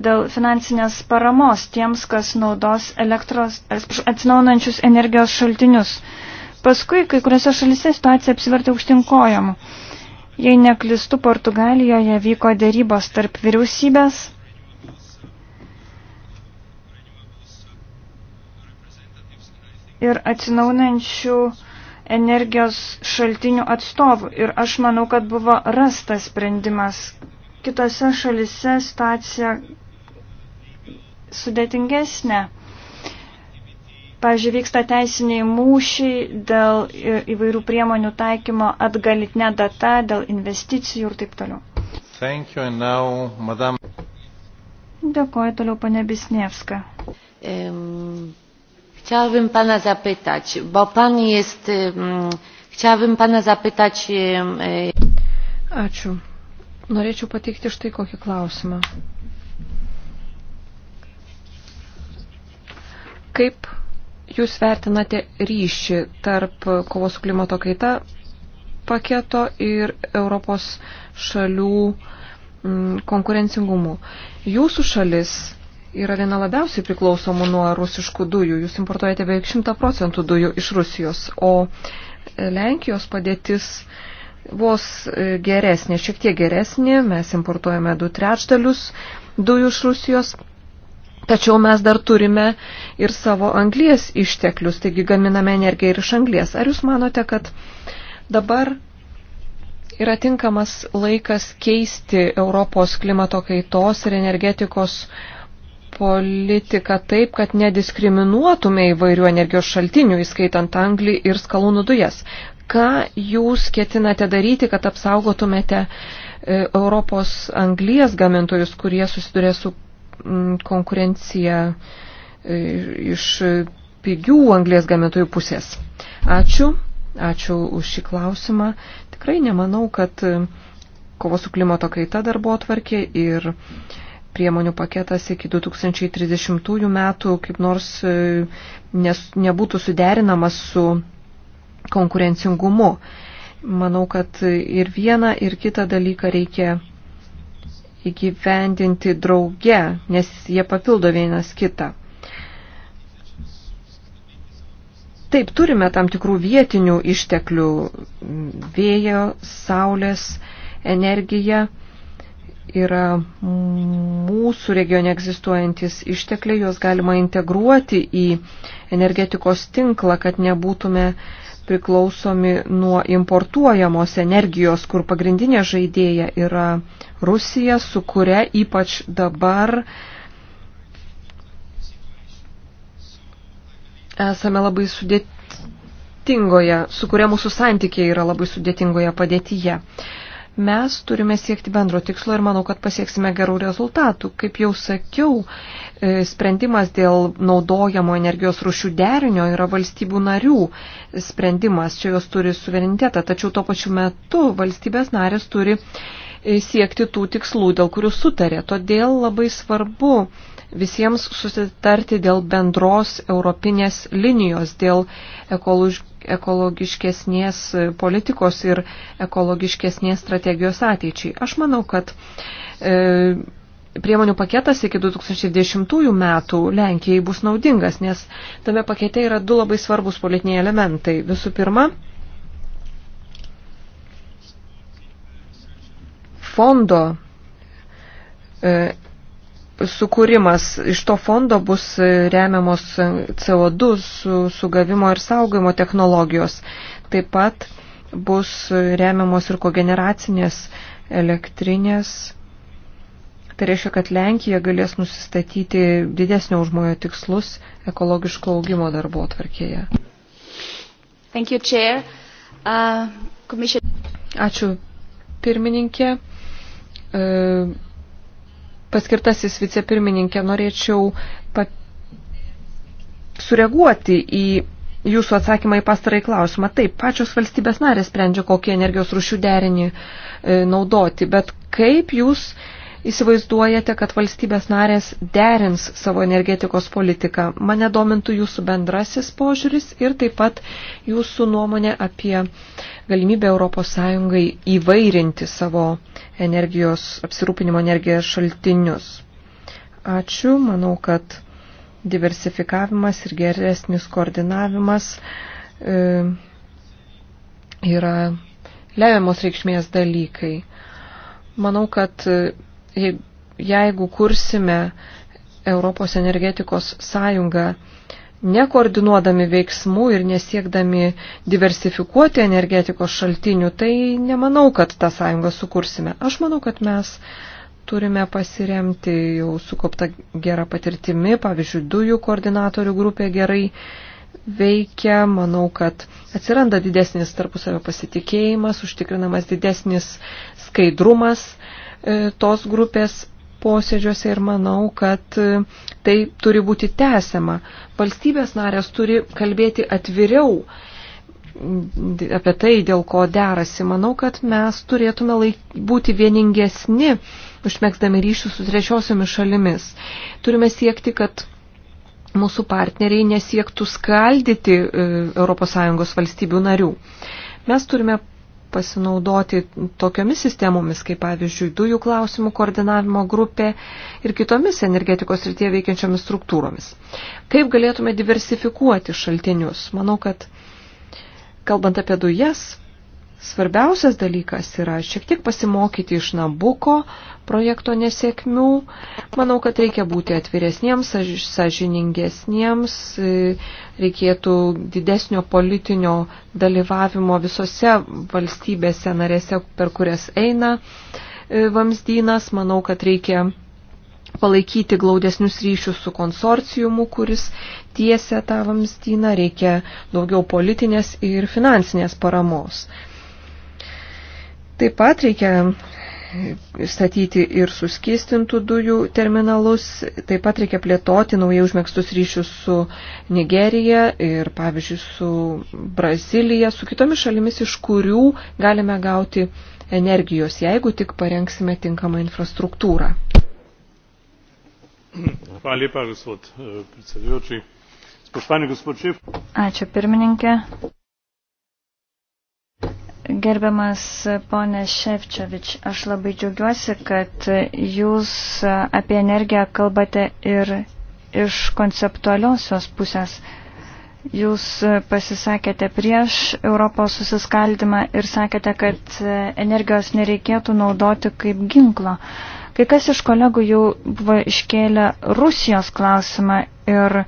dėl finansinės paramos tiems, kas naudos elektros atsinaunančius energijos šaltinius. Paskui kai kuriuose šalise situacija apsivertė aukštinkojom. Jei neklistu, Portugalijoje vyko dėrybos tarp vyriausybės. Ir atsinaunančių uh, energijos šaltinių atstovų. Ir aš manau, kad buvo rastas sprendimas. Kitose šalise situacija sudėtingesnė. Pavyzdžiui, vyksta teisiniai mūšiai dėl įvairių priemonių taikymo atgalitne data, dėl investicijų ir taip toliau. Thank you, now, madam. Dėkuoju toliau, pane Bisnievska. Um, chciałabym pana zapytać bo pan jest chciałabym pana zapytać Ačiū. Norėčiau pateikti štai kokį klausimą. Kaip jūs vertinate ryšį tarp kovos su klimato kaita paketo ir Europos šalių konkurencingumų? Jūsų šalis yra viena labiausiai priklausomų nuo rusiškų dujų. Jūs importuojate beveik 100 procentų dujų iš Rusijos, o e, Lenkijos padėtis vos e, geresnė, šiek tiek geresnė. Mes importuojame du trečdalius dujų iš Rusijos. Tačiau mes dar turime ir savo anglies išteklius, taigi gaminame energiją ir iš anglies. Ar jūs manote, kad dabar yra tinkamas laikas keisti Europos klimato kaitos ir energetikos uh, politiką taip, kad nediskriminuotume įvairių energijos šaltinių, įskaitant anglį ir skalūnų dujas. Ką jūs ketinate daryti, kad apsaugotumėte e, Europos anglijas gamintojus, kurie susiduria su konkurencija e, iš pigių anglės gamintojų pusės. Ačiū, ačiū už šį klausimą. Tikrai nemanau, kad e, kovo su klimato kaita darbo atvarkė ir uh, priemonių paketas iki 2030 metų kaip nors e, nes, nebūtų suderinamas su konkurencingumu. Manau, kad ir vieną, ir kitą dalyką reikia įgyvendinti drauge, nes jie papildo vienas kitą. Taip, turime tam tikrų vietinių išteklių vėjo, saulės, energiją yra mūsų regione egzistuojantis ištekliai, juos galima integruoti į energetikos tinklą, kad nebūtume priklausomi nuo importuojamos energijos, kur pagrindinė žaidėja yra Rusija, su kuria ypač dabar esame labai sudėtingoje, su kuria mūsų santykiai yra labai sudėtingoje padėtyje. Mes turime siekti bendro tikslo ir manau, kad pasieksime gerų rezultatų. Kaip jau sakiau, e, sprendimas dėl naudojamo energijos rušių derinio yra valstybių narių sprendimas, čia jos turi suverenitetą, tačiau tuo pačiu metu valstybės narės turi e, siekti tų tikslų, dėl kurių sutarė. Todėl labai svarbu visiems susitarti dėl bendros europinės linijos, dėl ekologiškų ekologiškesnės politikos ir ekologiškesnės strategijos ateičiai. Aš manau, kad e, priemonių paketas iki 2010 metų Lenkijai bus naudingas, nes tame pakete yra du labai svarbus politiniai elementai. Visų pirma, fondo e, sukūrimas iš to fondo bus e, remiamos e, CO2 su, sugavimo ir saugojimo technologijos. Taip pat bus e, remiamos ir kogeneracinės elektrinės. Tai reiškia, kad Lenkija galės nusistatyti didesnio užmojo tikslus ekologiško augimo darbo atvarkėje. Uh, Ačiū pirmininkė. Uh, paskirtasis vicepirmininkė, norėčiau pat... sureaguoti į jūsų atsakymą į pastarai klausimą. Taip, pačios valstybės narės sprendžia, kokį energijos rušių derinį e, naudoti, bet kaip jūs įsivaizduojate, kad valstybės narės derins savo energetikos politiką? Mane domintų jūsų bendrasis požiūris ir taip pat jūsų nuomonė apie galimybę ES įvairinti savo energijos, apsirūpinimo energijos šaltinius. Ačiū, manau, kad diversifikavimas ir geresnis koordinavimas e, yra lemiamos reikšmės dalykai. Manau, kad jeigu kursime Europos energetikos sąjungą, nekoordinuodami veiksmų ir nesiekdami diversifikuoti energetikos šaltinių, tai nemanau, kad tą sąjungą sukursime. Aš manau, kad mes turime pasiremti jau sukopta gera patirtimi, pavyzdžiui, dujų koordinatorių grupė gerai veikia, manau, kad atsiranda didesnis tarpusavio pasitikėjimas, užtikrinamas didesnis skaidrumas. Uh, E, tos grupės posėdžiuose ir manau, kad e, tai turi būti tęsiama. Valstybės narės turi kalbėti atviriau apie tai, dėl ko derasi. Manau, kad mes turėtume laik, būti vieningesni, užmėgdami ryšius su trečiosiomis šalimis. Turime siekti, kad mūsų partneriai nesiektų skaldyti ES valstybių narių. Mes turime pasinaudoti tokiomis sistemomis, kaip pavyzdžiui, dujų klausimų koordinavimo grupė ir kitomis energetikos rytie veikiančiomis struktūromis. Kaip galėtume diversifikuoti šaltinius? Manau, kad kalbant apie dujas, Svarbiausias dalykas yra šiek tiek pasimokyti iš Nabuko projekto nesėkmių. Manau, kad reikia būti atviresniems, sažiningesniems, e, reikėtų didesnio politinio dalyvavimo visose valstybėse narėse, per kurias eina e, vamzdynas. Manau, kad reikia palaikyti glaudesnius ryšius su konsorciumu, kuris tiesia tą vamzdyną, reikia daugiau politinės ir finansinės paramos. Taip pat reikia e, statyti ir suskistintų dujų terminalus, taip pat reikia plėtoti naujai užmėgstus ryšius su Nigerija ir, pavyzdžiui, su Brazilija, su kitomis šalimis, iš kurių galime gauti energijos, jeigu tik parengsime tinkamą infrastruktūrą. E, Ačiū pirmininkė. Gerbiamas ponė Ševčiovič, aš labai džiaugiuosi, kad jūs apie energiją kalbate ir iš konceptualiosios pusės. Jūs pasisakėte prieš Europos susiskaldimą ir sakėte, kad energijos nereikėtų naudoti kaip ginklo. Kai kas iš kolegų jau buvo iškėlę Rusijos klausimą ir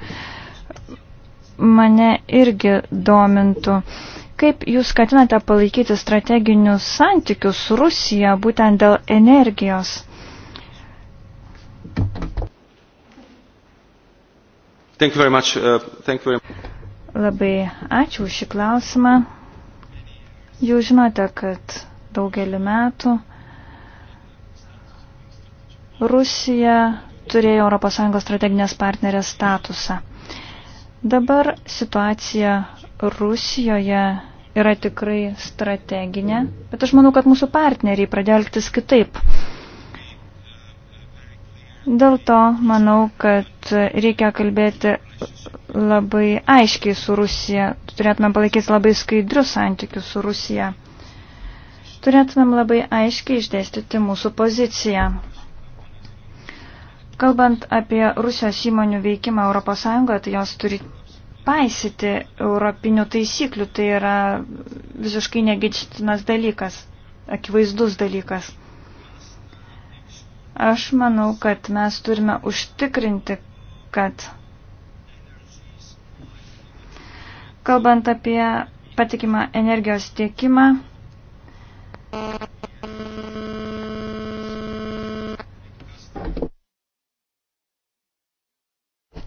mane irgi domintų Kaip jūs skatinate palaikyti strateginius santykius su Rusija būtent dėl energijos? Thank you very much. Uh, thank you very much. Labai ačiū už šį klausimą. Jūs žinote, kad daugelį metų Rusija turėjo ES strateginės partnerės statusą. Dabar situacija Rusijoje yra tikrai strateginė, bet aš manau, kad mūsų partneriai pradėjo elgtis kitaip. Dėl to manau, kad reikia kalbėti labai aiškiai su Rusija. Turėtumėm palaikyti labai skaidrius santykius su Rusija. Turėtumėm labai aiškiai išdėstyti mūsų poziciją. Kalbant apie Rusijos įmonių veikimą ES, tai jos turi paisyti europinių taisyklių. Tai yra visiškai negičtinas dalykas, akivaizdus dalykas. Aš manau, kad mes turime užtikrinti, kad kalbant apie patikimą energijos tiekimą,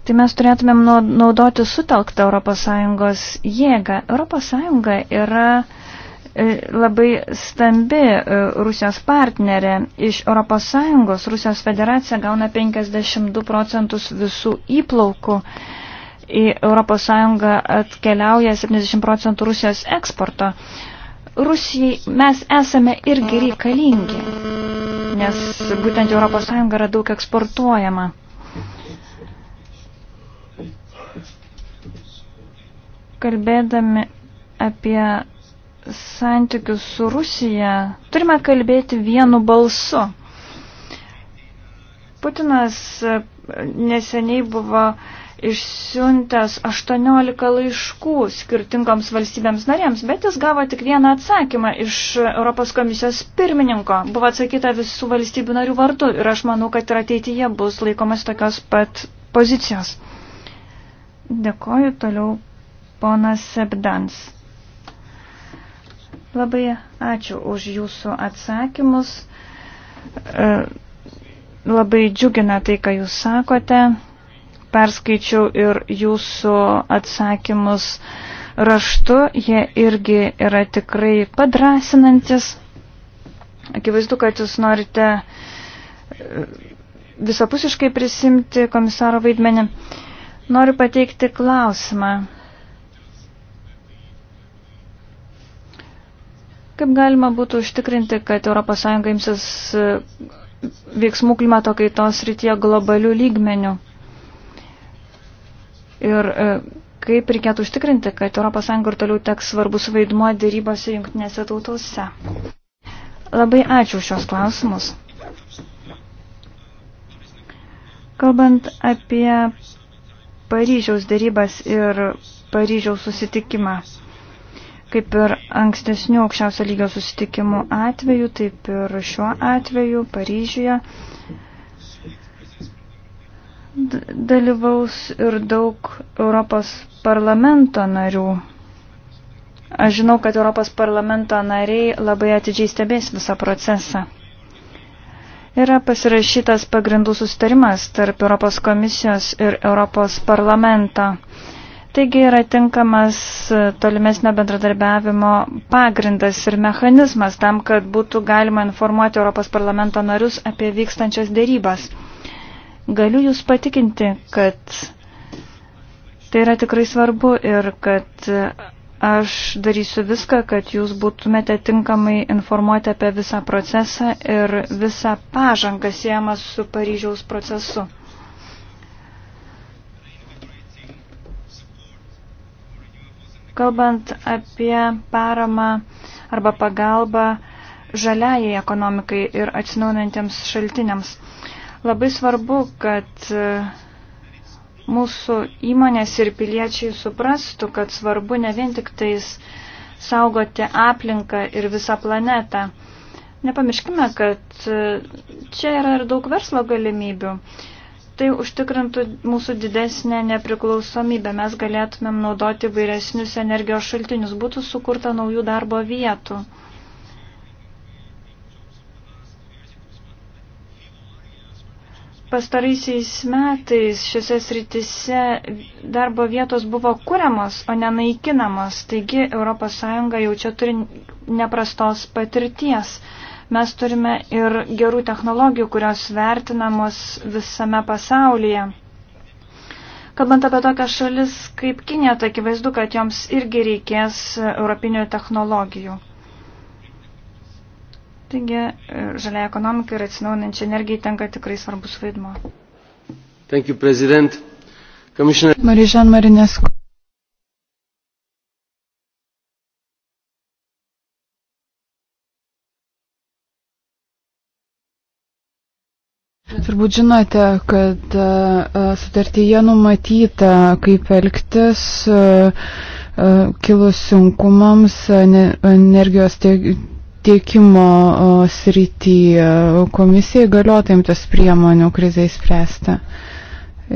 Tai mes turėtumėm naudoti sutelktą ES jėgą. ES yra e, labai stambi e, Rusijos partnerė. Iš ES Rusijos federacija gauna 52 procentus visų įplaukų. Į ES atkeliauja 70 procentų Rusijos eksporto. Rusijai mes esame irgi reikalingi, nes būtent ES yra daug eksportuojama. kalbėdami apie santykius su Rusija, turime kalbėti vienu balsu. Putinas neseniai buvo išsiuntęs 18 laiškų skirtingoms valstybėms narėms, bet jis gavo tik vieną atsakymą iš Europos komisijos pirmininko. Buvo atsakyta visų valstybių narių vardu ir aš manau, kad ir ateityje bus laikomas tokios pat pozicijos. Dėkoju toliau ponas Sebdans. Labai ačiū už jūsų atsakymus. E, labai džiugina tai, ką jūs sakote. Perskaičiau ir jūsų atsakymus raštu. Jie irgi yra tikrai padrasinantis. Akivaizdu, kad jūs norite e, visapusiškai prisimti komisaro vaidmenį. Noriu pateikti klausimą. Kaip galima būtų užtikrinti, kad ES imsis e, veiksmų klimato kaitos rytyje globalių lygmenių? Ir e, kaip reikėtų užtikrinti, kad ES ir toliau teks svarbus vaidmuo dėrybose jungtinėse tautose? Labai ačiū šios klausimus. Kalbant apie Paryžiaus dėrybas ir Paryžiaus susitikimą. Kaip ir ankstesnių aukščiausio lygio susitikimų atveju, taip ir šiuo atveju Paryžiuje dalyvaus ir daug Europos parlamento narių. Aš žinau, kad Europos parlamento nariai labai atidžiai stebės visą procesą. Yra pasirašytas pagrindų sustarimas tarp Europos komisijos ir Europos parlamento. Taigi yra tinkamas e, tolimesnio bendradarbiavimo pagrindas ir mechanizmas tam, kad būtų galima informuoti Europos parlamento narius apie vykstančias dėrybas. Galiu Jūs patikinti, kad tai yra tikrai svarbu ir kad e, aš darysiu viską, kad Jūs būtumėte tinkamai informuoti apie visą procesą ir visą pažangą siejamą su Paryžiaus procesu. Kalbant apie paramą arba pagalbą žaliajai ekonomikai ir atsinaujantiems šaltiniams, labai svarbu, kad e, mūsų įmonės ir piliečiai suprastų, kad svarbu ne vien tik tais saugoti aplinką ir visą planetą. Nepamirškime, kad e, čia yra ir daug verslo galimybių. Tai užtikrintų mūsų didesnę nepriklausomybę. Mes galėtumėm naudoti vairesnius energijos šaltinius. Būtų sukurta naujų darbo vietų. Pastaraisiais metais šiose sritise darbo vietos buvo kuriamos, o ne naikinamos. Taigi ES jau čia turi neprastos patirties. Mes turime ir gerų technologijų, kurios vertinamos visame pasaulyje. Kalbant apie tokias šalis kaip Kinė, tai akivaizdu, kad joms irgi reikės europinių technologijų. Taigi, žalia ekonomika ir atsinaujinančia energija tenka tikrai svarbus vaidmo. Thank you, President. Commissioner... Marijan Marinescu. Turbūt žinote, kad e, e, sutartyje numatyta, kaip elgtis e, kilus sunkumams energijos tiekimo srityje. Komisija įgaliota imtis priemonių krizai spręsti.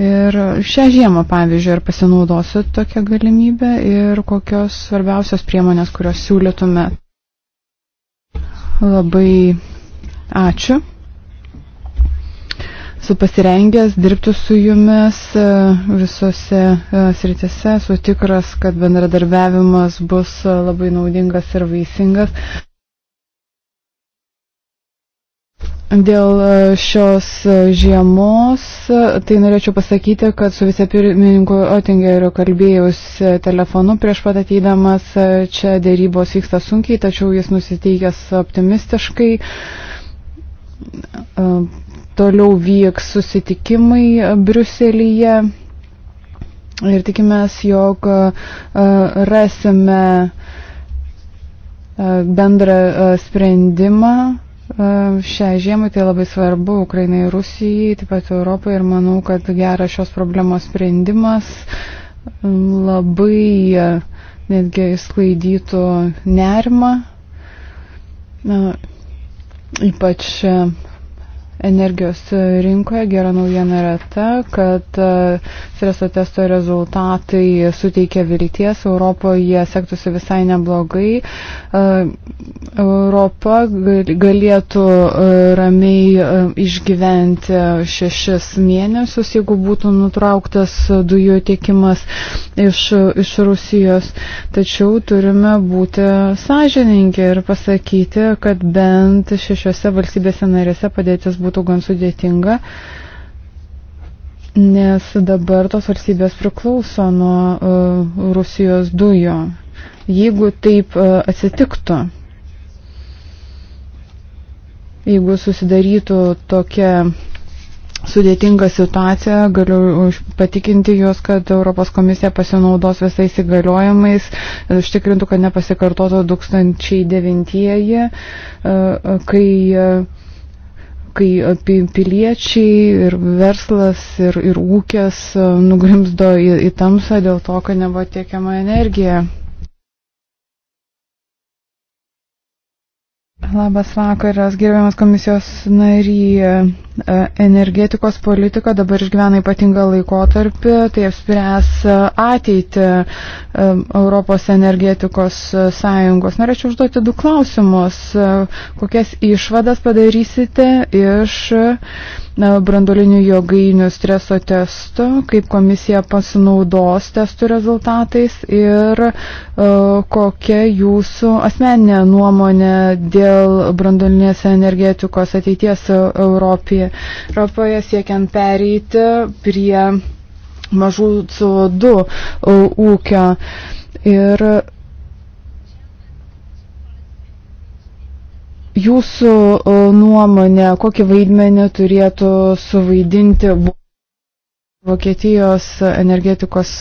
Ir šią žiemą, pavyzdžiui, ar pasinaudosit tokią galimybę ir kokios svarbiausios priemonės, kurios siūlytume. Labai ačiū. Esu pasirengęs dirbti su jumis e, visose e, sritise, esu tikras, kad bendradarbiavimas bus e, labai naudingas ir vaisingas. Dėl šios žiemos, tai norėčiau pasakyti, kad su vicepirmininku Otingeriu kalbėjus telefonu prieš pat ateidamas, čia dėrybos vyksta sunkiai, tačiau jis nusiteikęs optimistiškai Toliau vyks susitikimai e, Briuselyje ir tikimės, jog e, e, rasime bendrą sprendimą šią žiemą, tai labai svarbu Ukrainai ir Rusijai, taip pat Europai ir manau, kad geras šios problemos sprendimas labai netgi sklaidytų nerimą, ypač energijos rinkoje. Gera naujiena yra ta, kad e, streso testo rezultatai suteikia vilties, Europoje sektųsi visai neblogai. E, Europa galėtų e, ramiai išgyventi šešis mėnesius, jeigu būtų nutrauktas dujų tiekimas iš, iš Rusijos. Tačiau turime būti sąžininkai ir pasakyti, kad bent šešiose valstybėse narėse padėtis būtų būtų gan sudėtinga, nes dabar tos valstybės priklauso nuo uh, Rusijos dujo. Jeigu taip uh, atsitiktų, jeigu susidarytų tokia sudėtinga situacija, galiu patikinti juos, kad Europos komisija pasinaudos visais įgaliojimais, užtikrintų, kad nepasikartotų 2009, e, kai kai e, piliečiai ir verslas ir, ir ūkės e, nugrimzdo į, į tamsą dėl to, kad nebuvo tiekiama energija. Labas vakaras, gerbiamas komisijos nary. E, e, energetikos politika dabar išgyvena ypatingą laikotarpį, tai apspręs e, ateitį Europos energetikos sąjungos. Norėčiau užduoti du klausimus. Kokias išvadas padarysite iš brandolinių jogainių streso testų, kaip komisija pasinaudos testų rezultatais ir kokia jūsų asmeninė nuomonė dėl dėl brandolinės energetikos ateities Europėje, Europoje siekiant pereiti prie mažų CO2 ūkio. Ir jūsų nuomonė, kokį vaidmenį turėtų suvaidinti Vokietijos energetikos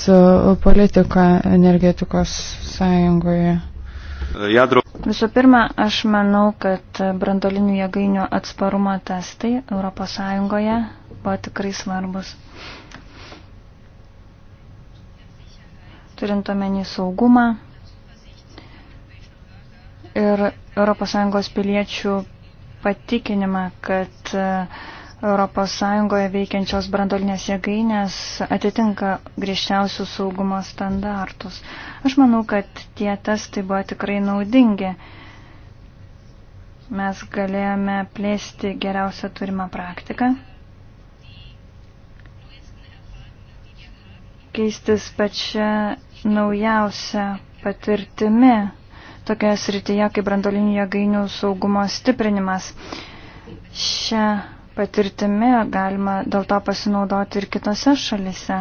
politika energetikos sąjungoje? jadro. Visų pirma, aš manau, kad brandolinių jėgainių atsparumo testai ES buvo tikrai svarbus. Turint omeny saugumą ir ES piliečių patikinimą, kad ES veikiančios brandolinės jėgainės atitinka griežčiausius saugumo standartus. Aš manau, kad tie testai buvo tikrai naudingi. Mes galėjome plėsti geriausią turimą praktiką, keistis pačią naujausią patirtimi tokioje srityje kaip brandolinių jėgainių saugumo stiprinimas. Šią patirtimi galima dėl to pasinaudoti ir kitose šalise.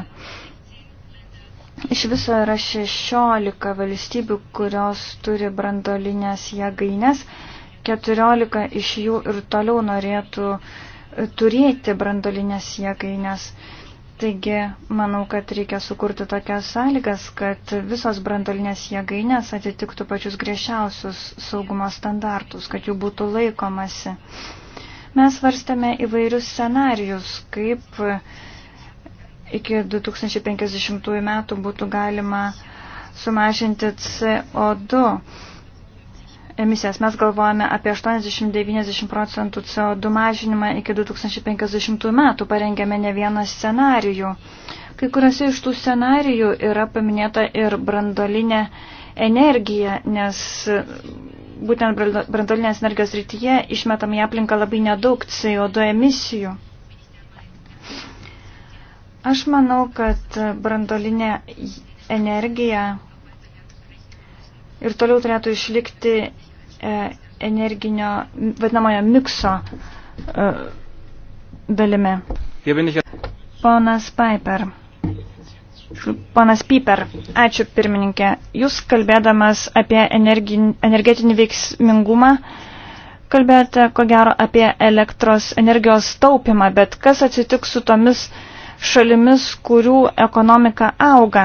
Iš viso yra 16 valstybių, kurios turi brandolinės jėgainės. 14 iš jų ir toliau norėtų e, turėti brandolinės jėgainės. Taigi, manau, kad reikia sukurti tokias sąlygas, kad visos brandolinės jėgainės atitiktų pačius griežčiausius saugumo standartus, kad jų būtų laikomasi. Mes varstame įvairius scenarius, kaip iki 2050 metų būtų galima sumažinti CO2 emisijas. Mes galvojame apie 80-90 procentų CO2 mažinimą iki 2050 metų, parengėme ne vieną scenarijų. Kai kuriuose iš tų scenarijų yra paminėta ir brandolinė energija, nes būtent brandolinės energijos rytyje išmetam į aplinką labai nedaug CO2 emisijų. Aš manau, kad brandolinė energija ir toliau turėtų išlikti e, energinio, vadinamojo, mikso e, dalimi. Ponas Piper. Ponas Piper, ačiū pirmininkė. Jūs kalbėdamas apie energetinį veiksmingumą, kalbėjote ko gero apie elektros energijos taupimą, bet kas atsitiks su tomis uh, šalimis, kurių ekonomika auga.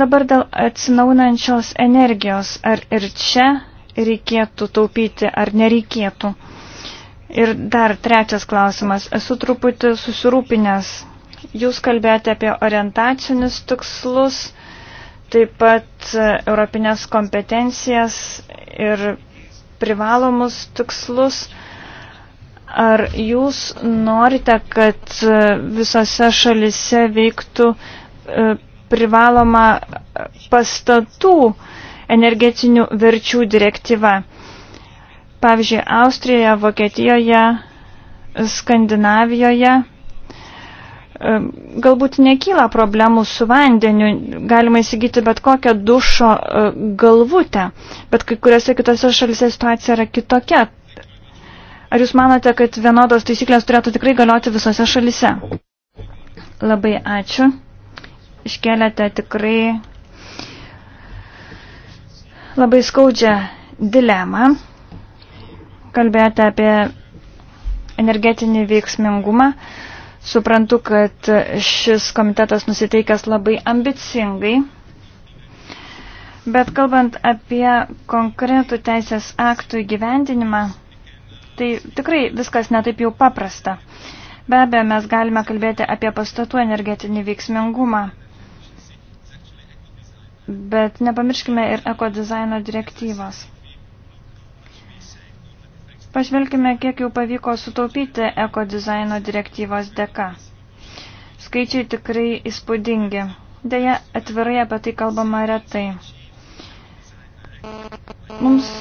Dabar dėl atsinaunančios energijos, ar ir čia reikėtų taupyti, ar nereikėtų. Ir dar trečias klausimas. Esu truputį susirūpinęs. Jūs kalbėjote apie orientacinius tikslus, taip pat europinės kompetencijas ir privalomus tikslus. Ar jūs norite, kad e, visose šalise veiktų e, privaloma e, pastatų energetinių verčių direktyva? Pavyzdžiui, Austrijoje, Vokietijoje, Skandinavijoje galbūt nekyla problemų su vandeniu, galima įsigyti bet kokią dušo galvutę, bet kai kuriuose kitose šalise situacija yra kitokia. Ar jūs manote, kad vienodos taisyklės turėtų tikrai galioti visose šalise? Labai ačiū. Iškeliate tikrai labai skaudžią dilemą. Kalbėjote apie energetinį veiksmingumą. Suprantu, kad šis komitetas nusiteikęs labai ambicingai. Bet kalbant apie konkretų teisės aktų įgyvendinimą, tai tikrai viskas netaip jau paprasta. Be abejo, mes galime kalbėti apie pastatų energetinį veiksmingumą, bet nepamirškime ir ekodizaino direktyvos. Pažvelkime, kiek jau pavyko sutaupyti ekodizaino direktyvos dėka. Skaičiai tikrai įspūdingi. Deja, atvirai apie tai kalbama retai. Mums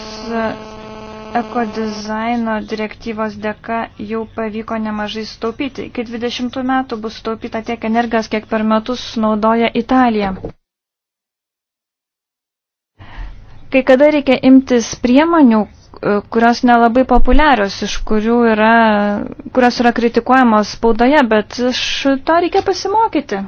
ekodizaino direktyvos dėka jau pavyko nemažai staupyti. Iki 20 metų bus staupyta tiek energijos, kiek per metus naudoja Italija. Kai kada reikia imtis priemonių, e, kurios nelabai populiarios, iš kurių yra, kurios yra kritikuojamos spaudoje, bet iš to reikia pasimokyti.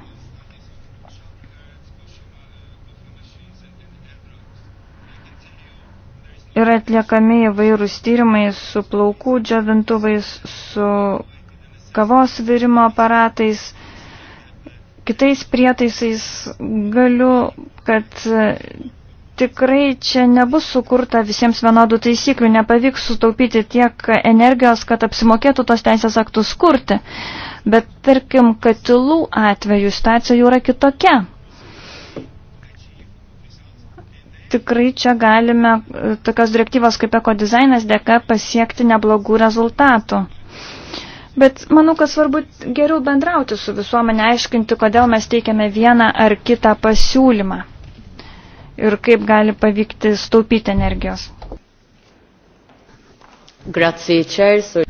yra atliekami įvairūs tyrimai su plaukų džiovintuvais, su kavos virimo aparatais, kitais prietaisais. Galiu, kad tikrai čia nebus sukurta visiems vienodų taisyklių, nepavyks sutaupyti tiek energijos, kad apsimokėtų tos teisės aktus kurti. Bet tarkim, katilų atveju situacija jau yra kitokia. tikrai čia galime e, tokios direktyvos kaip ekodizainas dėka pasiekti neblogų rezultatų. Bet manau, kad svarbu geriau bendrauti su visuomenė, aiškinti, kodėl mes teikiame vieną ar kitą pasiūlymą ir kaip gali pavykti staupyti energijos. Grazie, Čersu.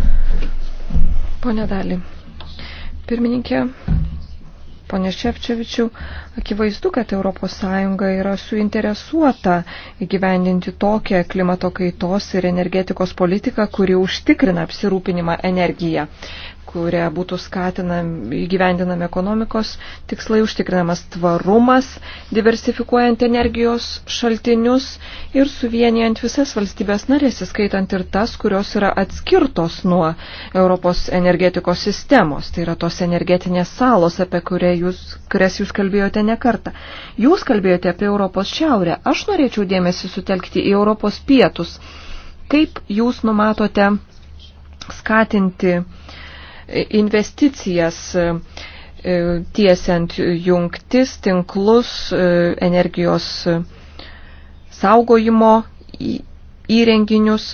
Pone Dali, pirmininkė, Pone Ševčevičiu, akivaizdu, kad ES yra suinteresuota įgyvendinti tokią klimato kaitos ir energetikos politiką, kuri užtikrina apsirūpinimą energiją kuria būtų skatinami įgyvendinami ekonomikos tikslai, užtikrinamas tvarumas, diversifikuojant energijos šaltinius ir suvienijant visas valstybės narės, įskaitant ir tas, kurios yra atskirtos nuo Europos energetikos sistemos. Tai yra tos energetinės salos, apie jūs, kurias jūs kalbėjote ne kartą. Jūs kalbėjote apie Europos šiaurę. Aš norėčiau dėmesį sutelkti į Europos pietus. Kaip jūs numatote skatinti investicijas e, e, tiesiant jungtis, tinklus, e, energijos saugojimo įrenginius,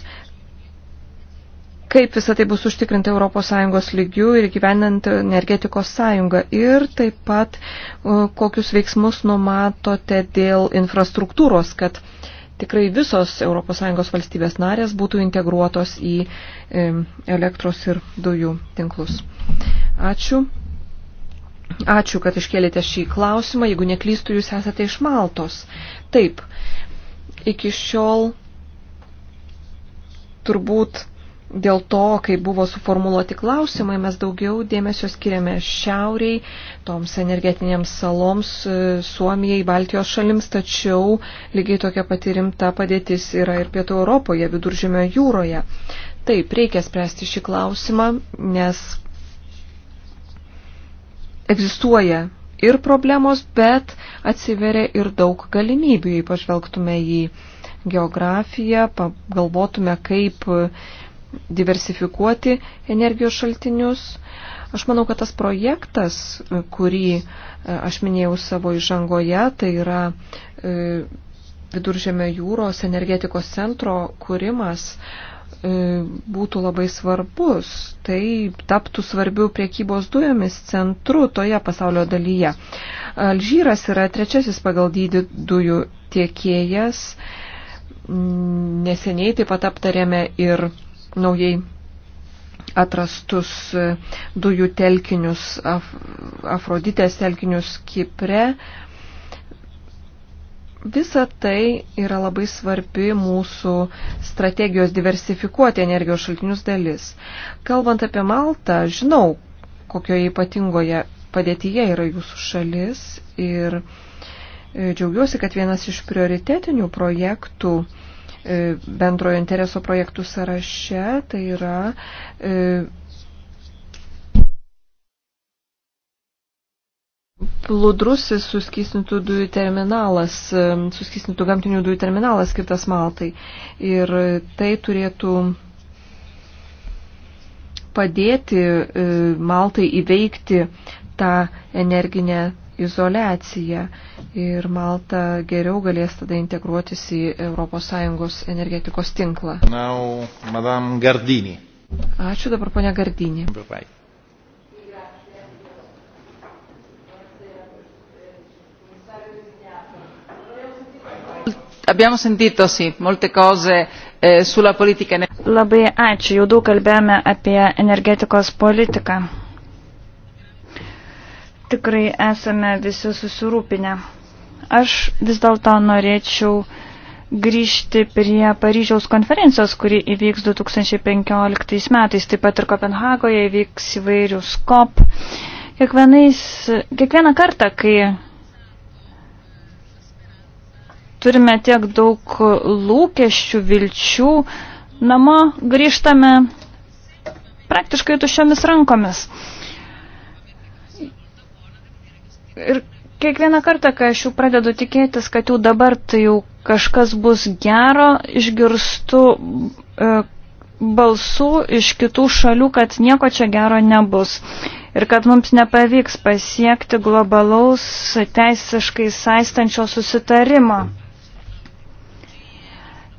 kaip visą tai bus užtikrinta ES lygių ir gyvenant energetikos sąjungą. Ir taip pat kokius veiksmus numatote dėl infrastruktūros, kad tikrai visos ES valstybės narės būtų integruotos į elektros ir dujų tinklus. Ačiū. Ačiū, kad iškėlėte šį klausimą. Jeigu neklystų, jūs esate iš Maltos. Taip, iki šiol turbūt dėl to, kai buvo suformuoluoti klausimai, mes daugiau dėmesio skiriame šiauriai, toms energetinėms saloms, e, Suomijai, Baltijos šalims, tačiau lygiai tokia pati rimta padėtis yra ir Pietų Europoje, Viduržėmio jūroje. Taip, reikia spręsti šį klausimą, nes egzistuoja ir problemos, bet atsiveria ir daug galimybių, jei pažvelgtume į geografiją, galvotume, kaip diversifikuoti energijos šaltinius. Aš manau, kad tas projektas, kurį e, aš minėjau savo įžangoje, tai yra e, viduržėme jūros energetikos centro kūrimas e, būtų labai svarbus. Tai taptų svarbių priekybos dujomis centru toje pasaulio dalyje. Alžyras yra trečiasis pagal dydį dujų tiekėjas. Mm, neseniai taip pat aptarėme ir naujai atrastus dujų telkinius, Af Afroditės telkinius Kipre. Visa tai yra labai svarbi mūsų strategijos diversifikuoti energijos šaltinius dalis. Kalbant apie Maltą, žinau, kokioje ypatingoje padėtyje yra jūsų šalis ir e, džiaugiuosi, kad vienas iš prioritetinių projektų E, bendrojo intereso projektų sąraše, tai yra e, plūdrusis suskysnintų dujų terminalas, e, suskysnintų gamtinių dujų terminalas skirtas Maltai. Ir tai turėtų padėti Maltai įveikti tą energinę izolaciją ir Malta geriau galės tada integruotis į ES energetikos tinklą. Now, Madame Gardini. Ačiū dabar ponia Gardinį. Bye -bye. abbiamo sentito sì molte cose eh, sulla politica. Labai ačiū, jau daug kalbėjome apie energetikos politiką tikrai esame visi susirūpinę. Aš vis dėlto norėčiau grįžti prie Paryžiaus konferencijos, kuri įvyks 2015 metais, taip pat ir Kopenhagoje įvyks įvairius COP. Kiekvienais, kiekvieną kartą, kai turime tiek daug lūkesčių, vilčių, namo grįžtame praktiškai tuščiomis rankomis. Ir kiekvieną kartą, kai aš jau pradedu tikėtis, kad jau dabar tai jau kažkas bus gero, išgirstu e, balsų iš kitų šalių, kad nieko čia gero nebus. Ir kad mums nepavyks pasiekti globalaus teisiškai saistančio susitarimo.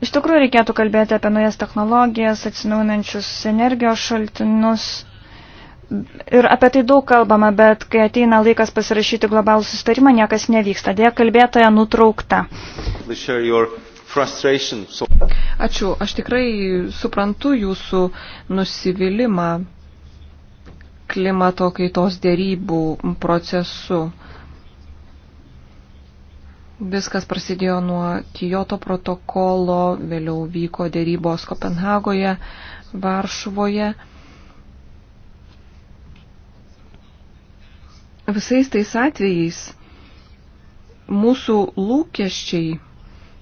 Iš tikrųjų reikėtų kalbėti apie naujas technologijas, atsinaujinančius energijos šaltinius Ir apie tai daug kalbama, bet kai ateina laikas pasirašyti globalų sustarimą, niekas nevyksta. Dėja, kalbėtoja nutraukta. Ačiū. Aš tikrai suprantu jūsų nusivylimą klimato kaitos dėrybų procesu. Viskas prasidėjo nuo Kijoto protokolo, vėliau vyko dėrybos Kopenhagoje, Varšuvoje visais tais atvejais mūsų lūkesčiai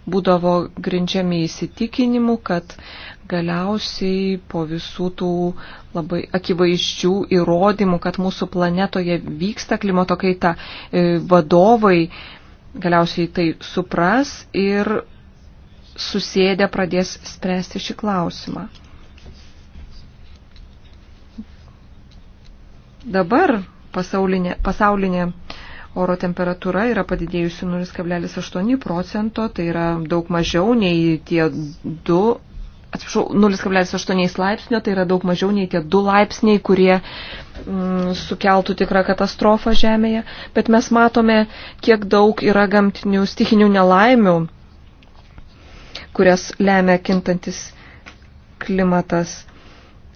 būdavo grindžiami įsitikinimu, kad galiausiai po visų tų labai akivaizdžių įrodymų, kad mūsų planetoje vyksta klimato kaita, e, vadovai galiausiai tai supras ir susėdę pradės spręsti šį klausimą. Dabar pasaulinė, pasaulinė oro temperatūra yra padidėjusi 0,8 procento, tai yra daug mažiau nei tie 2, atsiprašau, 0,8 laipsnio, tai yra daug mažiau nei tie 2 laipsniai, kurie mm, sukeltų tikrą katastrofą Žemėje. Bet mes matome, kiek daug yra gamtinių stichinių nelaimių, kurias lemia kintantis klimatas.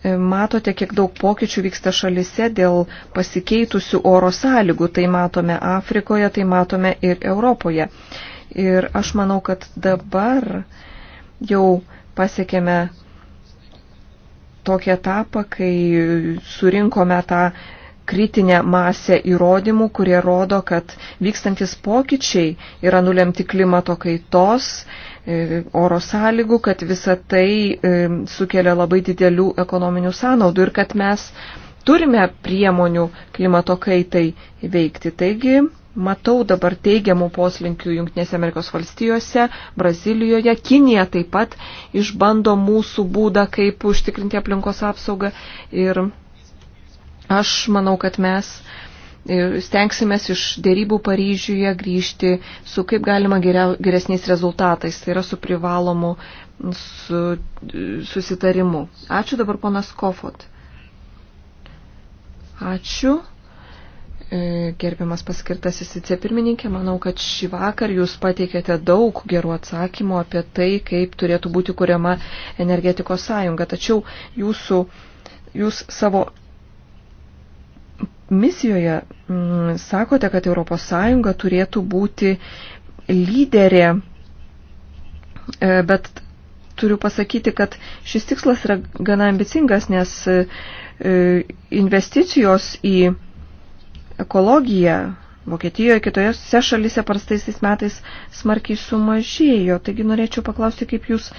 E, matote, kiek daug pokyčių vyksta šalise dėl pasikeitusių oro sąlygų. Tai matome Afrikoje, tai matome ir Europoje. Ir aš manau, kad dabar jau pasiekėme tokį etapą, kai surinkome tą kritinę masę įrodymų, kurie rodo, kad vykstantis pokyčiai yra nulemti klimato kaitos, E, oro sąlygų, kad visa tai e, sukelia labai didelių ekonominių sąnaudų ir kad mes turime priemonių klimato kaitai veikti. Taigi, matau dabar teigiamų poslinkių Junktinėse Amerikos valstijose, Brazilijoje, Kinija taip pat išbando mūsų būdą, kaip užtikrinti aplinkos apsaugą ir aš manau, kad mes stengsimės iš dėrybų Paryžiuje grįžti su kaip galima geriau, geresniais rezultatais, tai yra su privalomu su, susitarimu. Ačiū dabar ponas Kofot. Ačiū. E, gerbiamas paskirtasis vicepirmininkė, manau, kad šį vakar jūs pateikėte daug gerų atsakymų apie tai, kaip turėtų būti kuriama energetikos sąjunga. Tačiau jūsų, jūs savo misijoje m, mm, sakote, kad ES turėtų būti lyderė, e, bet turiu pasakyti, kad šis tikslas yra gana ambicingas, nes e, investicijos į ekologiją Vokietijoje, kitose šalise prastaisiais metais smarkiai sumažėjo. Taigi norėčiau paklausti, kaip jūs,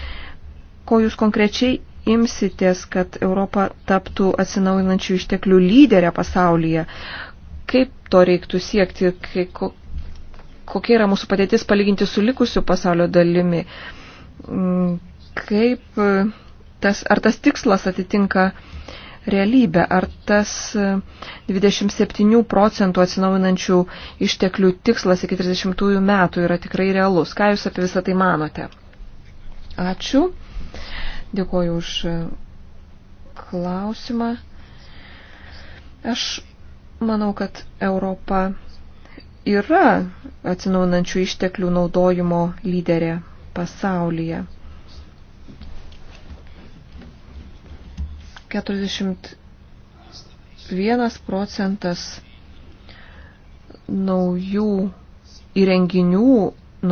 ko jūs konkrečiai imsitės, kad Europa taptų atsinaujinančių išteklių lyderę pasaulyje? Kaip to reiktų siekti? Kokia yra mūsų patėtis palyginti su likusiu pasaulio dalimi? Mm, kaip e, tas, ar tas tikslas atitinka realybę, ar tas 27 e, procentų atsinaujinančių išteklių tikslas iki 30 metų yra tikrai realus. Ką Jūs apie visą tai manote? Ačiū. Dėkuoju už e, klausimą. Aš manau, kad Europa yra atsinaunančių išteklių naudojimo lyderė pasaulyje. 41 procentas naujų įrenginių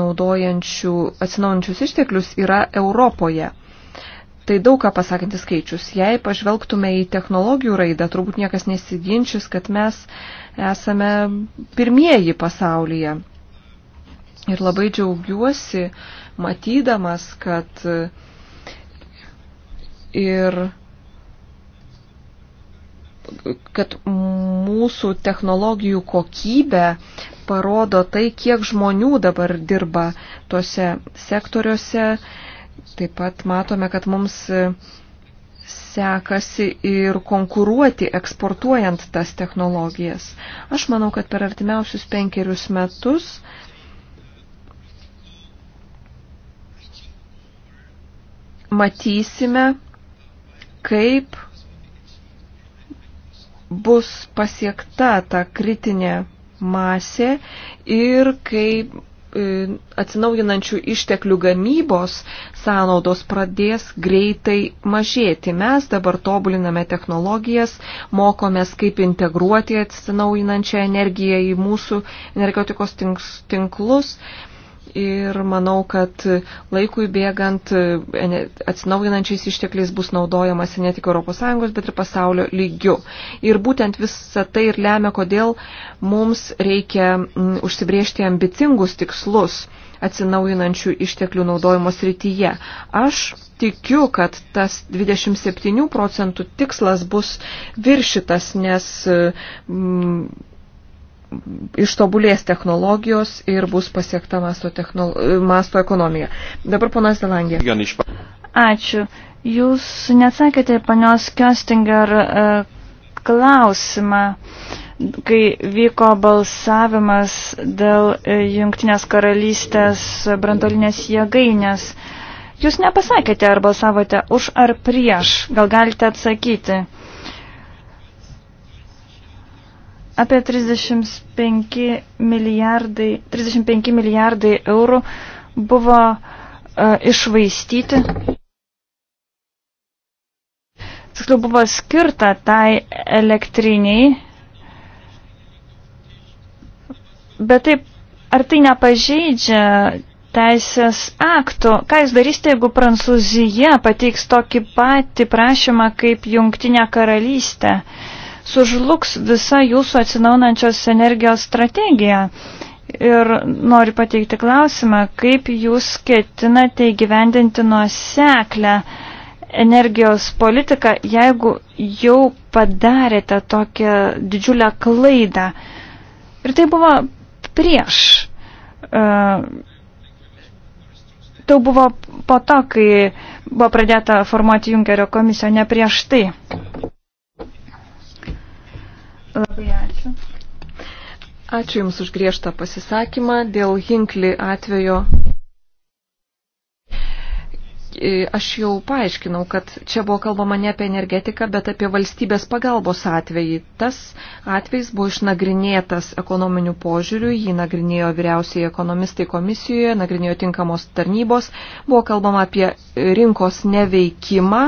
naudojančių atsinaujančius išteklius yra Europoje. Tai daug ką pasakantis skaičius. Jei pažvelgtume į technologijų raidą, turbūt niekas nesiginčys, kad mes esame pirmieji pasaulyje. Ir labai džiaugiuosi matydamas, kad ir kad mūsų technologijų kokybė parodo tai, kiek žmonių dabar dirba tuose sektoriuose, Taip pat matome, kad mums e, sekasi ir konkuruoti eksportuojant tas technologijas. Aš manau, kad per artimiausius penkerius metus matysime, kaip bus pasiekta ta kritinė masė ir kaip E, atsinaujinančių išteklių gamybos sąnaudos pradės greitai mažėti. Mes dabar tobuliname technologijas, mokomės, kaip integruoti atsinaujinančią energiją į mūsų energetikos tinklus. Ir manau, kad laikui bėgant e, atsinaujinančiais ištekliais bus naudojamasi ne tik ES, bet ir pasaulio lygiu. Ir būtent visa tai ir lemia, kodėl mums reikia užsibriežti ambicingus tikslus atsinaujinančių išteklių naudojimo srityje. Aš tikiu, kad tas 27 procentų tikslas bus viršytas, nes. Mm, ištobulės technologijos ir bus pasiekta masto, technolo, masto ekonomija. Dabar ponas Delangė. Ačiū. Jūs nesakėte panios Kjostinger e, klausimą, kai vyko balsavimas dėl e, Junktinės karalystės brandolinės jėgainės. Jūs nepasakėte, ar balsavote už ar prieš. Gal galite atsakyti? Apie 35 milijardai, 35 milijardai eurų buvo uh, išvaistyti. Tiksliau buvo skirta tai elektriniai. Bet taip, ar tai nepažeidžia teisės aktų. Ką jūs darysite, jeigu Prancūzija pateiks tokį patį prašymą kaip Jungtinė karalystė? sužlugs visa jūsų atsinaunančios energijos strategija. Ir noriu pateikti klausimą, kaip jūs ketinate įgyvendinti nuoseklę energijos politiką, jeigu jau padarėte tokią didžiulę klaidą. Ir tai buvo prieš. E, tai buvo po to, kai buvo pradėta formuoti Junkerio komisiją, ne prieš tai. Labai ačiū. Ačiū Jums už griežtą pasisakymą dėl Hinkli atvejo. E, aš jau paaiškinau, kad čia buvo kalbama ne apie energetiką, bet apie valstybės pagalbos atvejį. Tas atvejs buvo išnagrinėtas ekonominių požiūrių, jį nagrinėjo vyriausiai ekonomistai komisijoje, nagrinėjo tinkamos tarnybos, buvo kalbama apie rinkos neveikimą,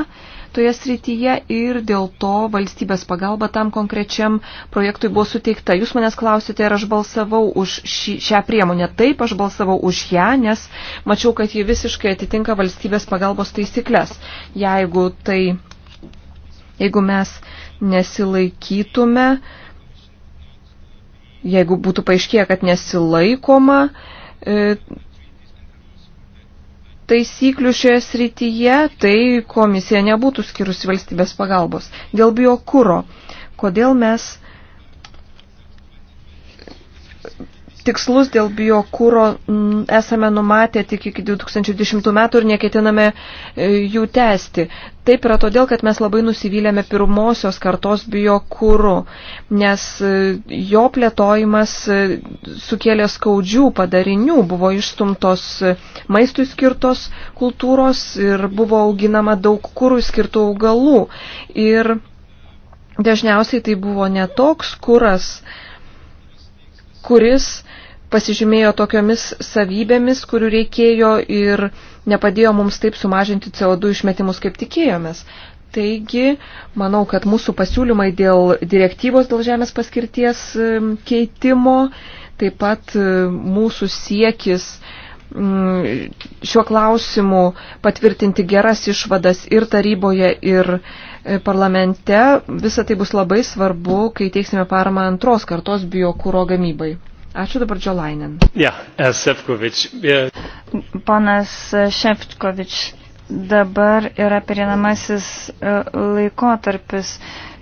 toje srityje ir dėl to valstybės pagalba tam konkrečiam projektui buvo suteikta. Jūs manęs klausite, ar aš balsavau už šį, šią priemonę. Taip, aš balsavau už ją, nes mačiau, kad ji visiškai atitinka valstybės pagalbos taisyklės. Jeigu tai, jeigu mes nesilaikytume, jeigu būtų paaiškėję, kad nesilaikoma, e, taisyklių šioje srityje, tai komisija nebūtų skirusi valstybės pagalbos. Dėl biokūro, kodėl mes tikslus dėl biokūro mm, esame numatę tik iki 2010 metų ir neketiname e, jų tęsti. Taip yra todėl, kad mes labai nusivylėme pirmosios kartos biokūrų, nes e, jo plėtojimas e, sukėlė skaudžių padarinių, buvo išstumtos maistui skirtos kultūros ir buvo auginama daug kūrų skirtų augalų. Ir dažniausiai tai buvo netoks kuras, kuris pasižymėjo tokiomis savybėmis, kurių reikėjo ir nepadėjo mums taip sumažinti CO2 išmetimus, kaip tikėjomės. Taigi, manau, kad mūsų pasiūlymai dėl direktyvos dėl žemės paskirties keitimo, taip pat e, mūsų siekis šiuo klausimu patvirtinti geras išvadas ir taryboje, ir e, parlamente, visa tai bus labai svarbu, kai teiksime paramą antros kartos biokūro gamybai. Ačiū dabar Džolainin. Ja, Sefkovič. Yeah. Ponas Šefkovič, dabar yra perinamasis e, laikotarpis.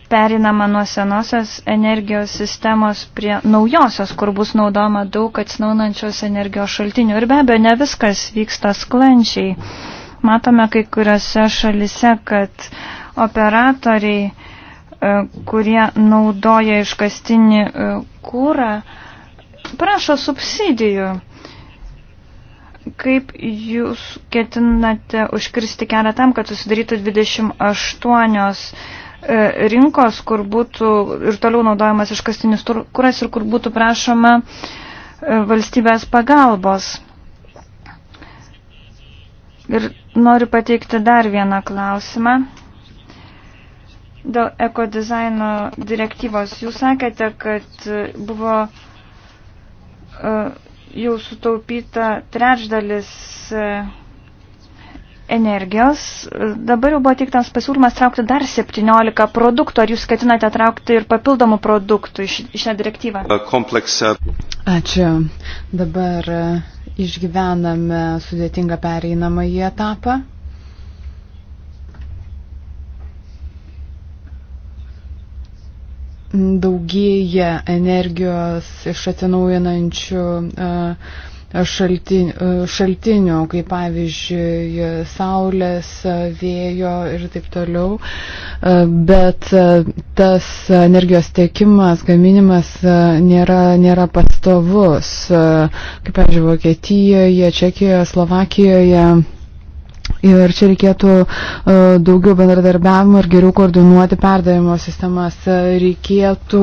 Perinama nuo senosios energijos sistemos prie naujosios, kur bus naudoma daug atsinaunančios energijos šaltinių. Ir be abejo, ne viskas vyksta sklančiai. Matome kai kuriuose šalise, kad operatoriai, e, kurie naudoja iškastinį e, kūrą, prašo subsidijų. Kaip jūs ketinate užkirsti kelią tam, kad susidarytų 28 e, rinkos, kur būtų ir toliau naudojamas iškastinis kuras ir kur būtų prašoma e, valstybės pagalbos? Ir noriu pateikti dar vieną klausimą. Dėl ekodizaino direktyvos jūs sakėte, kad buvo E, jau sutaupyta trečdalis e, energijos. Dabar jau buvo teiktas pasiūlymas traukti dar 17 produktų. Ar jūs ketinate traukti ir papildomų produktų iš, iš šią direktyvą? Kompleksą. Ačiū. Dabar e, išgyvename sudėtingą pereinamąjį etapą. daugėja energijos iš atsinaujinančių e, šaltin, e, šaltinių, kaip pavyzdžiui saulės, e, vėjo ir taip toliau, bet tas energijos tiekimas, gaminimas nėra, nėra pastovus, kaip pavyzdžiui Vokietijoje, Čekijoje, Slovakijoje Ir čia reikėtų e, daugiau bendradarbiavimo ir geriau koordinuoti perdavimo sistemas. E, reikėtų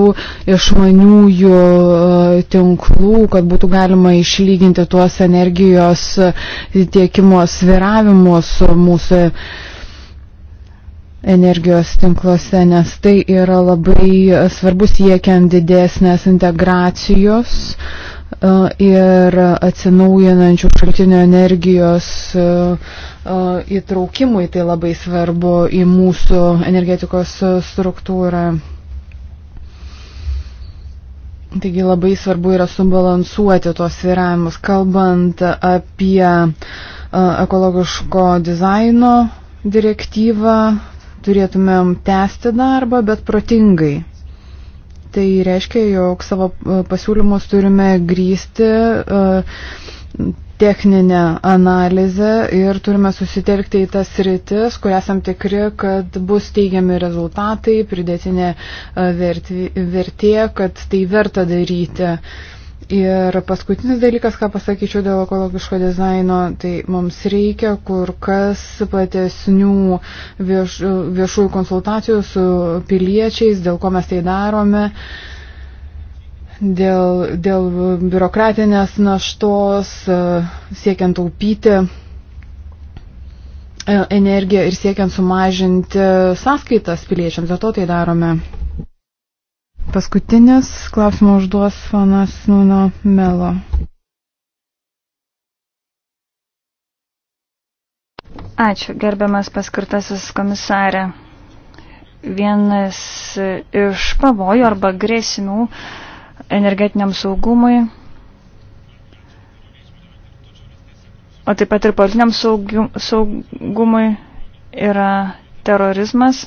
išmaniųjų e, tinklų, kad būtų galima išlyginti tuos energijos tiekimo sviravimus mūsų energijos tinkluose, nes tai yra labai svarbus siekiant didesnės integracijos. Uh, ir atsinaujinančių šaltinių energijos įtraukimui tai labai svarbu į mūsų energetikos struktūrą. Taigi labai svarbu yra subalansuoti tos sviravimus, kalbant apie ekologiško dizaino direktyvą, turėtumėm tęsti darbą, bet protingai. Tai reiškia, jog savo e, pasiūlymus turime grįsti e, techninę analizę ir turime susitelkti į tas rytis, kur esam tikri, kad bus teigiami rezultatai, pridėtinė e, vertė, kad tai verta daryti. Uh, Ir paskutinis dalykas, ką pasakyčiau dėl ekologiško dizaino, tai mums reikia kur kas platesnių vieš, viešųjų konsultacijų su piliečiais, dėl ko mes tai darome, dėl, dėl biurokratinės naštos, siekiant taupyti e, energiją ir siekiant sumažinti sąskaitas piliečiams, dėl to tai darome. Paskutinis klausimą užduos fanas Nuno Melo. Ačiū, gerbiamas paskirtasis komisarė. Vienas iš pavojų arba grėsmių energetiniam saugumui, o taip pat ir politiniam saugumui yra terorizmas.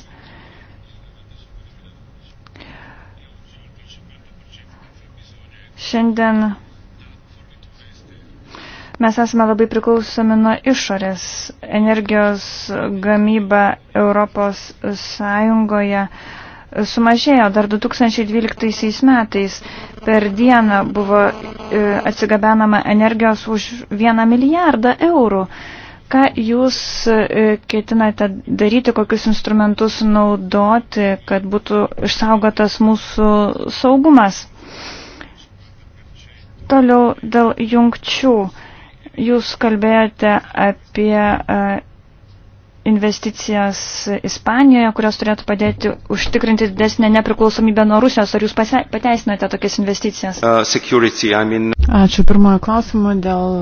Šiandien mes esame labai priklausomi nuo išorės. Energijos gamyba Europos Sąjungoje sumažėjo dar 2012 metais. Per dieną buvo e, atsigabenama energijos už vieną milijardą eurų. Ką jūs e, ketinate daryti, kokius instrumentus naudoti, kad būtų išsaugotas mūsų saugumas? Toliau dėl jungčių. Jūs kalbėjote apie e, investicijas Ispanijoje, kurios turėtų padėti užtikrinti didesnę nepriklausomybę nuo Rusijos. Ar jūs pateisinote tokias investicijas? Uh, security, I mean... Ačiū pirmojo klausimo dėl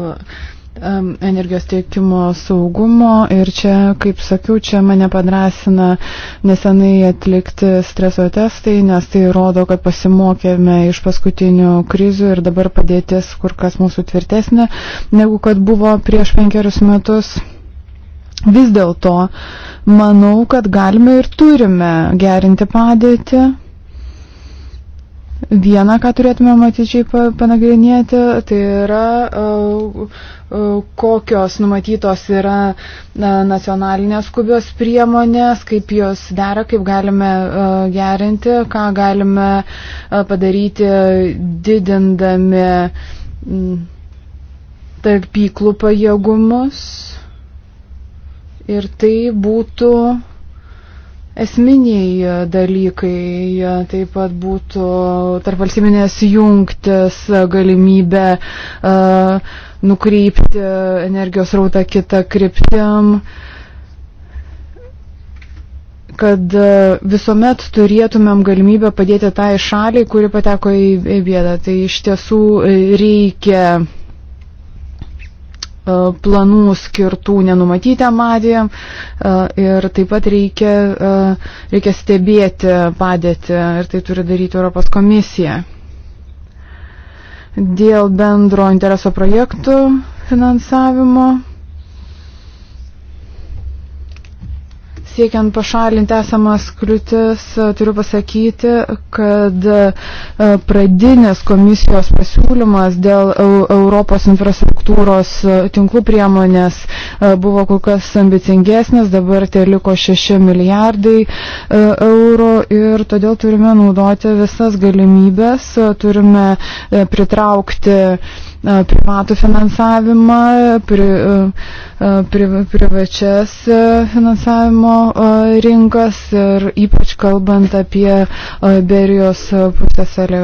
energijos tiekimo saugumo ir čia, kaip sakiau, čia mane padrasina nesenai atlikti streso testai, nes tai rodo, kad pasimokėme iš paskutinių krizių ir dabar padėtis kur kas mūsų tvirtesnė negu kad buvo prieš penkerius metus. Vis dėlto manau, kad galime ir turime gerinti padėtį Viena, ką turėtume matyčiai panagrinėti, tai yra e, e, kokios numatytos yra nacionalinės skubios priemonės, kaip jos dera, kaip galime e, gerinti, ką galime padaryti didindami tarpyklų pajėgumus. Ir tai būtų esminiai e, dalykai, e, taip pat būtų tarp valstybinės jungtis, e, galimybė uh, nukreipti energijos rautą kitą kryptim, kad visuomet turėtumėm galimybę padėti tai šaliai, kuri pateko į, į bėdą. Tai iš tiesų reikia E, planų skirtų nenumatytėm avijam e, ir taip pat reikia, e, reikia stebėti padėtį ir tai turi daryti Europos komisija. Dėl bendro intereso projektų finansavimo Siekiant pašalinti esamas kliūtis, e, turiu pasakyti, kad e, pradinės komisijos pasiūlymas dėl Europos infrastruktūros e, tinklų priemonės buvo kur kas ambicingesnis, dabar tai liko 6 milijardai eurų ir todėl turime naudoti visas galimybės, turime pritraukti E, privatų finansavimą, pri, e, e, pri, privačias finansavimo rinkas ir ypač kalbant apie Berijos pusėsalį.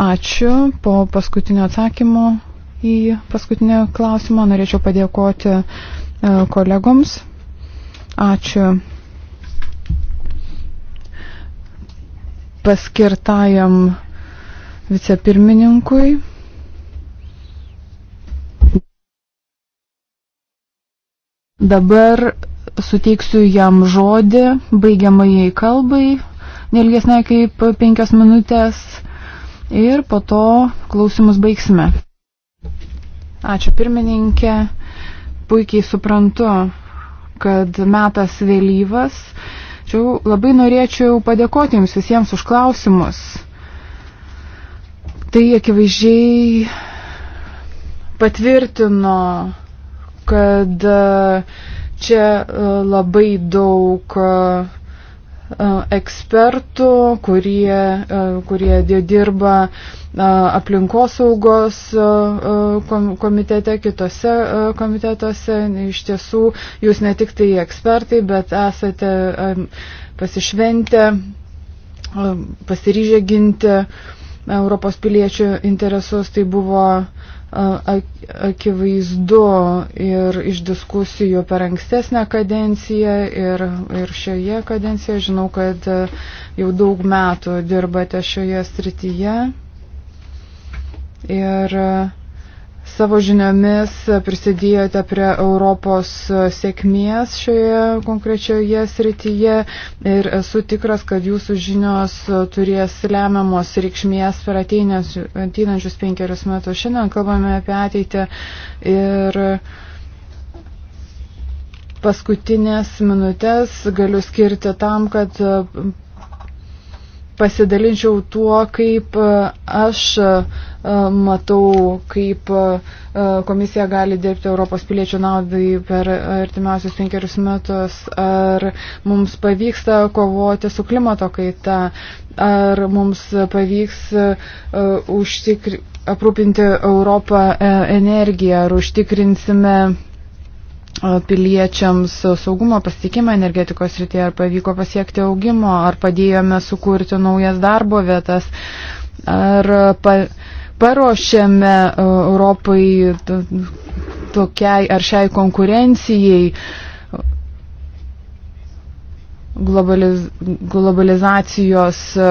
Ačiū po paskutinio atsakymo į paskutinį klausimą. Norėčiau padėkoti kolegoms. Ačiū paskirtajam vicepirmininkui. Dabar suteiksiu jam žodį baigiamai kalbai, nelgesnė kaip penkias minutės ir po to klausimus baigsime. Ačiū pirmininkė, puikiai suprantu, kad metas vėlyvas Tačiau labai norėčiau padėkoti Jums visiems už klausimus. Tai akivaizdžiai patvirtino, kad e, čia e, labai daug e, E, ekspertų, kurie, e, kurie dirba e, aplinkosaugos komitete, kitose komitetuose. Iš tiesų, jūs ne tik tai ekspertai, bet esate pasišventę, pasiryžę ginti Europos piliečių interesus. Tai buvo uh, akivaizdu ir iš diskusijų per ankstesnę kadenciją ir, ir šioje kadencijoje. Žinau, kad jau daug metų dirbate šioje srityje. Ir uh, Savo žiniomis prisidėjote prie Europos sėkmės šioje konkrečioje srityje ir esu tikras, kad jūsų žinios turės lemiamos reikšmės per ateinančius penkerius metus. Šiandien kalbame apie ateitį ir paskutinės minutės galiu skirti tam, kad pasidalinčiau tuo, kaip e, aš e, matau, kaip e, komisija gali dirbti Europos piliečių naudai per artimiausius penkerius metus, ar mums pavyksta kovoti su klimato kaita, ar mums pavyks užtikri, aprūpinti Europą energiją, ar užtikrinsime piliečiams saugumo pasitikimą energetikos rytyje, ar pavyko pasiekti augimo, ar padėjome sukurti naujas darbo vietas, ar pa, paruošėme Europai tokiai ar šiai konkurencijai. Globaliz, globalizacijos e,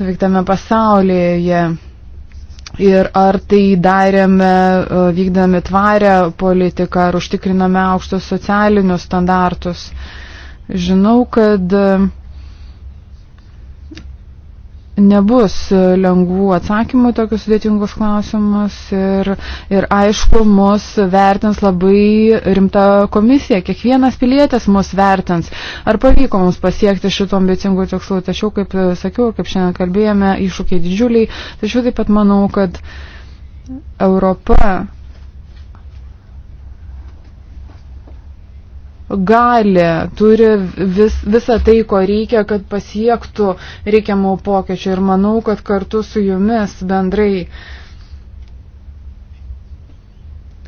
veiktame pasaulyje ir ar tai darėme e, vykdami tvarę politiką, ar užtikriname aukštus socialinius standartus. Žinau, kad nebus lengvų atsakymų tokius sudėtingus klausimus ir, ir aišku, mus vertins labai rimta komisija, kiekvienas pilietis mus vertins, ar pavyko mums pasiekti šito ambicingų tikslų, tačiau, kaip sakiau, kaip šiandien kalbėjome, iššūkiai didžiuliai, tačiau taip pat manau, kad Europa gali, turi vis, visą tai, ko reikia, kad pasiektų reikiamų pokyčių. Ir manau, kad kartu su jumis bendrai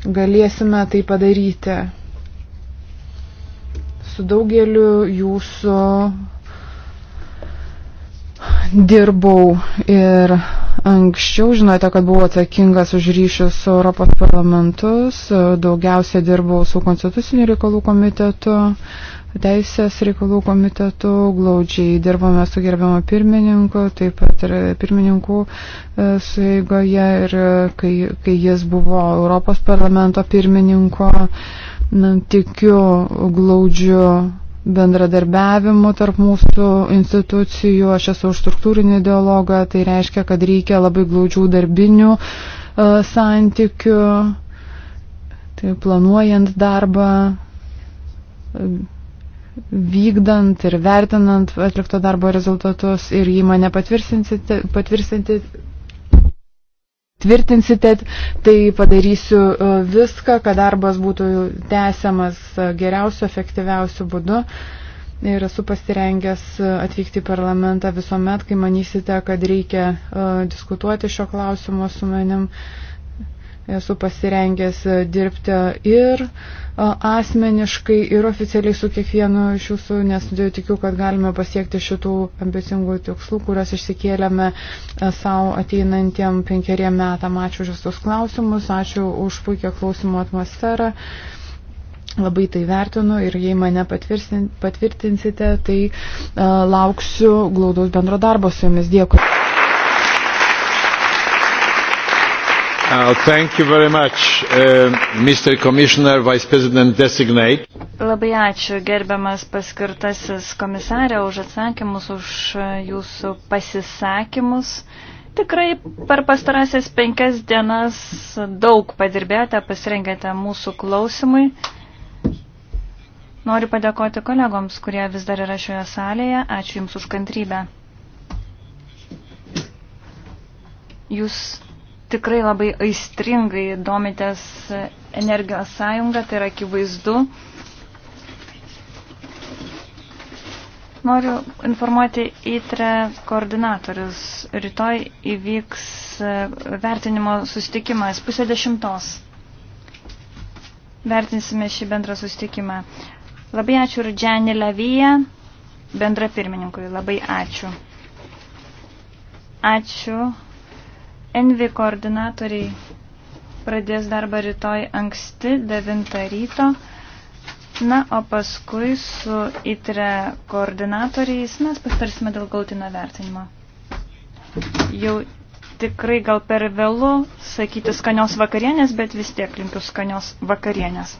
galėsime tai padaryti. Su daugeliu jūsų dirbau ir anksčiau, žinote, kad buvau atsakingas už ryšius su Europos parlamentus, daugiausia dirbau su konstituciniu reikalų komitetu, teisės reikalų komitetu, glaudžiai dirbame su gerbiamo pirmininku, taip pat ir pirmininkų e, sueigoje ir kai, kai jis buvo Europos parlamento pirmininko, tikiu glaudžiu bendradarbiavimu tarp mūsų institucijų, aš esu už struktūrinį dialogą, tai reiškia, kad reikia labai glaudžių darbinių e, santykių, tai planuojant darbą, e, vykdant ir vertinant atlikto darbo rezultatus ir jį mane patvirtinti, patvirtinti tvirtinsite, tai padarysiu e, viską, kad darbas būtų tęsiamas e, geriausiu, efektyviausiu būdu. Ir esu pasirengęs e, atvykti į parlamentą visuomet, kai manysite, kad reikia diskutuoti šio klausimo su manim. Esu pasirengęs dirbti ir uh, asmeniškai ir oficialiai su kiekvienu iš jūsų, nes tikiu, kad galime pasiekti šitų ambicingų tikslų, kuriuos išsikėlėme savo ateinantiem penkeriem metam. Ačiū už visus klausimus, ačiū už puikią klausimų atmosferą labai tai vertinu ir jei mane patvirtinsite, tai uh, lauksiu glaudaus bendro darbo su jumis. Dėkui. Uh, thank you very much, uh, Mr. Commissioner, Vice President Designate. Labai ačiū gerbiamas paskirtasis komisarė už atsakymus, už uh, jūsų pasisakymus. Tikrai per pastarąsias penkias dienas daug padirbėjote, pasirengėte mūsų klausimui. Noriu padėkoti kolegoms, kurie vis dar yra šioje salėje. Ačiū Jums už kantrybę. Jūs tikrai labai aistringai domitės energijos sąjunga, tai yra akivaizdu. Noriu informuoti įtre koordinatorius. Rytoj įvyks e, vertinimo susitikimas pusė dešimtos. Vertinsime šį bendrą susitikimą. Labai ačiū ir Džani Lavyje, bendra pirmininkui. Labai ačiū. Ačiū. Envi koordinatoriai pradės darbą rytoj anksti, 9 ryto. Na, o paskui su ITRE koordinatoriais mes pastarsime dėl gautino vertinimo. Jau tikrai gal per vėlu sakyti skanios vakarienės, bet vis tiek linkiu skanios vakarienės.